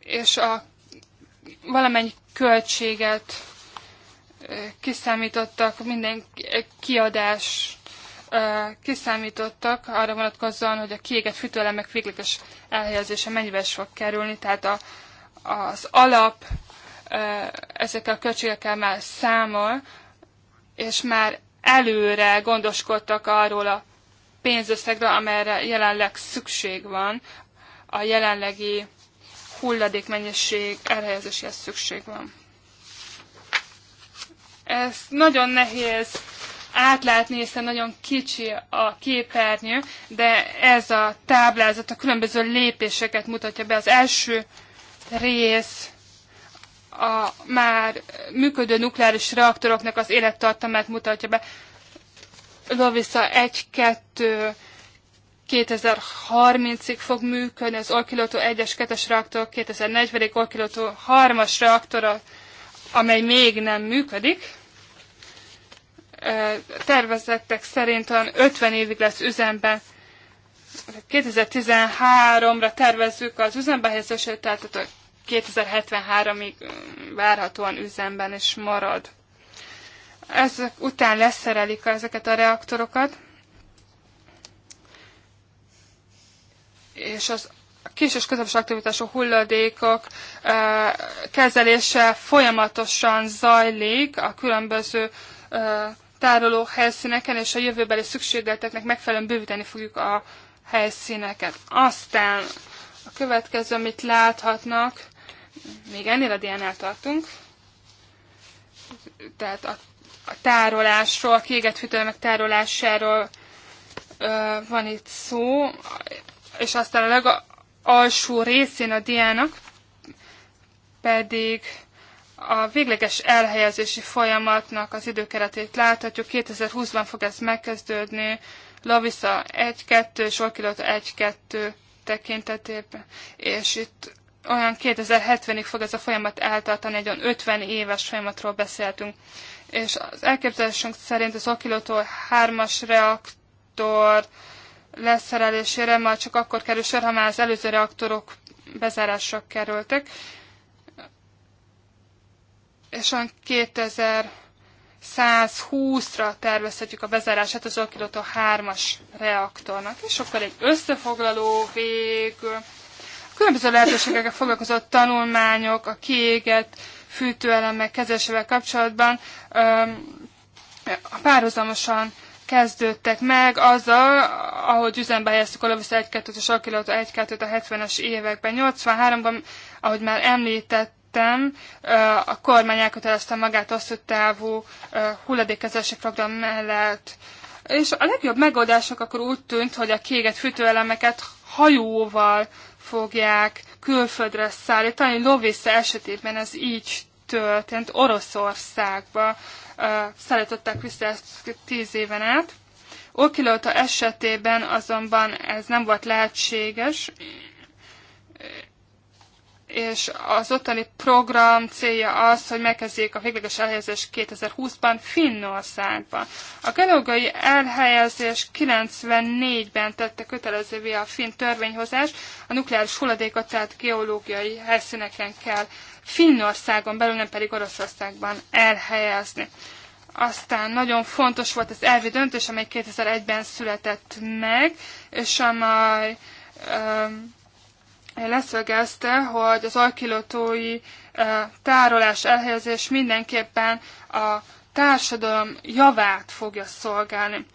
és a valamennyi költséget kiszámítottak, minden kiadás kiszámítottak arra vonatkozóan, hogy a kiégett fűtőelemek végleges elhelyezése mennyibe is fog kerülni, tehát a, az alap ezekkel a költségekkel már számol, és már előre gondoskodtak arról a pénzösszegre, amelyre jelenleg szükség van, a jelenlegi hulladékmennyiség elhelyezéséhez szükség van. Ez nagyon nehéz átlátni, hiszen nagyon kicsi a képernyő, de ez a táblázat a különböző lépéseket mutatja be. Az első rész a már működő nukleáris reaktoroknak az élettartamát mutatja be. Lovisa 1-2 2030-ig fog működni, az Olkiloto 1-es, 2-es reaktor 2040-ig, Olkiloto 3-as reaktora, amely még nem működik. Tervezettek szerint olyan 50 évig lesz üzemben. 2013-ra tervezzük az üzembe helyezését, tehát 2073-ig várhatóan üzemben is marad. Ezek után leszerelik ezeket a reaktorokat, és az kis és közepes aktivitású hulladékok kezelése folyamatosan zajlik a különböző tároló helyszíneken, és a jövőbeli szükségleteknek megfelelően bővíteni fogjuk a helyszíneket. Aztán a következő, amit láthatnak, még ennél a DNA-nál tartunk, tehát a, a tárolásról, a kiégett fűtelemek tárolásáról ö, van itt szó, és aztán a legalsó részén a diának pedig a végleges elhelyezési folyamatnak az időkeretét láthatjuk. 2020-ban fog ez megkezdődni, Lavisa 1-2 és 1-2 tekintetében, és itt olyan 2070-ig fog ez a folyamat eltartani, egy olyan 50 éves folyamatról beszéltünk. És az elképzelésünk szerint az Okilótól 3-as reaktor leszerelésére már csak akkor kerül sor, ha már az előző reaktorok bezárásra kerültek. És olyan 2000 120-ra tervezhetjük a bezárását az Okilóta 3-as reaktornak. És akkor egy összefoglaló végül Különböző lehetőségekkel foglalkozott tanulmányok, a kiégett fűtőelemek kezelésével kapcsolatban párhuzamosan kezdődtek meg azzal, ahogy üzembe helyeztük a Lovis 1 2 és Akilóta 1 2 a 70-es években. 83-ban, ahogy már említettem, a kormány elkötelezte magát hosszú távú hulladékkezelési program mellett. És a legjobb megoldások akkor úgy tűnt, hogy a kéget fűtőelemeket hajóval fogják külföldre szállítani. Lovisza esetében ez így történt Oroszországba, szállították vissza ezt tíz éven át. Okilóta esetében azonban ez nem volt lehetséges, és az ottani program célja az, hogy megkezdjék a végleges elhelyezés 2020-ban Finnországban. A geológiai elhelyezés 94-ben tette kötelezővé a finn törvényhozás, a nukleáris hulladékot tehát geológiai helyszíneken kell Finnországon belül, nem pedig Oroszországban elhelyezni. Aztán nagyon fontos volt az elvi döntés, amely 2001-ben született meg, és amely um, leszögezte, hogy az alkilotói tárolás elhelyezés mindenképpen a társadalom javát fogja szolgálni.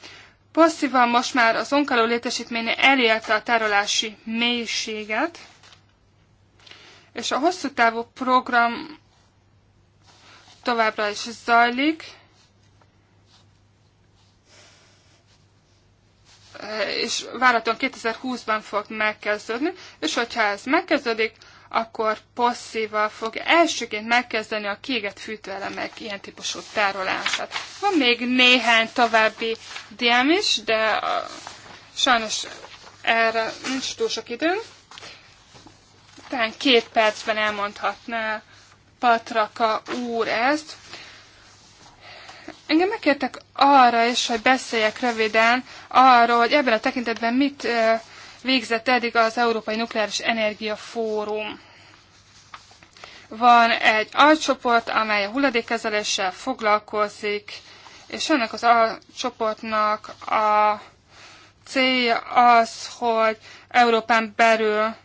Passzívan most már az onkaló létesítménye elérte a tárolási mélységet, és a hosszú távú program továbbra is zajlik, Eh, és várhatóan 2020-ban fog megkezdődni, és hogyha ez megkezdődik, akkor passzíval fog elsőként megkezdeni a kéget fűtőelemek ilyen típusú tárolását. Van még néhány további diám is, de a, eh, sajnos erre nincs túl sok időnk. Talán két percben elmondhatná Patraka úr ezt, Engem megkértek arra is, hogy beszéljek röviden arról, hogy ebben a tekintetben mit végzett eddig az Európai Nukleáris Energia Fórum. Van egy alcsoport, amely a hulladékkezeléssel foglalkozik, és ennek az alcsoportnak a célja az, hogy Európán belül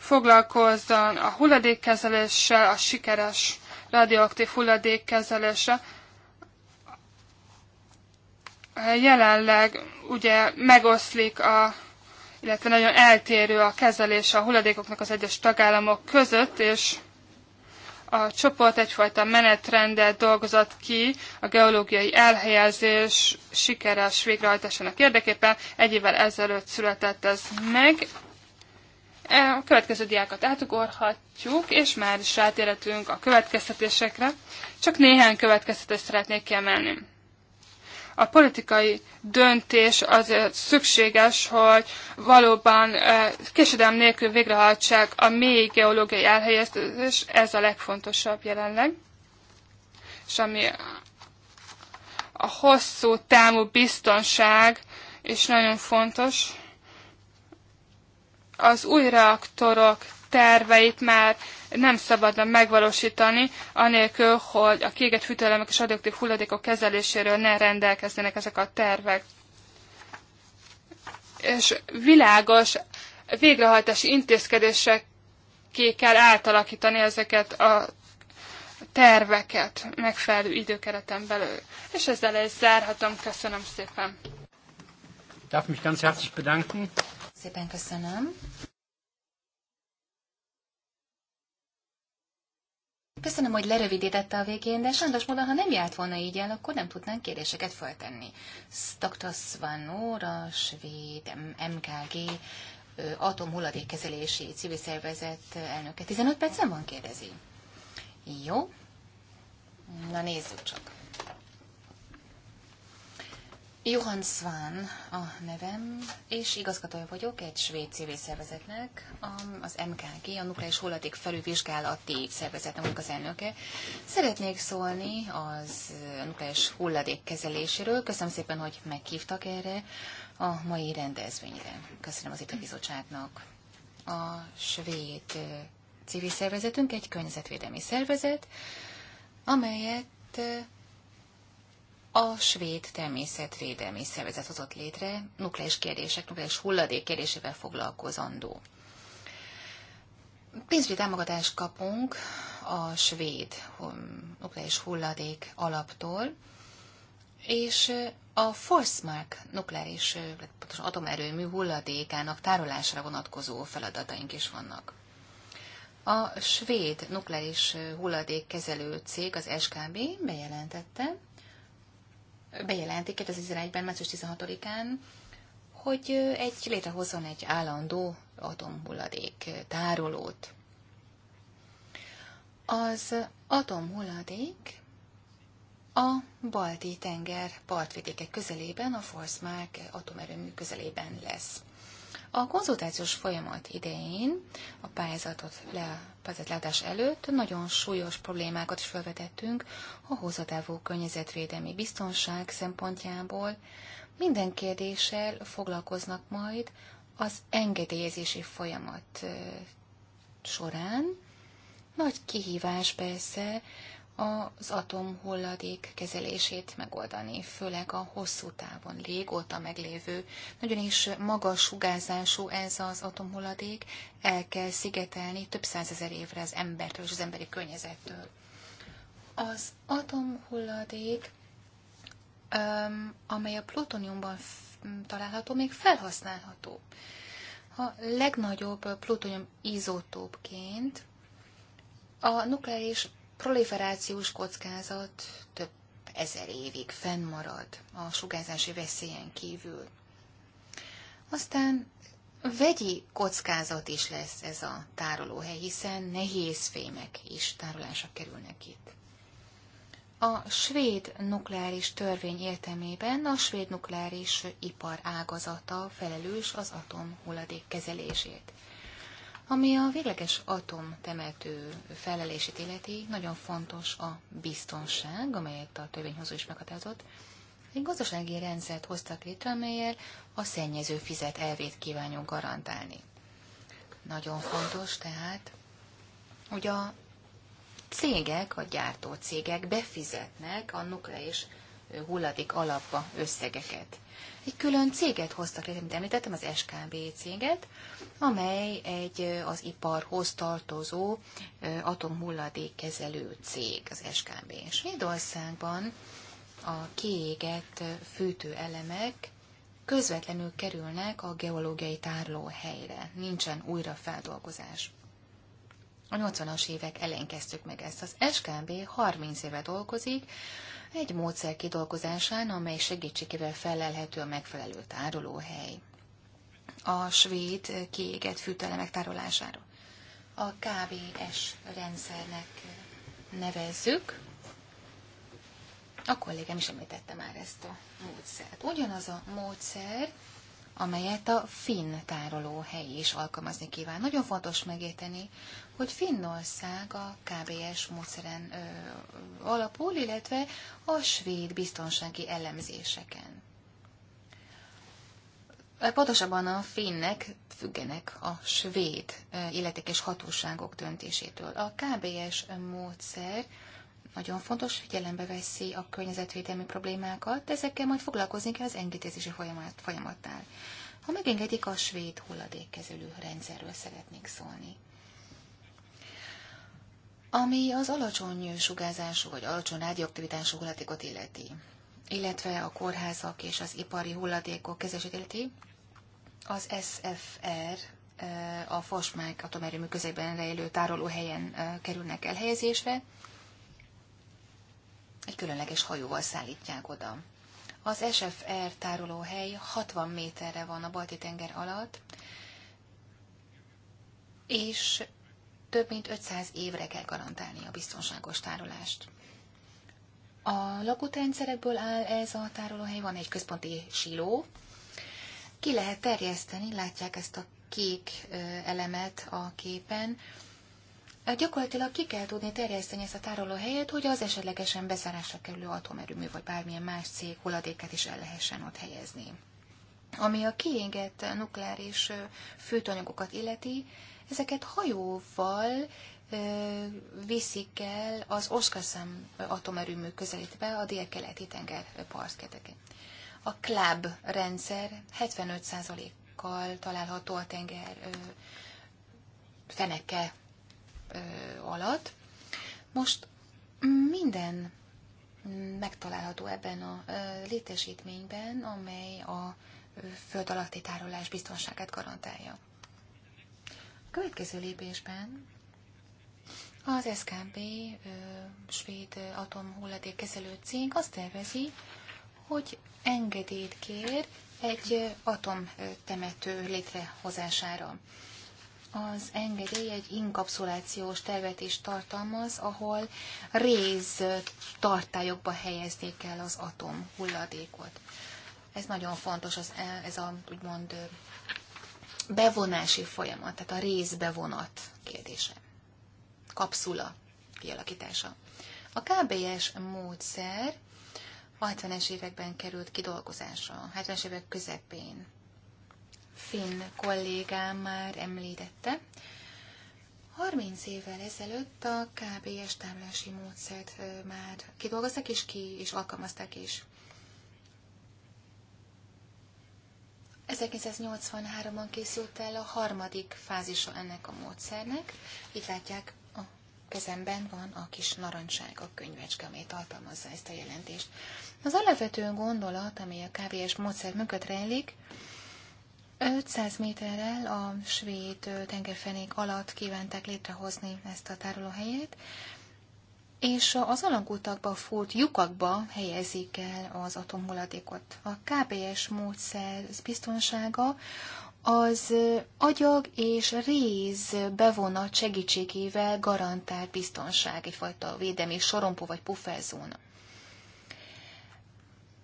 foglalkozzon a hulladékkezeléssel, a sikeres radioaktív hulladékkezeléssel, jelenleg ugye megoszlik a illetve nagyon eltérő a kezelés a hulladékoknak az egyes tagállamok között, és a csoport egyfajta menetrendet dolgozott ki a geológiai elhelyezés sikeres végrehajtásának érdekében. Egy évvel ezelőtt született ez meg. E, a következő diákat átugorhatjuk, és már is rátérhetünk a következtetésekre. Csak néhány következtetést szeretnék kiemelni a politikai döntés azért szükséges, hogy valóban eh, késedelem nélkül végrehajtsák a mély geológiai elhelyezés, ez a legfontosabb jelenleg. És ami a hosszú távú biztonság is nagyon fontos. Az új reaktorok terveit már nem szabadna megvalósítani, anélkül, hogy a kéget fűtőelemek és adjuktív hulladékok kezeléséről ne rendelkeznének ezek a tervek. És világos végrehajtási intézkedésekké kell átalakítani ezeket a terveket megfelelő időkereten belül. És ezzel is zárhatom. Köszönöm szépen. Darf mich ganz herzlich bedanken. Szépen köszönöm. Köszönöm, hogy lerövidítette a végén, de sajnos módon, ha nem járt volna így el, akkor nem tudnánk kérdéseket föltenni. Dr. Svan a svéd MKG atomhulladékkezelési civil szervezet elnöke. 15 percen van, kérdezi. Jó. Na nézzük csak. Johan Swan a nevem, és igazgatója vagyok egy svéd civil szervezetnek, az MKG, a Nukleáris Hulladék Felülvizsgálati Szervezetnek vagyok az elnöke. Szeretnék szólni az nukleáris hulladék kezeléséről. Köszönöm szépen, hogy meghívtak erre a mai rendezvényre. Köszönöm az itt a bizottságnak. A svéd civil szervezetünk egy környezetvédelmi szervezet, amelyet a svéd természetvédelmi szervezet hozott létre nukleáris kérdések, nukleáris hulladék kérdésével foglalkozandó. Pénzügyi támogatást kapunk a svéd nukleáris hulladék alaptól, és a Forsmark nukleáris, pontosan atomerőmű hulladékának tárolására vonatkozó feladataink is vannak. A svéd nukleáris hulladékkezelő cég, az SKB bejelentette, bejelentik 2011-ben, március 16-án, hogy egy létrehozzon egy állandó atomhulladék tárolót. Az atomhulladék a Balti tenger partvidéke közelében, a Forsmark atomerőmű közelében lesz. A konzultációs folyamat idején, a pályázatot le, pályázat leadás előtt nagyon súlyos problémákat is felvetettünk a hozatávú környezetvédelmi biztonság szempontjából. Minden kérdéssel foglalkoznak majd az engedélyezési folyamat során. Nagy kihívás persze az atomhulladék kezelését megoldani, főleg a hosszú távon régóta meglévő, nagyon is magas sugárzású ez az atomhulladék, el kell szigetelni több százezer évre az embertől és az emberi környezettől. Az atomhulladék, amely a plutoniumban található, még felhasználható. A legnagyobb plutonium izotópként a nukleáris proliferációs kockázat több ezer évig fennmarad a sugárzási veszélyen kívül. Aztán vegyi kockázat is lesz ez a tárolóhely, hiszen nehéz fémek is tárolásra kerülnek itt. A svéd nukleáris törvény értelmében a svéd nukleáris ipar ágazata felelős az atomhulladék kezelésért. Ami a végleges temető felelését illeti, nagyon fontos a biztonság, amelyet a törvényhozó is meghatározott. Egy gazdasági rendszert hoztak létre, amelyel a szennyező fizet elvét kívánjuk garantálni. Nagyon fontos tehát, hogy a cégek, a gyártó cégek befizetnek a nukleáris hulladék alapba összegeket egy külön céget hoztak létre, mint említettem, az SKB céget, amely egy az iparhoz tartozó atomhulladékkezelő cég, az SKB. Svédországban a kiégett fűtőelemek közvetlenül kerülnek a geológiai tárlóhelyre. Nincsen újrafeldolgozás. A 80-as évek elején kezdtük meg ezt. Az SKB 30 éve dolgozik, egy módszer kidolgozásán, amely segítségével felelhető a megfelelő tárolóhely. A svéd kiégett fűtelemek tárolására. A KBS rendszernek nevezzük. A kollégám is említette már ezt a módszert. Ugyanaz a módszer, amelyet a finn tárolóhely is alkalmazni kíván. Nagyon fontos megérteni, hogy Finnország a KBS módszeren ö, alapul, illetve a svéd biztonsági elemzéseken. E, pontosabban a finnek függenek a svéd illetékes hatóságok döntésétől. A KBS módszer nagyon fontos, figyelembe veszi a környezetvédelmi problémákat, ezekkel majd foglalkozni kell az engedélyezési folyamatnál. Ha megengedik, a svéd hulladékkezelő rendszerről szeretnék szólni ami az alacsony sugárzású vagy alacsony rádióaktivitású hulladékot illeti, illetve a kórházak és az ipari hulladékok kezését illeti, az SFR, eh, a Fosmák atomerőmű közében rejlő tárolóhelyen eh, kerülnek elhelyezésre, egy különleges hajóval szállítják oda. Az SFR tárolóhely 60 méterre van a Balti-tenger alatt, és több mint 500 évre kell garantálni a biztonságos tárolást. A lakótrendszerekből áll ez a tárolóhely, van egy központi siló. Ki lehet terjeszteni, látják ezt a kék elemet a képen. Gyakorlatilag ki kell tudni terjeszteni ezt a tárolóhelyet, hogy az esetlegesen beszárásra kerülő atomerőmű vagy bármilyen más cég hulladékát is el lehessen ott helyezni. Ami a kiégett nukleáris főtanyagokat illeti, ezeket hajóval viszik el az Oskaszem atomerőmű közelítve a dél-keleti tenger parszketeken. A CLAB rendszer 75%-kal található a tenger feneke alatt. Most minden megtalálható ebben a létesítményben, amely a föld alatti tárolás biztonságát garantálja. Következő lépésben az SKB, svéd atomhulladék kezelő cég azt tervezi, hogy engedélyt kér egy atomtemető létrehozására. Az engedély egy inkapszulációs tervet is tartalmaz, ahol réz tartályokba helyezték el az atomhulladékot. Ez nagyon fontos, az, ez a úgymond bevonási folyamat, tehát a részbevonat kérdése. Kapszula kialakítása. A KBS módszer 60-es években került kidolgozásra, 70-es évek közepén. Finn kollégám már említette. 30 évvel ezelőtt a KBS táblási módszert már kidolgoztak és ki, és alkalmazták is. 1983-ban készült el a harmadik fázisa ennek a módszernek. Itt látják, a kezemben van a kis narancság, a könyvecske, amely tartalmazza ezt a jelentést. Az alapvető gondolat, amely a kávés módszer mögött rejlik, 500 méterrel a svéd tengerfenék alatt kívánták létrehozni ezt a tárolóhelyet, és az alagútakba fúrt lyukakba helyezik el az atomhulladékot. A KBS módszer biztonsága az agyag és réz bevonat segítségével garantált biztonság, egyfajta védelmi sorompó vagy pufferzóna.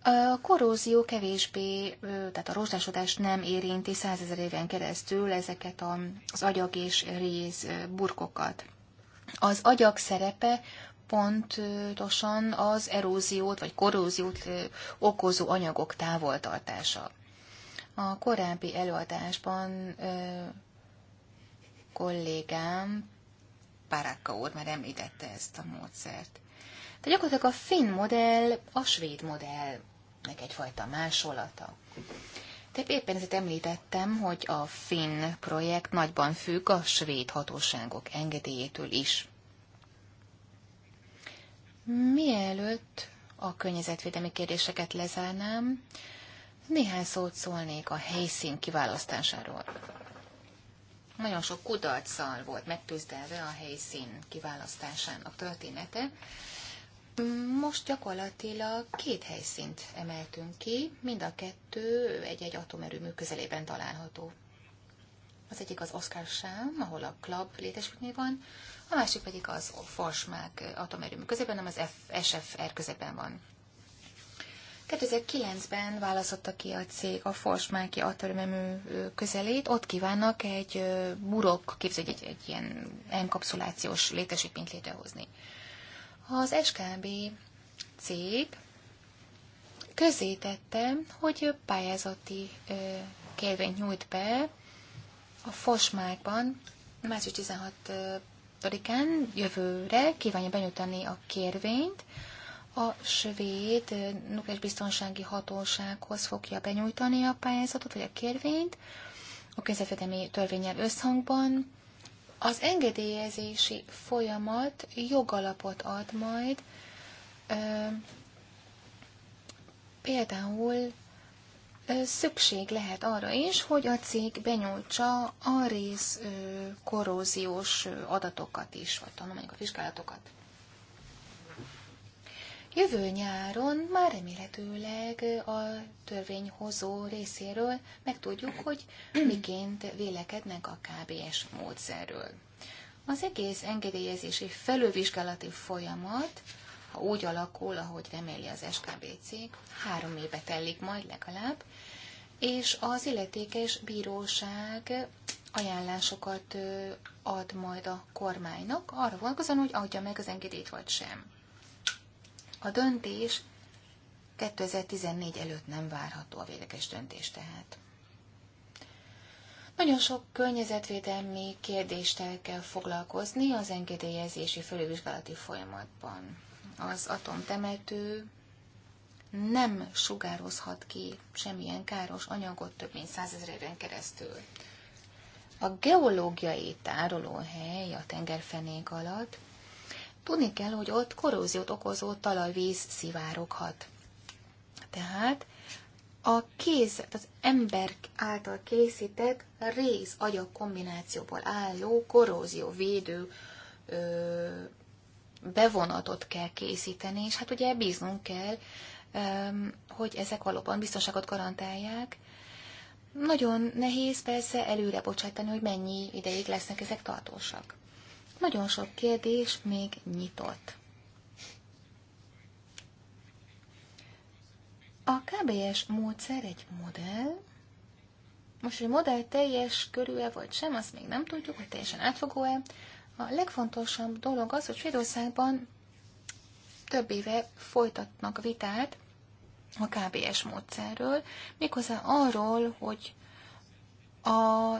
A korrózió kevésbé, tehát a rozsdásodás nem érinti százezer éven keresztül ezeket az agyag és réz burkokat. Az agyag szerepe pontosan az eróziót vagy korróziót okozó anyagok távoltartása. A korábbi előadásban kollégám Parakka úr már említette ezt a módszert. De gyakorlatilag a finn modell, a svéd modellnek egyfajta másolata. De éppen ezért említettem, hogy a finn projekt nagyban függ a svéd hatóságok engedélyétől is. Mielőtt a környezetvédelmi kérdéseket lezárnám, néhány szót szólnék a helyszín kiválasztásáról. Nagyon sok kudarccal volt megküzdelve a helyszín kiválasztásának története. Most gyakorlatilag két helyszínt emeltünk ki, mind a kettő egy-egy atomerőmű közelében található. Az egyik az Oscar Sám, ahol a klub létesítmény van, a másik pedig az Forsmák atomerőmű közében, nem az SFR közepén van. 2009-ben választotta ki a cég a Forsmáki atomerőmű közelét, ott kívánnak egy burok, képzeljük, egy, egy ilyen enkapszulációs létesítményt létrehozni. Az SKB cég közzétette, hogy pályázati kérvényt nyújt be a Forsmákban, március 16 26-án jövőre kívánja benyújtani a kérvényt, a svéd eh, nukleáris biztonsági hatósághoz fogja benyújtani a pályázatot, vagy a kérvényt, a közvetemi törvényel összhangban. Az engedélyezési folyamat jogalapot ad majd, ö, eh, például szükség lehet arra is, hogy a cég benyújtsa a rész korróziós adatokat is, vagy a vizsgálatokat. Jövő nyáron már remélhetőleg a törvényhozó részéről megtudjuk, hogy miként vélekednek a KBS módszerről. Az egész engedélyezési felülvizsgálati folyamat ha úgy alakul, ahogy reméli az SKBC, három éve telik majd legalább, és az illetékes bíróság ajánlásokat ad majd a kormánynak, arra vonatkozóan, hogy adja meg az engedélyt vagy sem. A döntés 2014 előtt nem várható a védekes döntés tehát. Nagyon sok környezetvédelmi kérdést kell foglalkozni az engedélyezési felülvizsgálati folyamatban az atomtemető nem sugározhat ki semmilyen káros anyagot több mint százezer keresztül. A geológiai tárolóhely a tengerfenék alatt tudni kell, hogy ott korróziót okozó talajvíz szivároghat. Tehát a kéz, az ember által készített rész agyak kombinációból álló korrózióvédő ö, bevonatot kell készíteni, és hát ugye bíznunk kell, hogy ezek valóban biztonságot garantálják. Nagyon nehéz persze előre bocsátani, hogy mennyi ideig lesznek ezek tartósak. Nagyon sok kérdés még nyitott. A KBS módszer egy modell. Most, hogy modell teljes körül-e vagy sem, azt még nem tudjuk, hogy teljesen átfogó-e. A legfontosabb dolog az, hogy Svédországban több éve folytatnak vitát a KBS módszerről, méghozzá arról, hogy a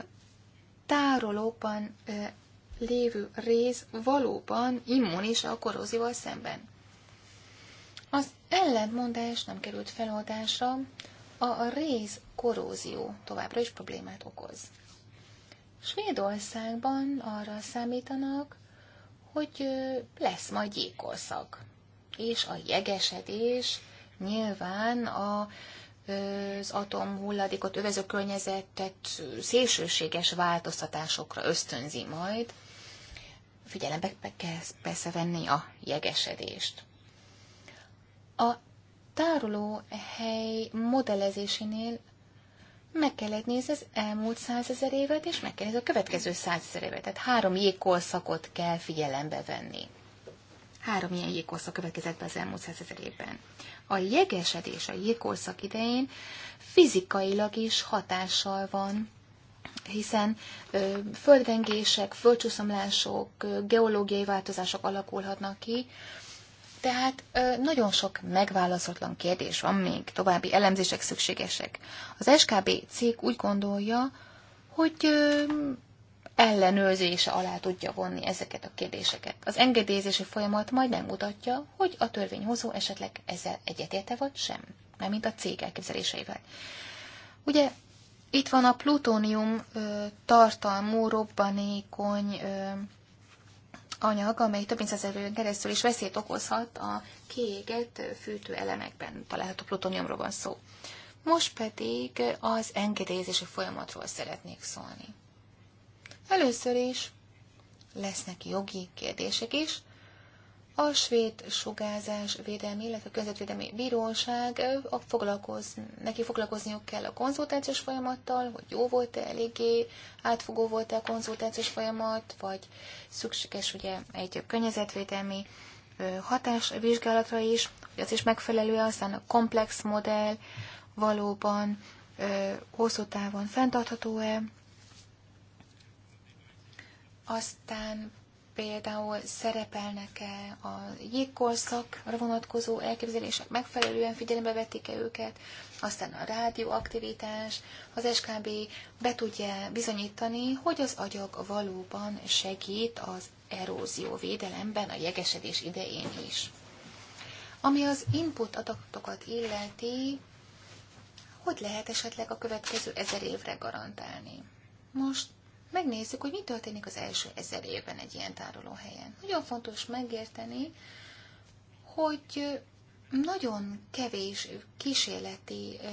tárolóban lévő rész valóban immunis a korózival szemben. Az ellentmondás nem került feloldásra, a rész korrózió továbbra is problémát okoz. Svédországban arra számítanak, hogy lesz majd jégkorszak. És a jegesedés nyilván a, az atomhulladékot övező környezetet szélsőséges változtatásokra ösztönzi majd. Figyelembe kell persze venni a jegesedést. A tároló hely modellezésénél meg kellett nézni az elmúlt százezer évet, és meg kell nézni a következő százezer évet. Tehát három jégkorszakot kell figyelembe venni. Három ilyen jégkorszak következett be az elmúlt százezer évben. A jegesedés a jégkorszak idején fizikailag is hatással van, hiszen ö, földrengések, földcsúszomlások, geológiai változások alakulhatnak ki, ö, tehát nagyon sok megválaszolatlan kérdés van még, további elemzések szükségesek. Az SKB cég úgy gondolja, hogy ellenőrzése alá tudja vonni ezeket a kérdéseket. Az engedélyezési folyamat majd megmutatja, hogy a törvényhozó esetleg ezzel egyetérte vagy sem, nem mint a cég elképzeléseivel. Ugye itt van a plutónium ö, tartalmú robbanékony ö, anyag, amely több mint száz évön keresztül is veszélyt okozhat a kiégett elemekben található plutóniumról van szó. Most pedig az engedélyezési folyamatról szeretnék szólni. Először is lesznek jogi kérdések is, a svéd sugárzás védelmi, illetve a környezetvédelmi bíróság a foglalkoz, neki foglalkozniuk kell a konzultációs folyamattal, hogy jó volt-e eléggé, átfogó volt-e a konzultációs folyamat, vagy szükséges ugye egy környezetvédelmi hatásvizsgálatra is, hogy az is megfelelő, aztán a komplex modell valóban hosszú távon fenntartható-e, aztán például szerepelnek-e a jégkorszakra vonatkozó elképzelések, megfelelően figyelembe vették-e őket, aztán a rádióaktivitás, az SKB be tudja bizonyítani, hogy az agyag valóban segít az erózió védelemben a jegesedés idején is. Ami az input adatokat illeti, hogy lehet esetleg a következő ezer évre garantálni? Most megnézzük, hogy mi történik az első ezer évben egy ilyen tárolóhelyen. Nagyon fontos megérteni, hogy nagyon kevés kísérleti ö,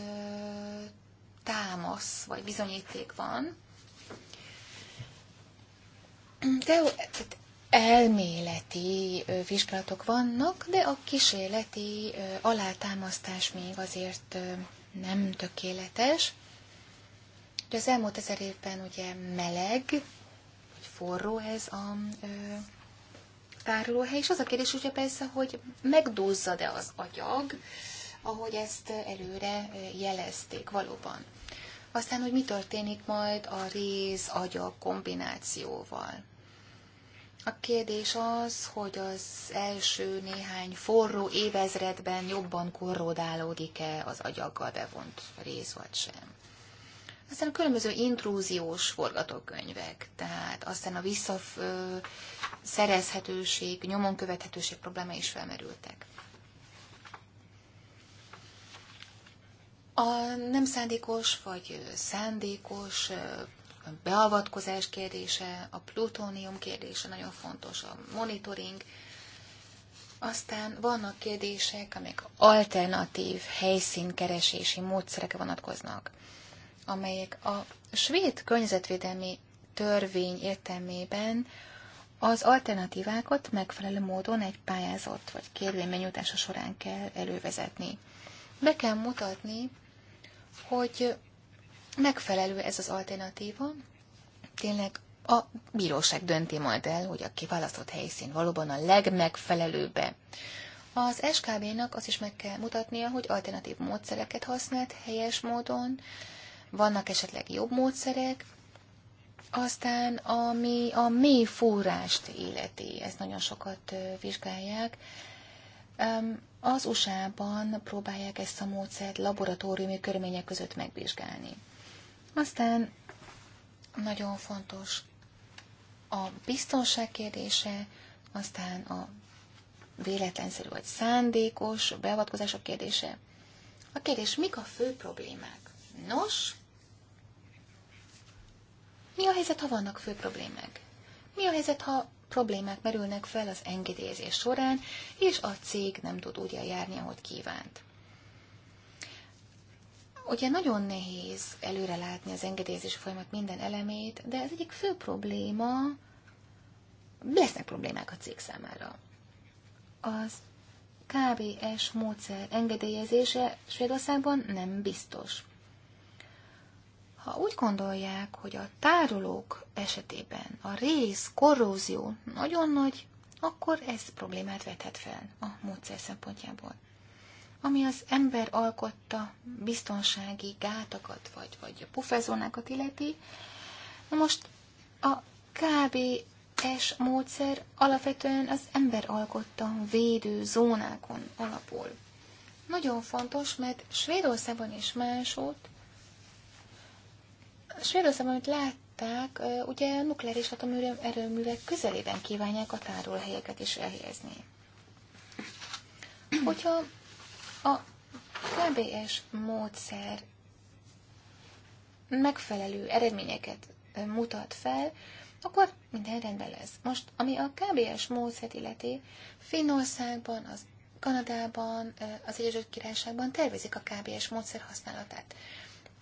támasz vagy bizonyíték van. De tehát elméleti ö, vizsgálatok vannak, de a kísérleti ö, alátámasztás még azért ö, nem tökéletes. Ugye az elmúlt ezer évben ugye meleg, vagy forró ez a ö, tárolóhely, és az a kérdés ugye persze, hogy megduzzad-e az agyag, ahogy ezt előre jelezték valóban. Aztán, hogy mi történik majd a réz agya kombinációval. A kérdés az, hogy az első néhány forró évezredben jobban korrodálódik-e az agyaggal bevont rész vagy sem. Aztán a különböző intrúziós forgatókönyvek, tehát aztán a visszaszerezhetőség, nyomon követhetőség probléma is felmerültek. A nem szándékos vagy szándékos beavatkozás kérdése, a plutónium kérdése nagyon fontos, a monitoring. Aztán vannak kérdések, amik alternatív helyszínkeresési módszerekre vonatkoznak amelyek a svéd környezetvédelmi törvény értelmében az alternatívákat megfelelő módon egy pályázat vagy kérvény során kell elővezetni. Be kell mutatni, hogy megfelelő ez az alternatíva, tényleg a bíróság dönti majd el, hogy a kiválasztott helyszín valóban a legmegfelelőbbe. Az SKB-nak azt is meg kell mutatnia, hogy alternatív módszereket használt helyes módon, vannak esetleg jobb módszerek, aztán ami a mély forrást életi, ezt nagyon sokat vizsgálják. Az USA-ban próbálják ezt a módszert laboratóriumi körülmények között megvizsgálni. Aztán nagyon fontos a biztonság kérdése, aztán a véletlenszerű vagy szándékos beavatkozások kérdése. A kérdés, mik a fő problémák? Nos, mi a helyzet, ha vannak fő problémák? Mi a helyzet, ha problémák merülnek fel az engedélyezés során, és a cég nem tud úgy eljárni, ahogy kívánt? Ugye nagyon nehéz előrelátni az engedélyezés folyamat minden elemét, de az egyik fő probléma, lesznek problémák a cég számára. Az KBS módszer engedélyezése Svédországban nem biztos. Ha úgy gondolják, hogy a tárolók esetében a rész, korrózió nagyon nagy, akkor ez problémát vethet fel a módszer szempontjából. Ami az ember alkotta biztonsági gátakat, vagy, vagy a pufezónákat illeti, na most a KBS módszer alapvetően az ember alkotta védő zónákon alapul. Nagyon fontos, mert Svédországban és másod Svédországban, amit látták, ugye a nukleáris atomerőművek közelében kívánják a tárolhelyeket is elhelyezni. Hogyha a KBS módszer megfelelő eredményeket mutat fel, akkor minden rendben lesz. Most, ami a KBS módszert illeti, Finnországban, az Kanadában, az Egyesült Királyságban tervezik a KBS módszer használatát.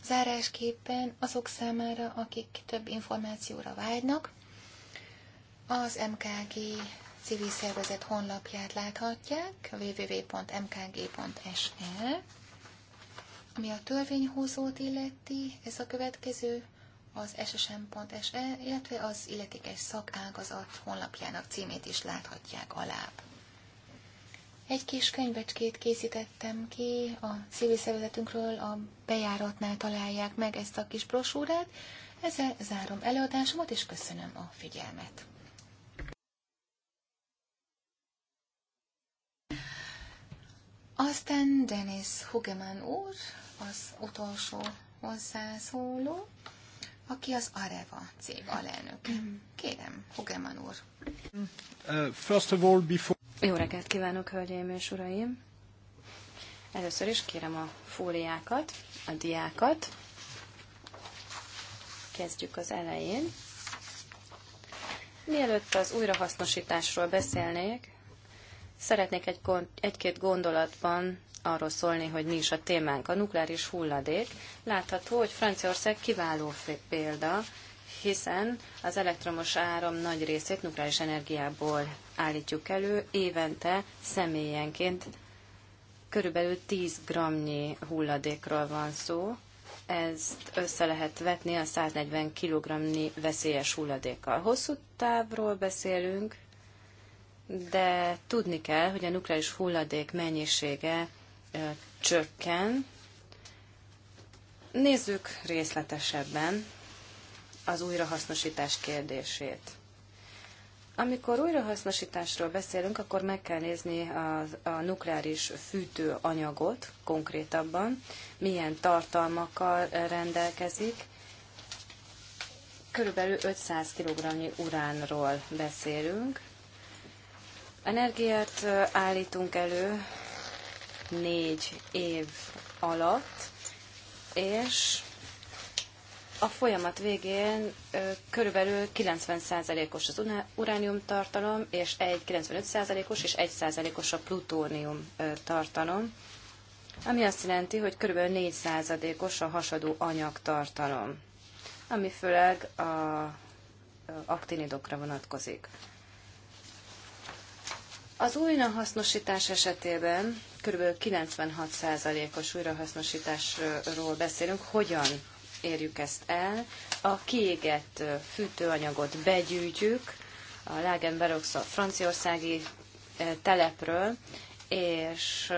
Zárásképpen azok számára, akik több információra vágynak, az MKG civil szervezet honlapját láthatják, www.mkg.se. Ami a törvényhozót illeti, ez a következő, az ssm.se, illetve az illetékes szakágazat honlapjának címét is láthatják alább. Egy kis könyvecskét készítettem ki a civil szervezetünkről, a bejáratnál találják meg ezt a kis brosúrát. Ezzel zárom előadásomat, és köszönöm a figyelmet. Aztán Denis Hugeman úr, az utolsó hozzászóló, aki az Areva cég alelnök. Kérem, Hugeman úr. Uh, first of all, before... Jó reggelt kívánok, hölgyeim és uraim! Először is kérem a fóliákat, a diákat. Kezdjük az elején. Mielőtt az újrahasznosításról beszélnék, szeretnék egy, egy-két gondolatban arról szólni, hogy mi is a témánk, a nukleáris hulladék. Látható, hogy Franciaország kiváló példa hiszen az elektromos áram nagy részét nukleáris energiából állítjuk elő, évente személyenként körülbelül 10 gramnyi hulladékról van szó, ezt össze lehet vetni a 140 kg veszélyes hulladékkal. Hosszú távról beszélünk, de tudni kell, hogy a nukleáris hulladék mennyisége csökken. Nézzük részletesebben az újrahasznosítás kérdését. Amikor újrahasznosításról beszélünk, akkor meg kell nézni a, a nukleáris fűtőanyagot konkrétabban, milyen tartalmakkal rendelkezik. Körülbelül 500 kg uránról beszélünk. Energiát állítunk elő négy év alatt, és a folyamat végén körülbelül 90%-os az uránium tartalom, és egy 95%-os és 1%-os a plutónium tartalom, ami azt jelenti, hogy körülbelül 4%-os a hasadó anyag tartalom, ami főleg a aktinidokra vonatkozik. Az újrahasznosítás esetében kb. 96%-os újrahasznosításról beszélünk. Hogyan érjük ezt el. A kiégett fűtőanyagot begyűjtjük a Lagenberox a franciaországi telepről, és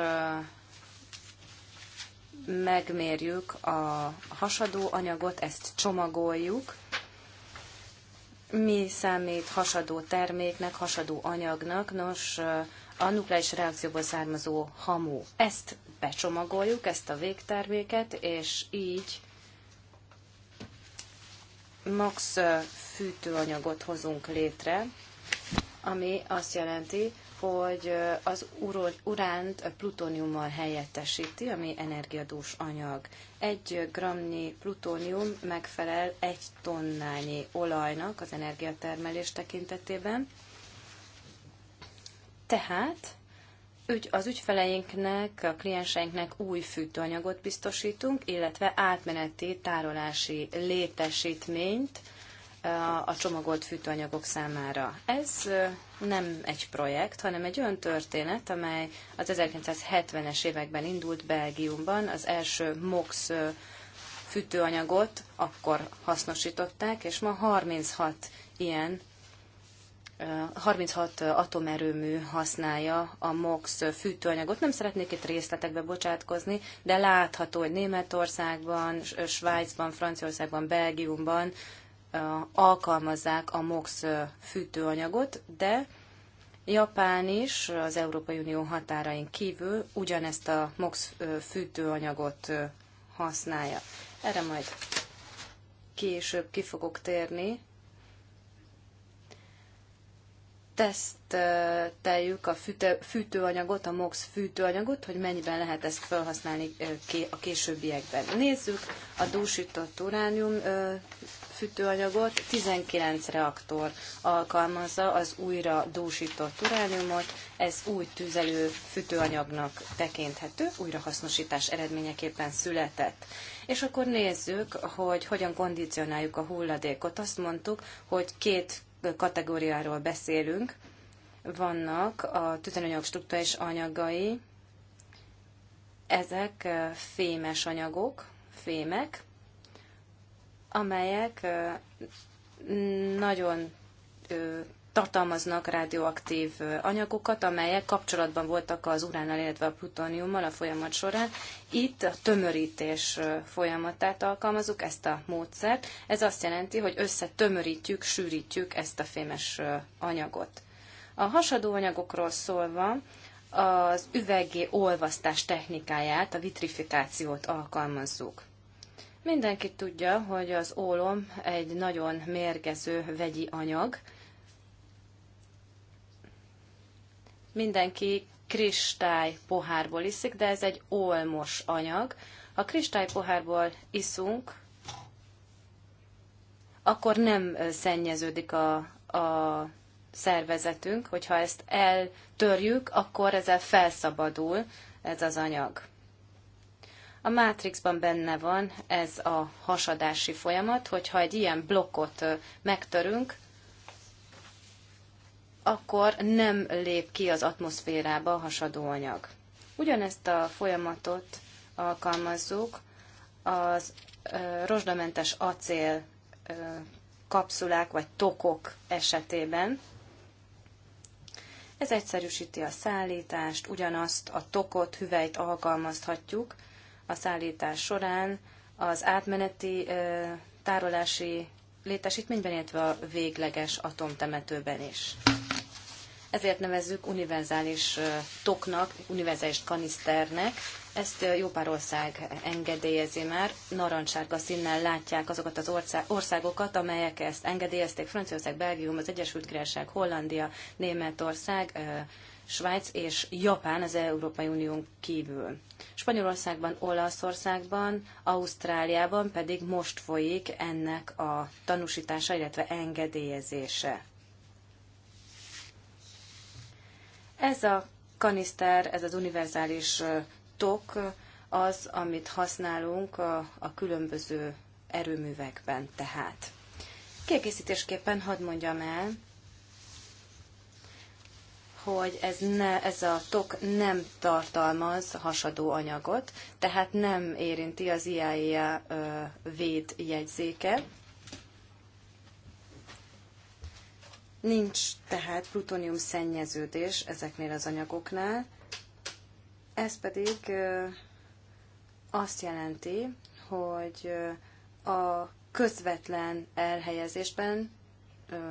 megmérjük a hasadó anyagot, ezt csomagoljuk. Mi számít hasadó terméknek, hasadó anyagnak? Nos, a nukleáris reakcióból származó hamu. Ezt becsomagoljuk, ezt a végterméket, és így max fűtőanyagot hozunk létre, ami azt jelenti, hogy az uránt plutóniummal helyettesíti, ami energiadús anyag. Egy gramnyi plutónium megfelel egy tonnányi olajnak az energiatermelés tekintetében. Tehát ügy, az ügyfeleinknek, a klienseinknek új fűtőanyagot biztosítunk, illetve átmeneti tárolási létesítményt eh, a csomagolt fűtőanyagok számára. Ez eh, nem egy projekt, hanem egy olyan történet, amely az 1970-es években indult Belgiumban. Az első MOX eh, fűtőanyagot akkor hasznosították, és ma 36 ilyen 36 atomerőmű használja a MOX fűtőanyagot. Nem szeretnék itt részletekbe bocsátkozni, de látható, hogy Németországban, Svájcban, Franciaországban, Belgiumban alkalmazzák a MOX fűtőanyagot, de Japán is az Európai Unió határain kívül ugyanezt a MOX fűtőanyagot használja. Erre majd később ki fogok térni, teszteljük a fűtő, fűtőanyagot, a MOX fűtőanyagot, hogy mennyiben lehet ezt felhasználni a későbbiekben. Nézzük a dúsított uránium fűtőanyagot. 19 reaktor alkalmazza az újra dúsított urániumot. Ez új tüzelő fűtőanyagnak tekinthető, újrahasznosítás eredményeképpen született. És akkor nézzük, hogy hogyan kondicionáljuk a hulladékot. Azt mondtuk, hogy két kategóriáról beszélünk. Vannak a tüzelőanyag struktúrás anyagai, ezek fémes anyagok, fémek, amelyek nagyon tartalmaznak rádióaktív anyagokat, amelyek kapcsolatban voltak az uránnal, illetve a plutóniummal a folyamat során. Itt a tömörítés folyamatát alkalmazunk, ezt a módszert. Ez azt jelenti, hogy összetömörítjük, sűrítjük ezt a fémes anyagot. A hasadó anyagokról szólva, az üvegé olvasztás technikáját, a vitrifikációt alkalmazzuk. Mindenki tudja, hogy az ólom egy nagyon mérgező vegyi anyag, mindenki kristály pohárból iszik, de ez egy olmos anyag. Ha kristály pohárból iszunk, akkor nem szennyeződik a, a szervezetünk, hogyha ezt eltörjük, akkor ezzel felszabadul ez az anyag. A mátrixban benne van ez a hasadási folyamat, hogyha egy ilyen blokkot megtörünk, akkor nem lép ki az atmoszférába a hasadó anyag. Ugyanezt a folyamatot alkalmazzuk az rozsdamentes acél kapszulák vagy tokok esetében. Ez egyszerűsíti a szállítást, ugyanazt a tokot, hüvelyt alkalmazhatjuk a szállítás során az átmeneti tárolási létesítményben, illetve a végleges atomtemetőben is ezért nevezzük univerzális toknak, univerzális kaniszternek. Ezt jó pár ország engedélyezi már. Narancsárga színnel látják azokat az országokat, amelyek ezt engedélyezték. Franciaország, Belgium, az Egyesült Királyság, Hollandia, Németország, Svájc és Japán az Európai Unión kívül. Spanyolországban, Olaszországban, Ausztráliában pedig most folyik ennek a tanúsítása, illetve engedélyezése. Ez a kaniszter, ez az univerzális tok az, amit használunk a, a különböző erőművekben tehát. Kiegészítésképpen hadd mondjam el, hogy ez, ne, ez a tok nem tartalmaz hasadó anyagot, tehát nem érinti az IAEA jegyzéke. Nincs tehát plutónium szennyeződés ezeknél az anyagoknál. Ez pedig azt jelenti, hogy a közvetlen elhelyezésben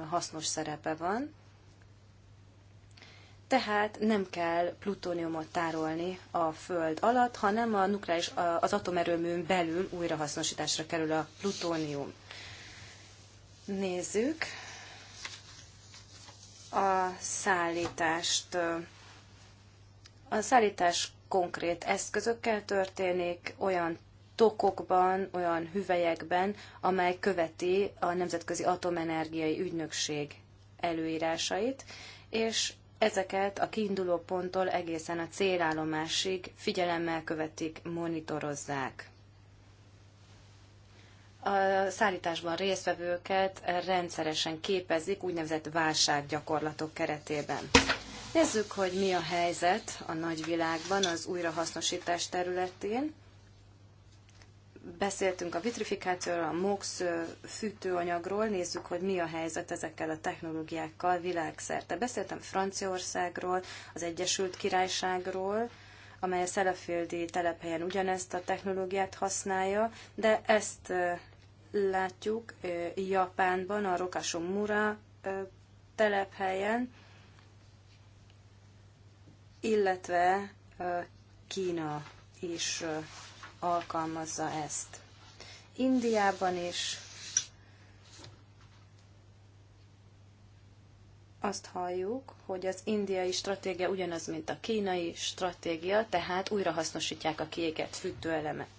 hasznos szerepe van, tehát nem kell plutóniumot tárolni a föld alatt, hanem a nukleáris, az atomerőműn belül újrahasznosításra kerül a plutónium. Nézzük a szállítást. A szállítás konkrét eszközökkel történik, olyan tokokban, olyan hüvelyekben, amely követi a Nemzetközi Atomenergiai Ügynökség előírásait, és ezeket a kiinduló ponttól egészen a célállomásig figyelemmel követik, monitorozzák a szállításban résztvevőket rendszeresen képezik úgynevezett válsággyakorlatok keretében. Nézzük, hogy mi a helyzet a nagyvilágban az újrahasznosítás területén. Beszéltünk a vitrifikációról, a MOX fűtőanyagról, nézzük, hogy mi a helyzet ezekkel a technológiákkal világszerte. Beszéltem Franciaországról, az Egyesült Királyságról, amely a Szelefildi telephelyen ugyanezt a technológiát használja, de ezt látjuk Japánban, a Rokasomura telephelyen, illetve Kína is alkalmazza ezt. Indiában is azt halljuk, hogy az indiai stratégia ugyanaz, mint a kínai stratégia, tehát újrahasznosítják a kiégett fűtőelemet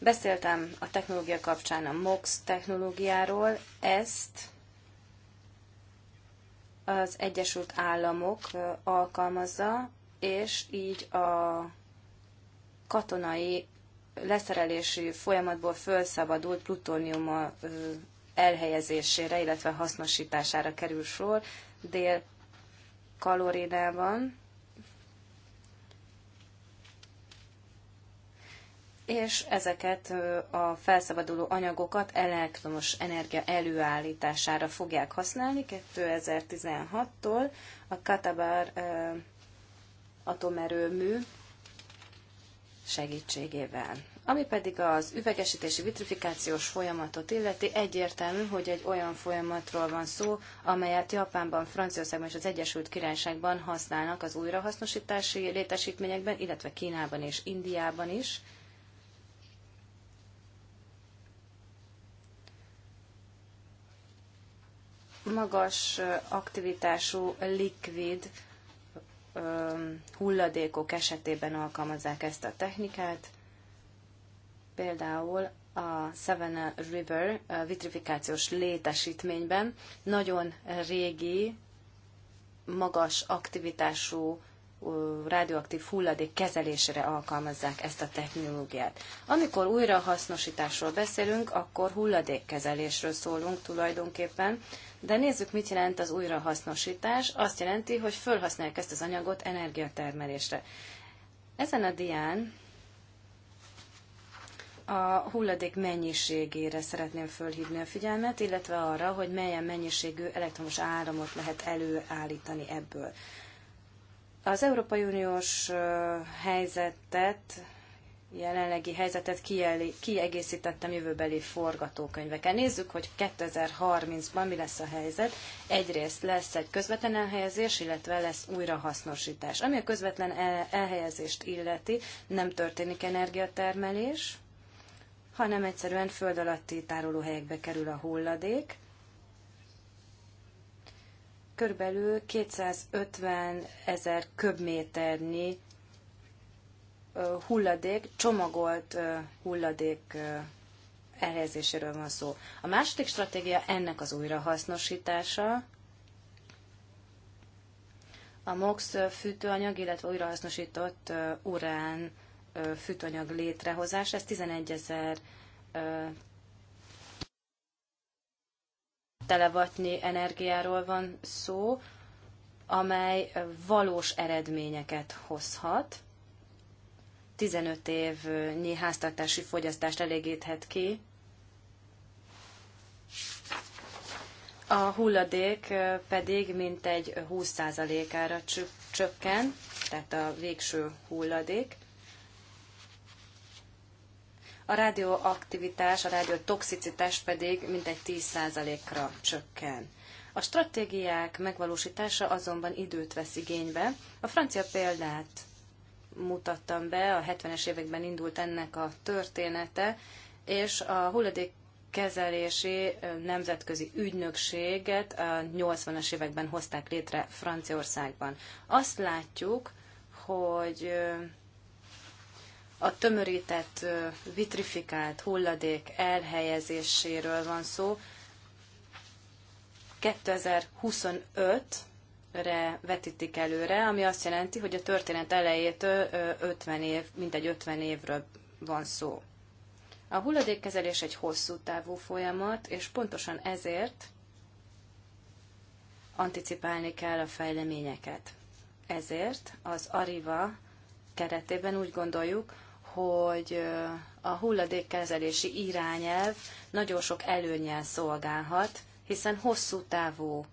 Beszéltem a technológia kapcsán a MOX technológiáról, ezt az Egyesült Államok alkalmazza, és így a katonai leszerelési folyamatból felszabadult plutónium elhelyezésére, illetve hasznosítására kerül sor Dél-Kalorinában. és ezeket a felszabaduló anyagokat elektromos energia előállítására fogják használni 2016-tól a Katabar atomerőmű segítségével. Ami pedig az üvegesítési vitrifikációs folyamatot illeti, egyértelmű, hogy egy olyan folyamatról van szó, amelyet Japánban, Franciaországban és az Egyesült Királyságban használnak az újrahasznosítási létesítményekben, illetve Kínában és Indiában is. magas aktivitású likvid hulladékok esetében alkalmazzák ezt a technikát. Például a Seven River vitrifikációs létesítményben nagyon régi, magas aktivitású radioaktív hulladék kezelésére alkalmazzák ezt a technológiát. Amikor újrahasznosításról beszélünk, akkor hulladékkezelésről szólunk tulajdonképpen, de nézzük, mit jelent az újrahasznosítás. Azt jelenti, hogy felhasználják ezt az anyagot energiatermelésre. Ezen a dián a hulladék mennyiségére szeretném fölhívni a figyelmet, illetve arra, hogy melyen mennyiségű elektromos áramot lehet előállítani ebből. Az Európai Uniós helyzetet jelenlegi helyzetet kiegészítettem jövőbeli forgatókönyveken. Nézzük, hogy 2030-ban mi lesz a helyzet. Egyrészt lesz egy közvetlen elhelyezés, illetve lesz újrahasznosítás. Ami a közvetlen elhelyezést illeti, nem történik energiatermelés, hanem egyszerűen föld alatti tárolóhelyekbe kerül a hulladék. Körülbelül 250 ezer köbméternyi hulladék, csomagolt hulladék elhelyezéséről van szó. A második stratégia ennek az újrahasznosítása, a MOX fűtőanyag, illetve újrahasznosított urán fűtőanyag létrehozás, ez 11 ezer televatnyi energiáról van szó, amely valós eredményeket hozhat. 15 évnyi háztartási fogyasztást elégíthet ki. A hulladék pedig mintegy 20%-ára csökken, tehát a végső hulladék. A rádióaktivitás, a rádiótoxicitás pedig mintegy 10%-ra csökken. A stratégiák megvalósítása azonban időt vesz igénybe. A francia példát mutattam be, a 70-es években indult ennek a története, és a hulladék kezelési nemzetközi ügynökséget a 80-as években hozták létre Franciaországban. Azt látjuk, hogy a tömörített, vitrifikált hulladék elhelyezéséről van szó. 2025 re vetítik előre, ami azt jelenti, hogy a történet elejétől 50 év, mintegy 50 évről van szó. A hulladékkezelés egy hosszú távú folyamat, és pontosan ezért anticipálni kell a fejleményeket. Ezért az Ariva keretében úgy gondoljuk, hogy a hulladékkezelési irányelv nagyon sok előnyel szolgálhat, hiszen hosszú távú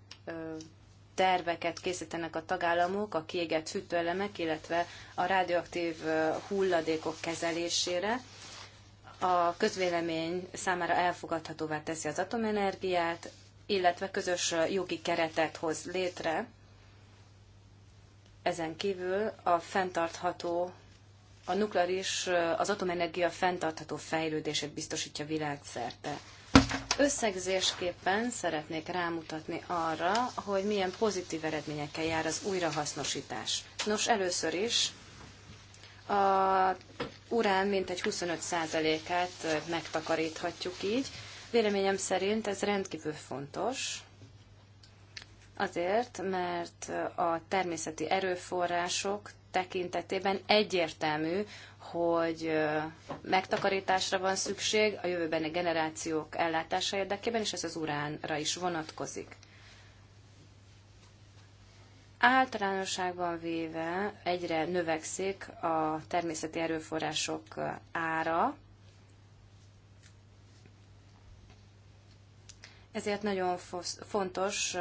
terveket készítenek a tagállamok a kiégett hűtőelemek, illetve a radioaktív hulladékok kezelésére. A közvélemény számára elfogadhatóvá teszi az atomenergiát, illetve közös jogi keretet hoz létre. Ezen kívül a fenntartható, a nukleáris, az atomenergia fenntartható fejlődését biztosítja világszerte. Összegzésképpen szeretnék rámutatni arra, hogy milyen pozitív eredményekkel jár az újrahasznosítás. Nos, először is a urán mintegy 25%-át megtakaríthatjuk így. Véleményem szerint ez rendkívül fontos, azért, mert a természeti erőforrások tekintetében egyértelmű, hogy megtakarításra van szükség a jövőbeni generációk ellátása érdekében, és ez az uránra is vonatkozik. Általánosságban véve egyre növekszik a természeti erőforrások ára, ezért nagyon fontos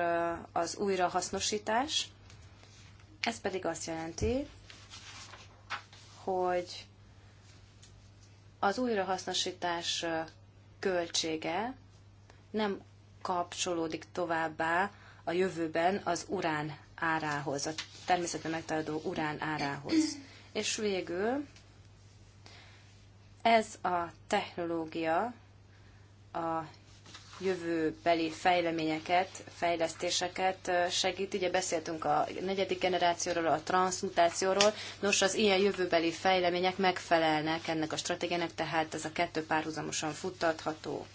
az újrahasznosítás. Ez pedig azt jelenti, hogy az újrahasznosítás költsége nem kapcsolódik továbbá a jövőben az urán árához, a természetben megtalálható urán árához. És végül ez a technológia a jövőbeli fejleményeket, fejlesztéseket segít. Ugye beszéltünk a negyedik generációról, a transmutációról. Nos, az ilyen jövőbeli fejlemények megfelelnek ennek a stratégiának, tehát ez a kettő párhuzamosan futtatható.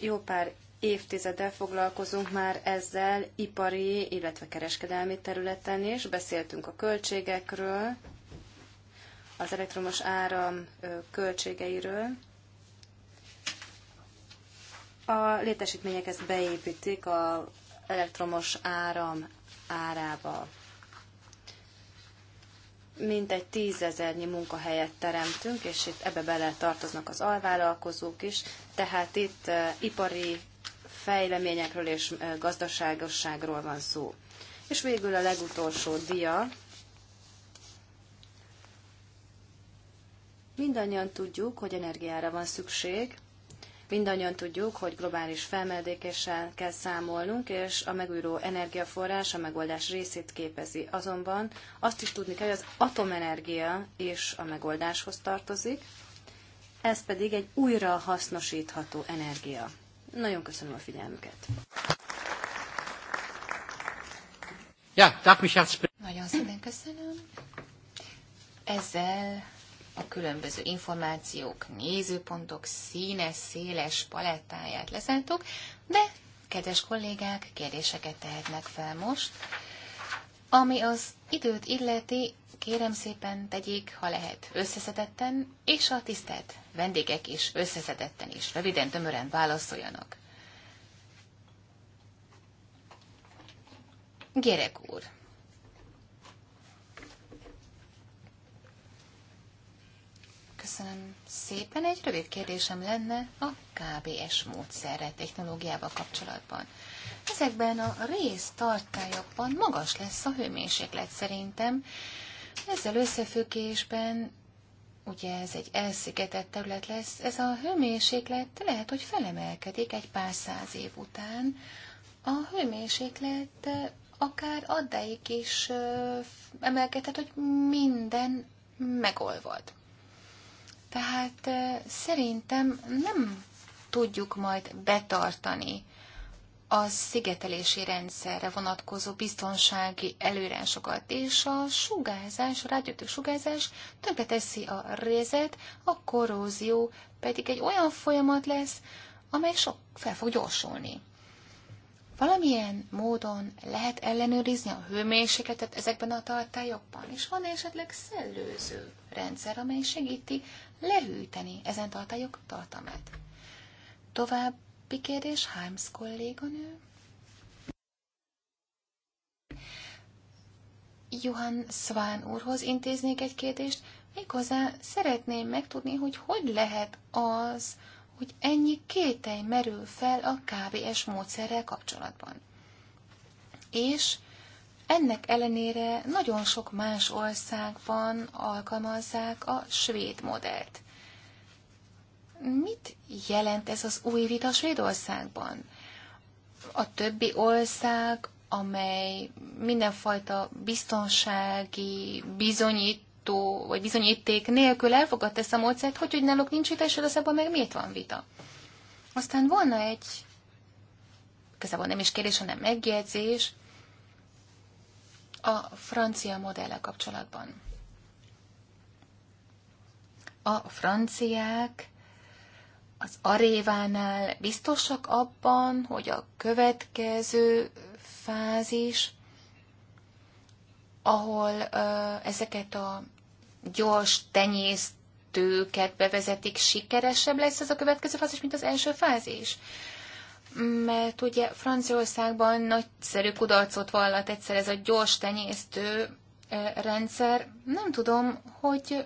Jó pár évtizede foglalkozunk már ezzel ipari, illetve kereskedelmi területen is. Beszéltünk a költségekről, az elektromos áram költségeiről a létesítmények ezt beépítik a elektromos áram árába. Mintegy tízezernyi munkahelyet teremtünk, és itt ebbe bele tartoznak az alvállalkozók is, tehát itt ipari fejleményekről és gazdaságosságról van szó. És végül a legutolsó dia. Mindannyian tudjuk, hogy energiára van szükség, Mindannyian tudjuk, hogy globális felmeldékéssel kell számolnunk, és a megújuló energiaforrás a megoldás részét képezi. Azonban azt is tudni kell, hogy az atomenergia is a megoldáshoz tartozik, ez pedig egy újra hasznosítható energia. Nagyon köszönöm a figyelmüket. Ja, Nagyon szépen köszönöm. Ezzel a különböző információk, nézőpontok színes, széles palettáját leszálltuk, de kedves kollégák, kérdéseket tehetnek fel most. Ami az időt illeti, kérem szépen tegyék, ha lehet, összeszedetten, és a tisztelt vendégek is összeszedetten is, röviden, tömören válaszoljanak. Gyerek úr, Köszönöm szépen. Egy rövid kérdésem lenne a KBS módszerre technológiával kapcsolatban. Ezekben a résztartályokban magas lesz a hőmérséklet szerintem. Ezzel összefüggésben, ugye ez egy elszigetett terület lesz, ez a hőmérséklet lehet, hogy felemelkedik egy pár száz év után. A hőmérséklet akár addáig is emelkedhet, hogy minden megolvad. Tehát szerintem nem tudjuk majd betartani a szigetelési rendszerre vonatkozó biztonsági előrásokat, és a sugárzás, a rágyújtó sugárzás tönkre teszi a rézet, a korrózió pedig egy olyan folyamat lesz, amely sok fel fog gyorsulni. Valamilyen módon lehet ellenőrizni a hőmérsékletet ezekben a tartályokban, és van esetleg szellőző rendszer, amely segíti lehűteni ezen tartályok tartalmát. További kérdés, Harms kolléganő. Johann Sván úrhoz intéznék egy kérdést, méghozzá szeretném megtudni, hogy hogy lehet az, hogy ennyi kételj merül fel a KBS módszerrel kapcsolatban. És ennek ellenére nagyon sok más országban alkalmazzák a svéd modellt. Mit jelent ez az új vita Svédországban? A többi ország, amely mindenfajta biztonsági bizonyító vagy bizonyíték nélkül elfogadta ezt a módszert, hogy, hogy náluk nincs vita, és Svédországban meg miért van vita? Aztán volna egy, igazából nem is kérdés, hanem megjegyzés, a francia modellel kapcsolatban. A franciák az arévánál biztosak abban, hogy a következő fázis, ahol ö, ezeket a gyors tenyésztőket bevezetik, sikeresebb lesz ez a következő fázis, mint az első fázis mert ugye Franciaországban nagyszerű kudarcot vallat egyszer ez a gyors tenyésztő rendszer. Nem tudom, hogy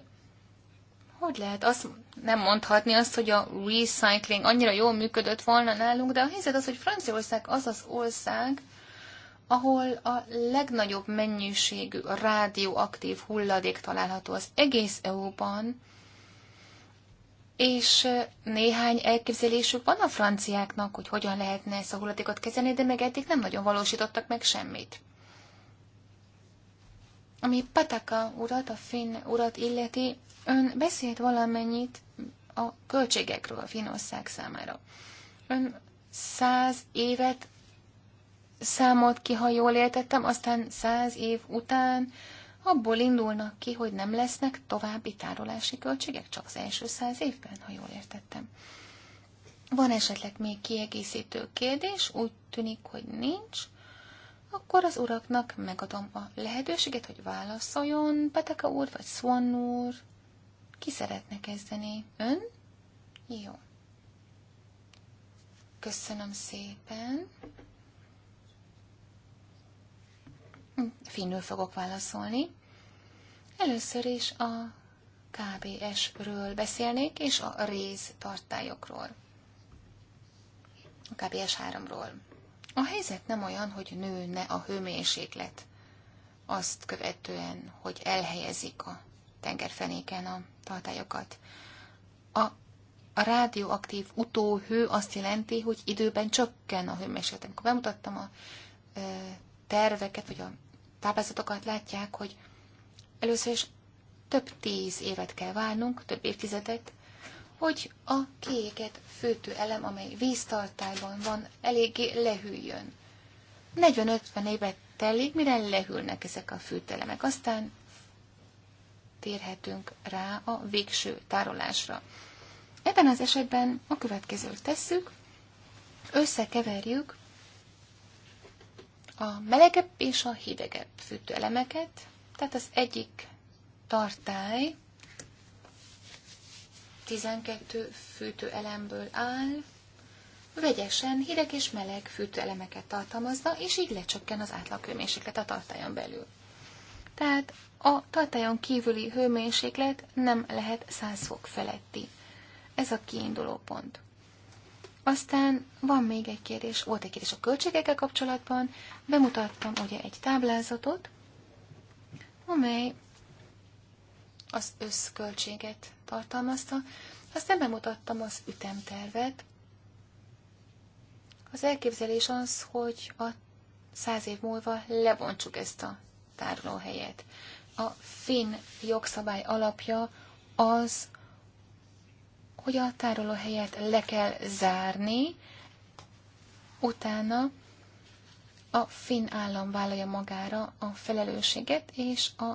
hogy lehet azt nem mondhatni azt, hogy a recycling annyira jól működött volna nálunk, de a helyzet az, hogy Franciaország az az ország, ahol a legnagyobb mennyiségű rádióaktív hulladék található az egész EU-ban, és néhány elképzelésük van a franciáknak, hogy hogyan lehetne ezt a hulladékot kezelni, de meg eddig nem nagyon valósítottak meg semmit. Ami Pataka urat, a finn urat illeti, ön beszélt valamennyit a költségekről a finnország számára. Ön száz évet számolt ki, ha jól értettem, aztán száz év után abból indulnak ki, hogy nem lesznek további tárolási költségek csak az első száz évben, ha jól értettem. Van esetleg még kiegészítő kérdés, úgy tűnik, hogy nincs. Akkor az uraknak megadom a lehetőséget, hogy válaszoljon, Peteka úr vagy Swan úr. Ki szeretne kezdeni? Ön? Jó. Köszönöm szépen. Finnül fogok válaszolni. Először is a KBS-ről beszélnék, és a réz tartályokról. A KBS 3-ról. A helyzet nem olyan, hogy nőne a hőmérséklet azt követően, hogy elhelyezik a tengerfenéken a tartályokat. A, a rádióaktív utóhő azt jelenti, hogy időben csökken a hőmérséklet. Amikor bemutattam a terveket, vagy a táblázatokat látják, hogy először is több tíz évet kell várnunk, több évtizedet, hogy a kéket főtő elem, amely víztartályban van, eléggé lehűljön. 40-50 évet telik, mire lehűlnek ezek a fűtelemek. Aztán térhetünk rá a végső tárolásra. Ebben az esetben a következőt tesszük, összekeverjük a melegebb és a hidegebb fűtőelemeket, tehát az egyik tartály 12 fűtőelemből áll, vegyesen hideg és meleg fűtőelemeket tartalmazna, és így lecsökken az átlag hőmérséklet a tartályon belül. Tehát a tartályon kívüli hőmérséklet nem lehet 100 fok feletti. Ez a kiinduló pont. Aztán van még egy kérdés, volt egy kérdés a költségekkel kapcsolatban. Bemutattam ugye egy táblázatot, amely az összköltséget tartalmazta. Aztán bemutattam az ütemtervet. Az elképzelés az, hogy a száz év múlva lebontsuk ezt a tárolóhelyet. A finn jogszabály alapja az, hogy a tárolóhelyet le kell zárni, utána a finn állam vállalja magára a felelősséget, és a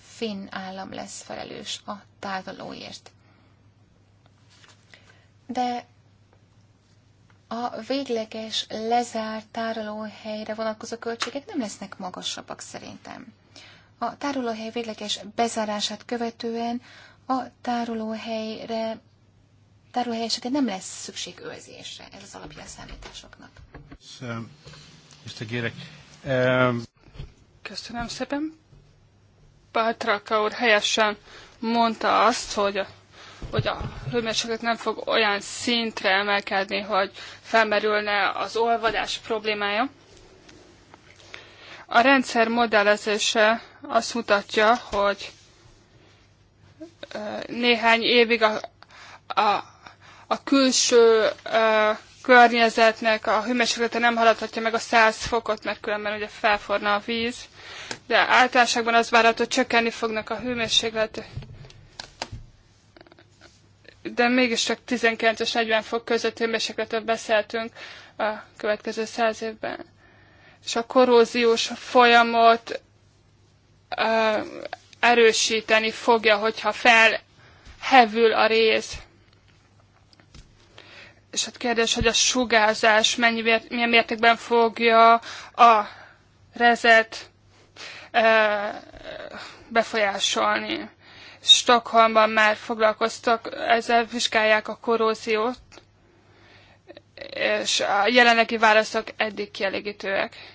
finn állam lesz felelős a tárolóért. De a végleges lezárt tárolóhelyre vonatkozó költségek nem lesznek magasabbak szerintem. A tárolóhely végleges bezárását követően a tárolóhelyre, tárolóhely esetén nem lesz szükség őrzésre. Ez az alapja a számításoknak. Um, Köszönöm szépen. Pátraka úr helyesen mondta azt, hogy a hogy a hőmérséklet nem fog olyan szintre emelkedni, hogy felmerülne az olvadás problémája. A rendszer modellezése azt mutatja, hogy néhány évig a, a, a külső a környezetnek a hőmérséklete nem haladhatja meg a 100 fokot, mert különben ugye felforna a víz, de általánosságban az várható, hogy csökkenni fognak a hőmérséklet, de mégis csak 19 és 40 fok között hőmérsékletről beszéltünk a következő száz évben. És a korróziós folyamat erősíteni fogja, hogyha felhevül a rész. És hát kérdés, hogy a sugárzás mennyi, milyen mértékben fogja a rezet e, befolyásolni. Stockholmban már foglalkoztak, ezzel vizsgálják a korróziót, és a jelenlegi válaszok eddig kielégítőek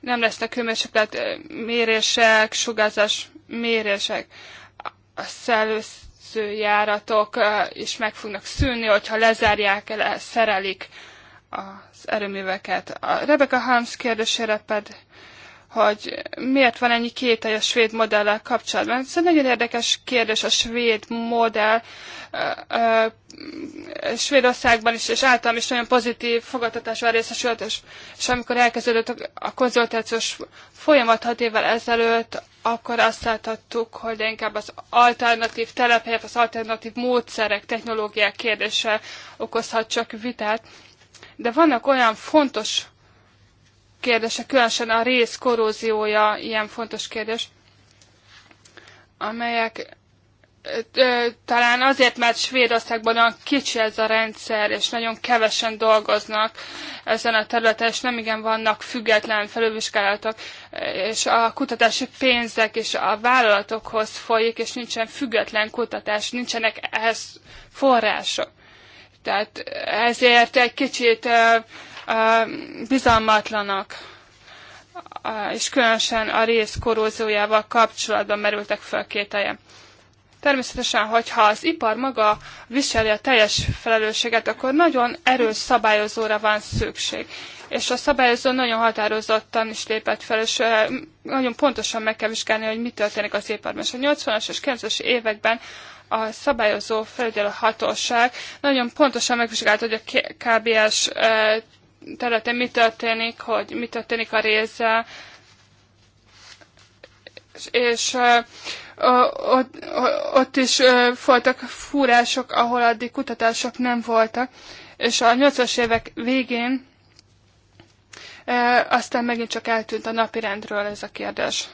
nem lesznek hőmérséklet mérések, sugárzás mérések, a szellőzőjáratok is meg fognak szűnni, hogyha lezárják, e, szerelik az erőműveket. A Rebecca Harms kérdésére pedig hogy miért van ennyi kételj a svéd modellel kapcsolatban. Ez szóval egy nagyon érdekes kérdés a svéd modell. Svédországban is, és általam is nagyon pozitív van részesült, és, és amikor elkezdődött a konzultációs folyamat hat évvel ezelőtt, akkor azt láthattuk, hogy inkább az alternatív telephelyek, az alternatív módszerek, technológiák kérdése okozhat csak vitát. De vannak olyan fontos kérdése, különösen a rész korróziója ilyen fontos kérdés, amelyek talán azért, mert Svédországban olyan kicsi ez a rendszer, és nagyon kevesen dolgoznak ezen a területen, és nem igen vannak független felülvizsgálatok, és a kutatási pénzek és a vállalatokhoz folyik, és nincsen független kutatás, nincsenek ehhez források. Tehát ezért egy kicsit bizalmatlanak, és különösen a rész korróziójával kapcsolatban merültek fel kételje. Természetesen, hogyha az ipar maga viseli a teljes felelősséget, akkor nagyon erős szabályozóra van szükség. És a szabályozó nagyon határozottan is lépett fel, és nagyon pontosan meg kell vizsgálni, hogy mi történik az iparban. És a 80-as és 90-es években a szabályozó felügyelő hatóság nagyon pontosan megvizsgálta, hogy a KBS területen mi történik, hogy mi történik a rézzel, és, és ott, ott is voltak fúrások, ahol addig kutatások nem voltak, és a 80-as évek végén aztán megint csak eltűnt a napirendről ez a kérdés.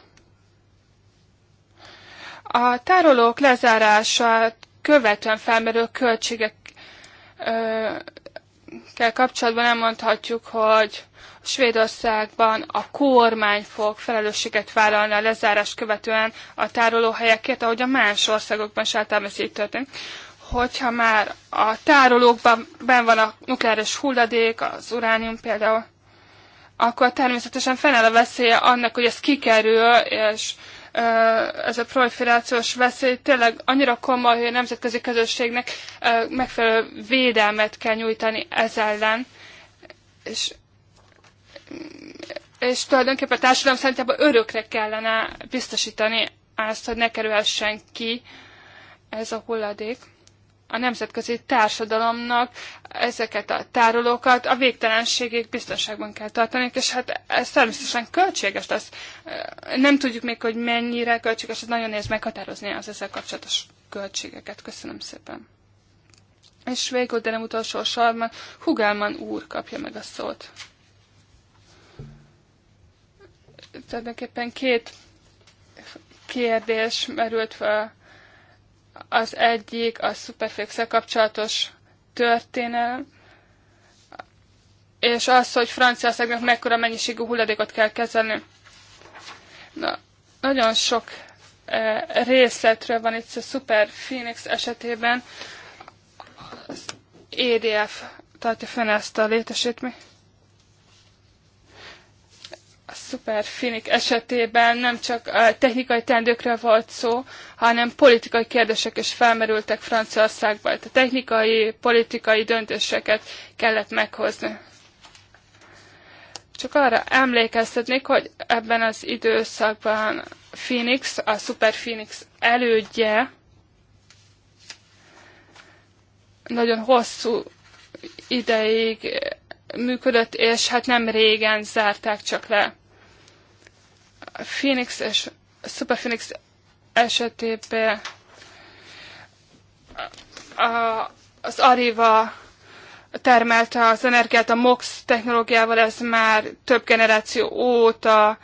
A tárolók lezárása követően felmerő költségek kell kapcsolatban elmondhatjuk, hogy Svédországban a kormány fog felelősséget vállalni a lezárás követően a tárolóhelyekért, ahogy a más országokban is így történik. Hogyha már a tárolókban ben van a nukleáris hulladék, az uránium például, akkor természetesen fennáll a veszélye annak, hogy ez kikerül, és ez a proliferációs veszély tényleg annyira komoly, hogy a nemzetközi közösségnek megfelelő védelmet kell nyújtani ez ellen. És, és tulajdonképpen a társadalom szempontjából örökre kellene biztosítani azt, hogy ne kerülhessen ki ez a hulladék a nemzetközi társadalomnak ezeket a tárolókat a végtelenségig biztonságban kell tartani, és hát ez természetesen költséges lesz. Nem tudjuk még, hogy mennyire költséges, ez nagyon néz meghatározni az ezzel kapcsolatos költségeket. Köszönöm szépen. És végül, de nem utolsó sorban, Hugelman úr kapja meg a szót. Tulajdonképpen két kérdés merült fel az egyik a superfix kapcsolatos történelem, és az, hogy Franciaországnak mekkora mennyiségű hulladékot kell kezelni. Na, nagyon sok e, részletről van itt a Super Phoenix esetében. Az EDF tartja fenn ezt a létesítményt. Phoenix esetében nem csak technikai tendőkre volt szó, hanem politikai kérdések is felmerültek Franciaországban. Tehát technikai, politikai döntéseket kellett meghozni. Csak arra emlékeztetnék, hogy ebben az időszakban Phoenix, a Super Phoenix elődje nagyon hosszú ideig működött, és hát nem régen zárták csak le. Phoenix és Super Phoenix esetében az Ariva termelte az energiát a MOX technológiával, ez már több generáció óta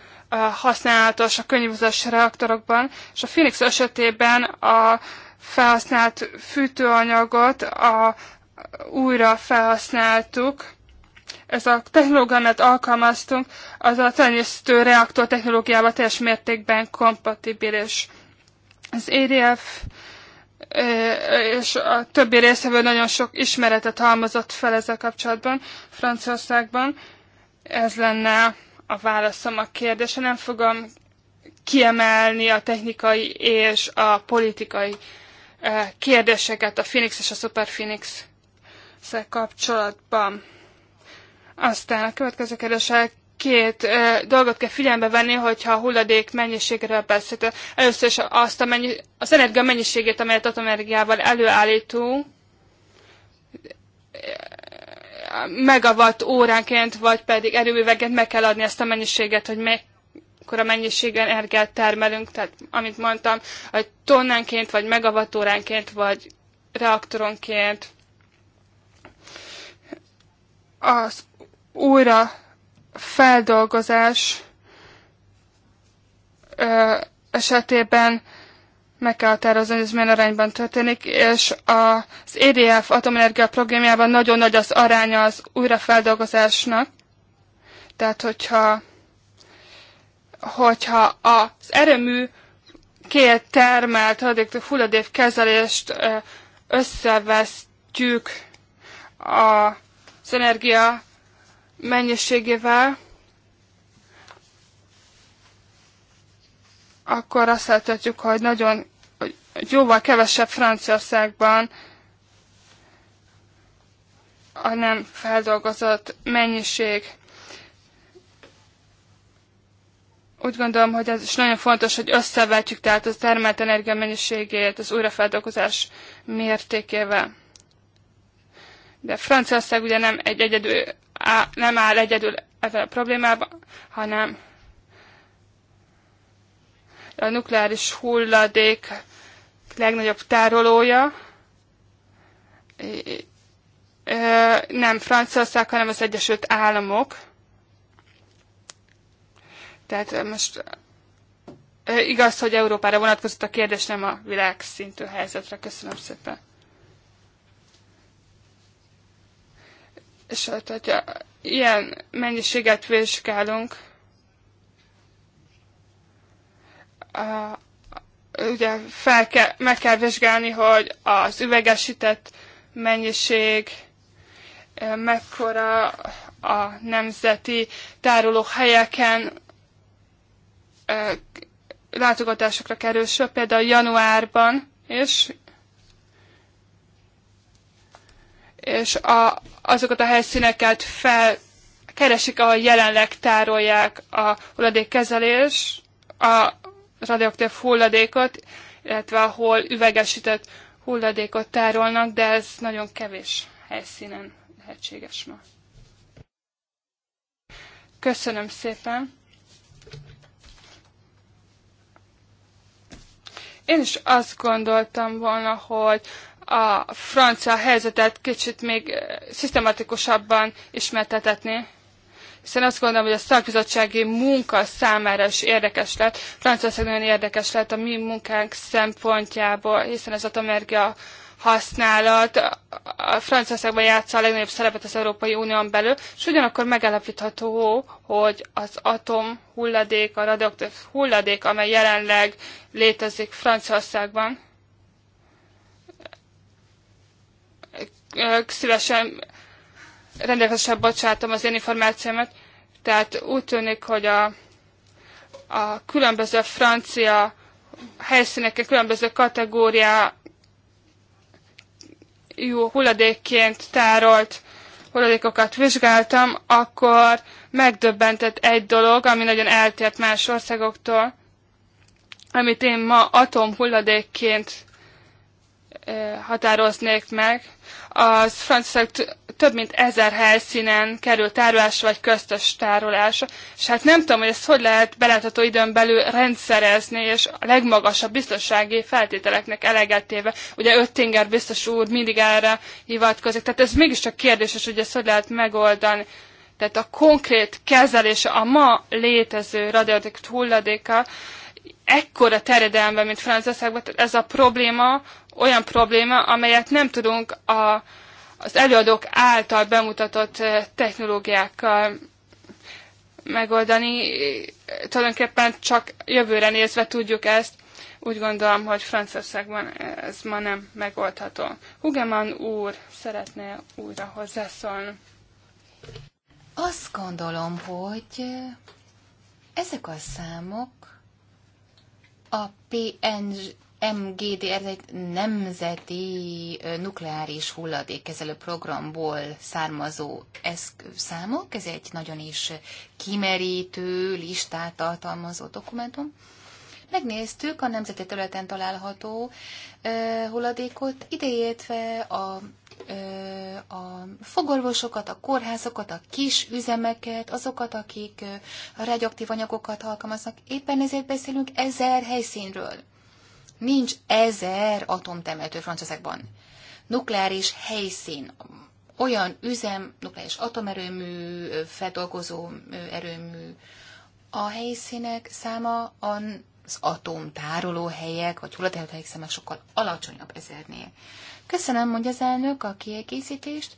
használatos a könnyűvizes reaktorokban, és a Phoenix esetében a felhasznált fűtőanyagot a, újra felhasználtuk, ez a technológia, amit alkalmaztunk, az a tenyésztő reaktor technológiával teljes mértékben kompatibilis. Az EDF és a többi részevő nagyon sok ismeretet halmozott fel ezzel kapcsolatban Franciaországban. Ez lenne a válaszom a kérdése. Nem fogom kiemelni a technikai és a politikai kérdéseket a Phoenix és a Super Phoenix kapcsolatban. Aztán a következő kérdéssel két ö, dolgot kell figyelembe venni, hogyha a hulladék mennyiségéről beszélt. Először is azt a mennyi, az energia mennyiségét, amelyet atomenergiával előállítunk, megavat óránként, vagy pedig erőműveként meg kell adni ezt a mennyiséget, hogy meg a mennyiség energiát termelünk, tehát amit mondtam, hogy tonnánként, vagy megavatóránként, vagy reaktoronként. Az újra feldolgozás ö, esetében meg kell határozni, hogy ez milyen arányban történik, és az EDF atomenergia programjában nagyon nagy az aránya az újrafeldolgozásnak. Tehát, hogyha, hogyha az erőmű két termelt radioaktív hulladék kezelést összevesztjük az energia mennyiségével, akkor azt láthatjuk, hogy nagyon hogy jóval kevesebb Franciaországban a nem feldolgozott mennyiség. Úgy gondolom, hogy ez is nagyon fontos, hogy összevetjük tehát az termelt energia mennyiségét az újrafeldolgozás mértékével de Franciaország ugye nem, egy egyedül, nem áll egyedül ezzel a problémában, hanem a nukleáris hulladék legnagyobb tárolója, nem Franciaország, hanem az Egyesült Államok. Tehát most igaz, hogy Európára vonatkozott a kérdés, nem a világszintű helyzetre. Köszönöm szépen. És hát, hogyha ilyen mennyiséget vizsgálunk, a, ugye fel kell, meg kell vizsgálni, hogy az üvegesített mennyiség mekkora a nemzeti helyeken, látogatásokra kerül, például januárban, és és a, azokat a helyszíneket felkeresik, ahol jelenleg tárolják a hulladékkezelés, a radioaktív hulladékot, illetve ahol üvegesített hulladékot tárolnak, de ez nagyon kevés helyszínen lehetséges ma. Köszönöm szépen! Én is azt gondoltam volna, hogy a francia helyzetet kicsit még eh, szisztematikusabban ismertetetni hiszen azt gondolom, hogy a szakbizottsági munka számára is érdekes lett. Franciaország nagyon érdekes lett a mi munkánk szempontjából, hiszen az atomenergia használat a Franciaországban játsza a legnagyobb szerepet az Európai Unión belül, és ugyanakkor megállapítható, hogy az atom hulladék, a radioaktív hulladék, amely jelenleg létezik Franciaországban, szívesen rendelkezésre bocsátom az én információmat. Tehát úgy tűnik, hogy a, a különböző francia helyszíneken különböző kategória jó hulladékként tárolt hulladékokat vizsgáltam, akkor megdöbbentett egy dolog, ami nagyon eltért más országoktól, amit én ma atomhulladékként határoznék meg. Az Franciaország több mint ezer helyszínen kerül tárolásra vagy köztös tárolásra, és hát nem tudom, hogy ezt hogy lehet belátható időn belül rendszerezni, és a legmagasabb biztonsági feltételeknek elegetéve, Ugye Öttinger biztos úr mindig erre hivatkozik, tehát ez mégiscsak kérdéses, hogy ezt hogy lehet megoldani. Tehát a konkrét kezelése a ma létező radioaktív hulladéka, ekkora terjedelme, mint Franciaországban, ez a probléma olyan probléma, amelyet nem tudunk a, az előadók által bemutatott eh, technológiákkal megoldani. Tulajdonképpen csak jövőre nézve tudjuk ezt. Úgy gondolom, hogy Franciaországban ez ma nem megoldható. Hugeman úr szeretne újra hozzászólni. Azt gondolom, hogy eh, ezek a számok a PNMGD, ez egy nemzeti nukleáris hulladékkezelő programból származó számok, ez egy nagyon is kimerítő listát tartalmazó dokumentum. Megnéztük a nemzeti területen található hulladékot, ideértve a a fogorvosokat, a kórházakat, a kis üzemeket, azokat, akik a radioaktív anyagokat alkalmaznak. Éppen ezért beszélünk ezer helyszínről. Nincs ezer atomtemető Franciaországban. Nukleáris helyszín, olyan üzem, nukleáris atomerőmű, feldolgozó erőmű. A helyszínek száma a az atomtároló helyek, vagy hullatároló szemek sokkal alacsonyabb ezernél. Köszönöm, mondja az elnök a kiegészítést.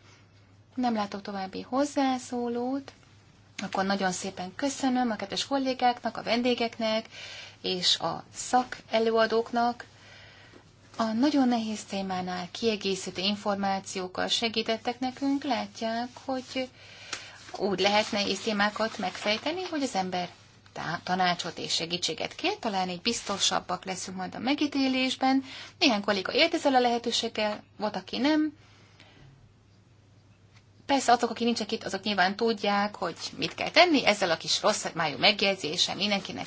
Nem látok további hozzászólót. Akkor nagyon szépen köszönöm a kedves kollégáknak, a vendégeknek és a szakelőadóknak. A nagyon nehéz témánál kiegészítő információkkal segítettek nekünk, látják, hogy úgy lehet nehéz témákat megfejteni, hogy az ember tanácsot és segítséget kér, talán így biztosabbak leszünk majd a megítélésben. Néhány kolléga élt ezzel a lehetőséggel, volt, aki nem. Persze azok, akik nincsenek itt, azok nyilván tudják, hogy mit kell tenni. Ezzel a kis rossz májú megjegyzése mindenkinek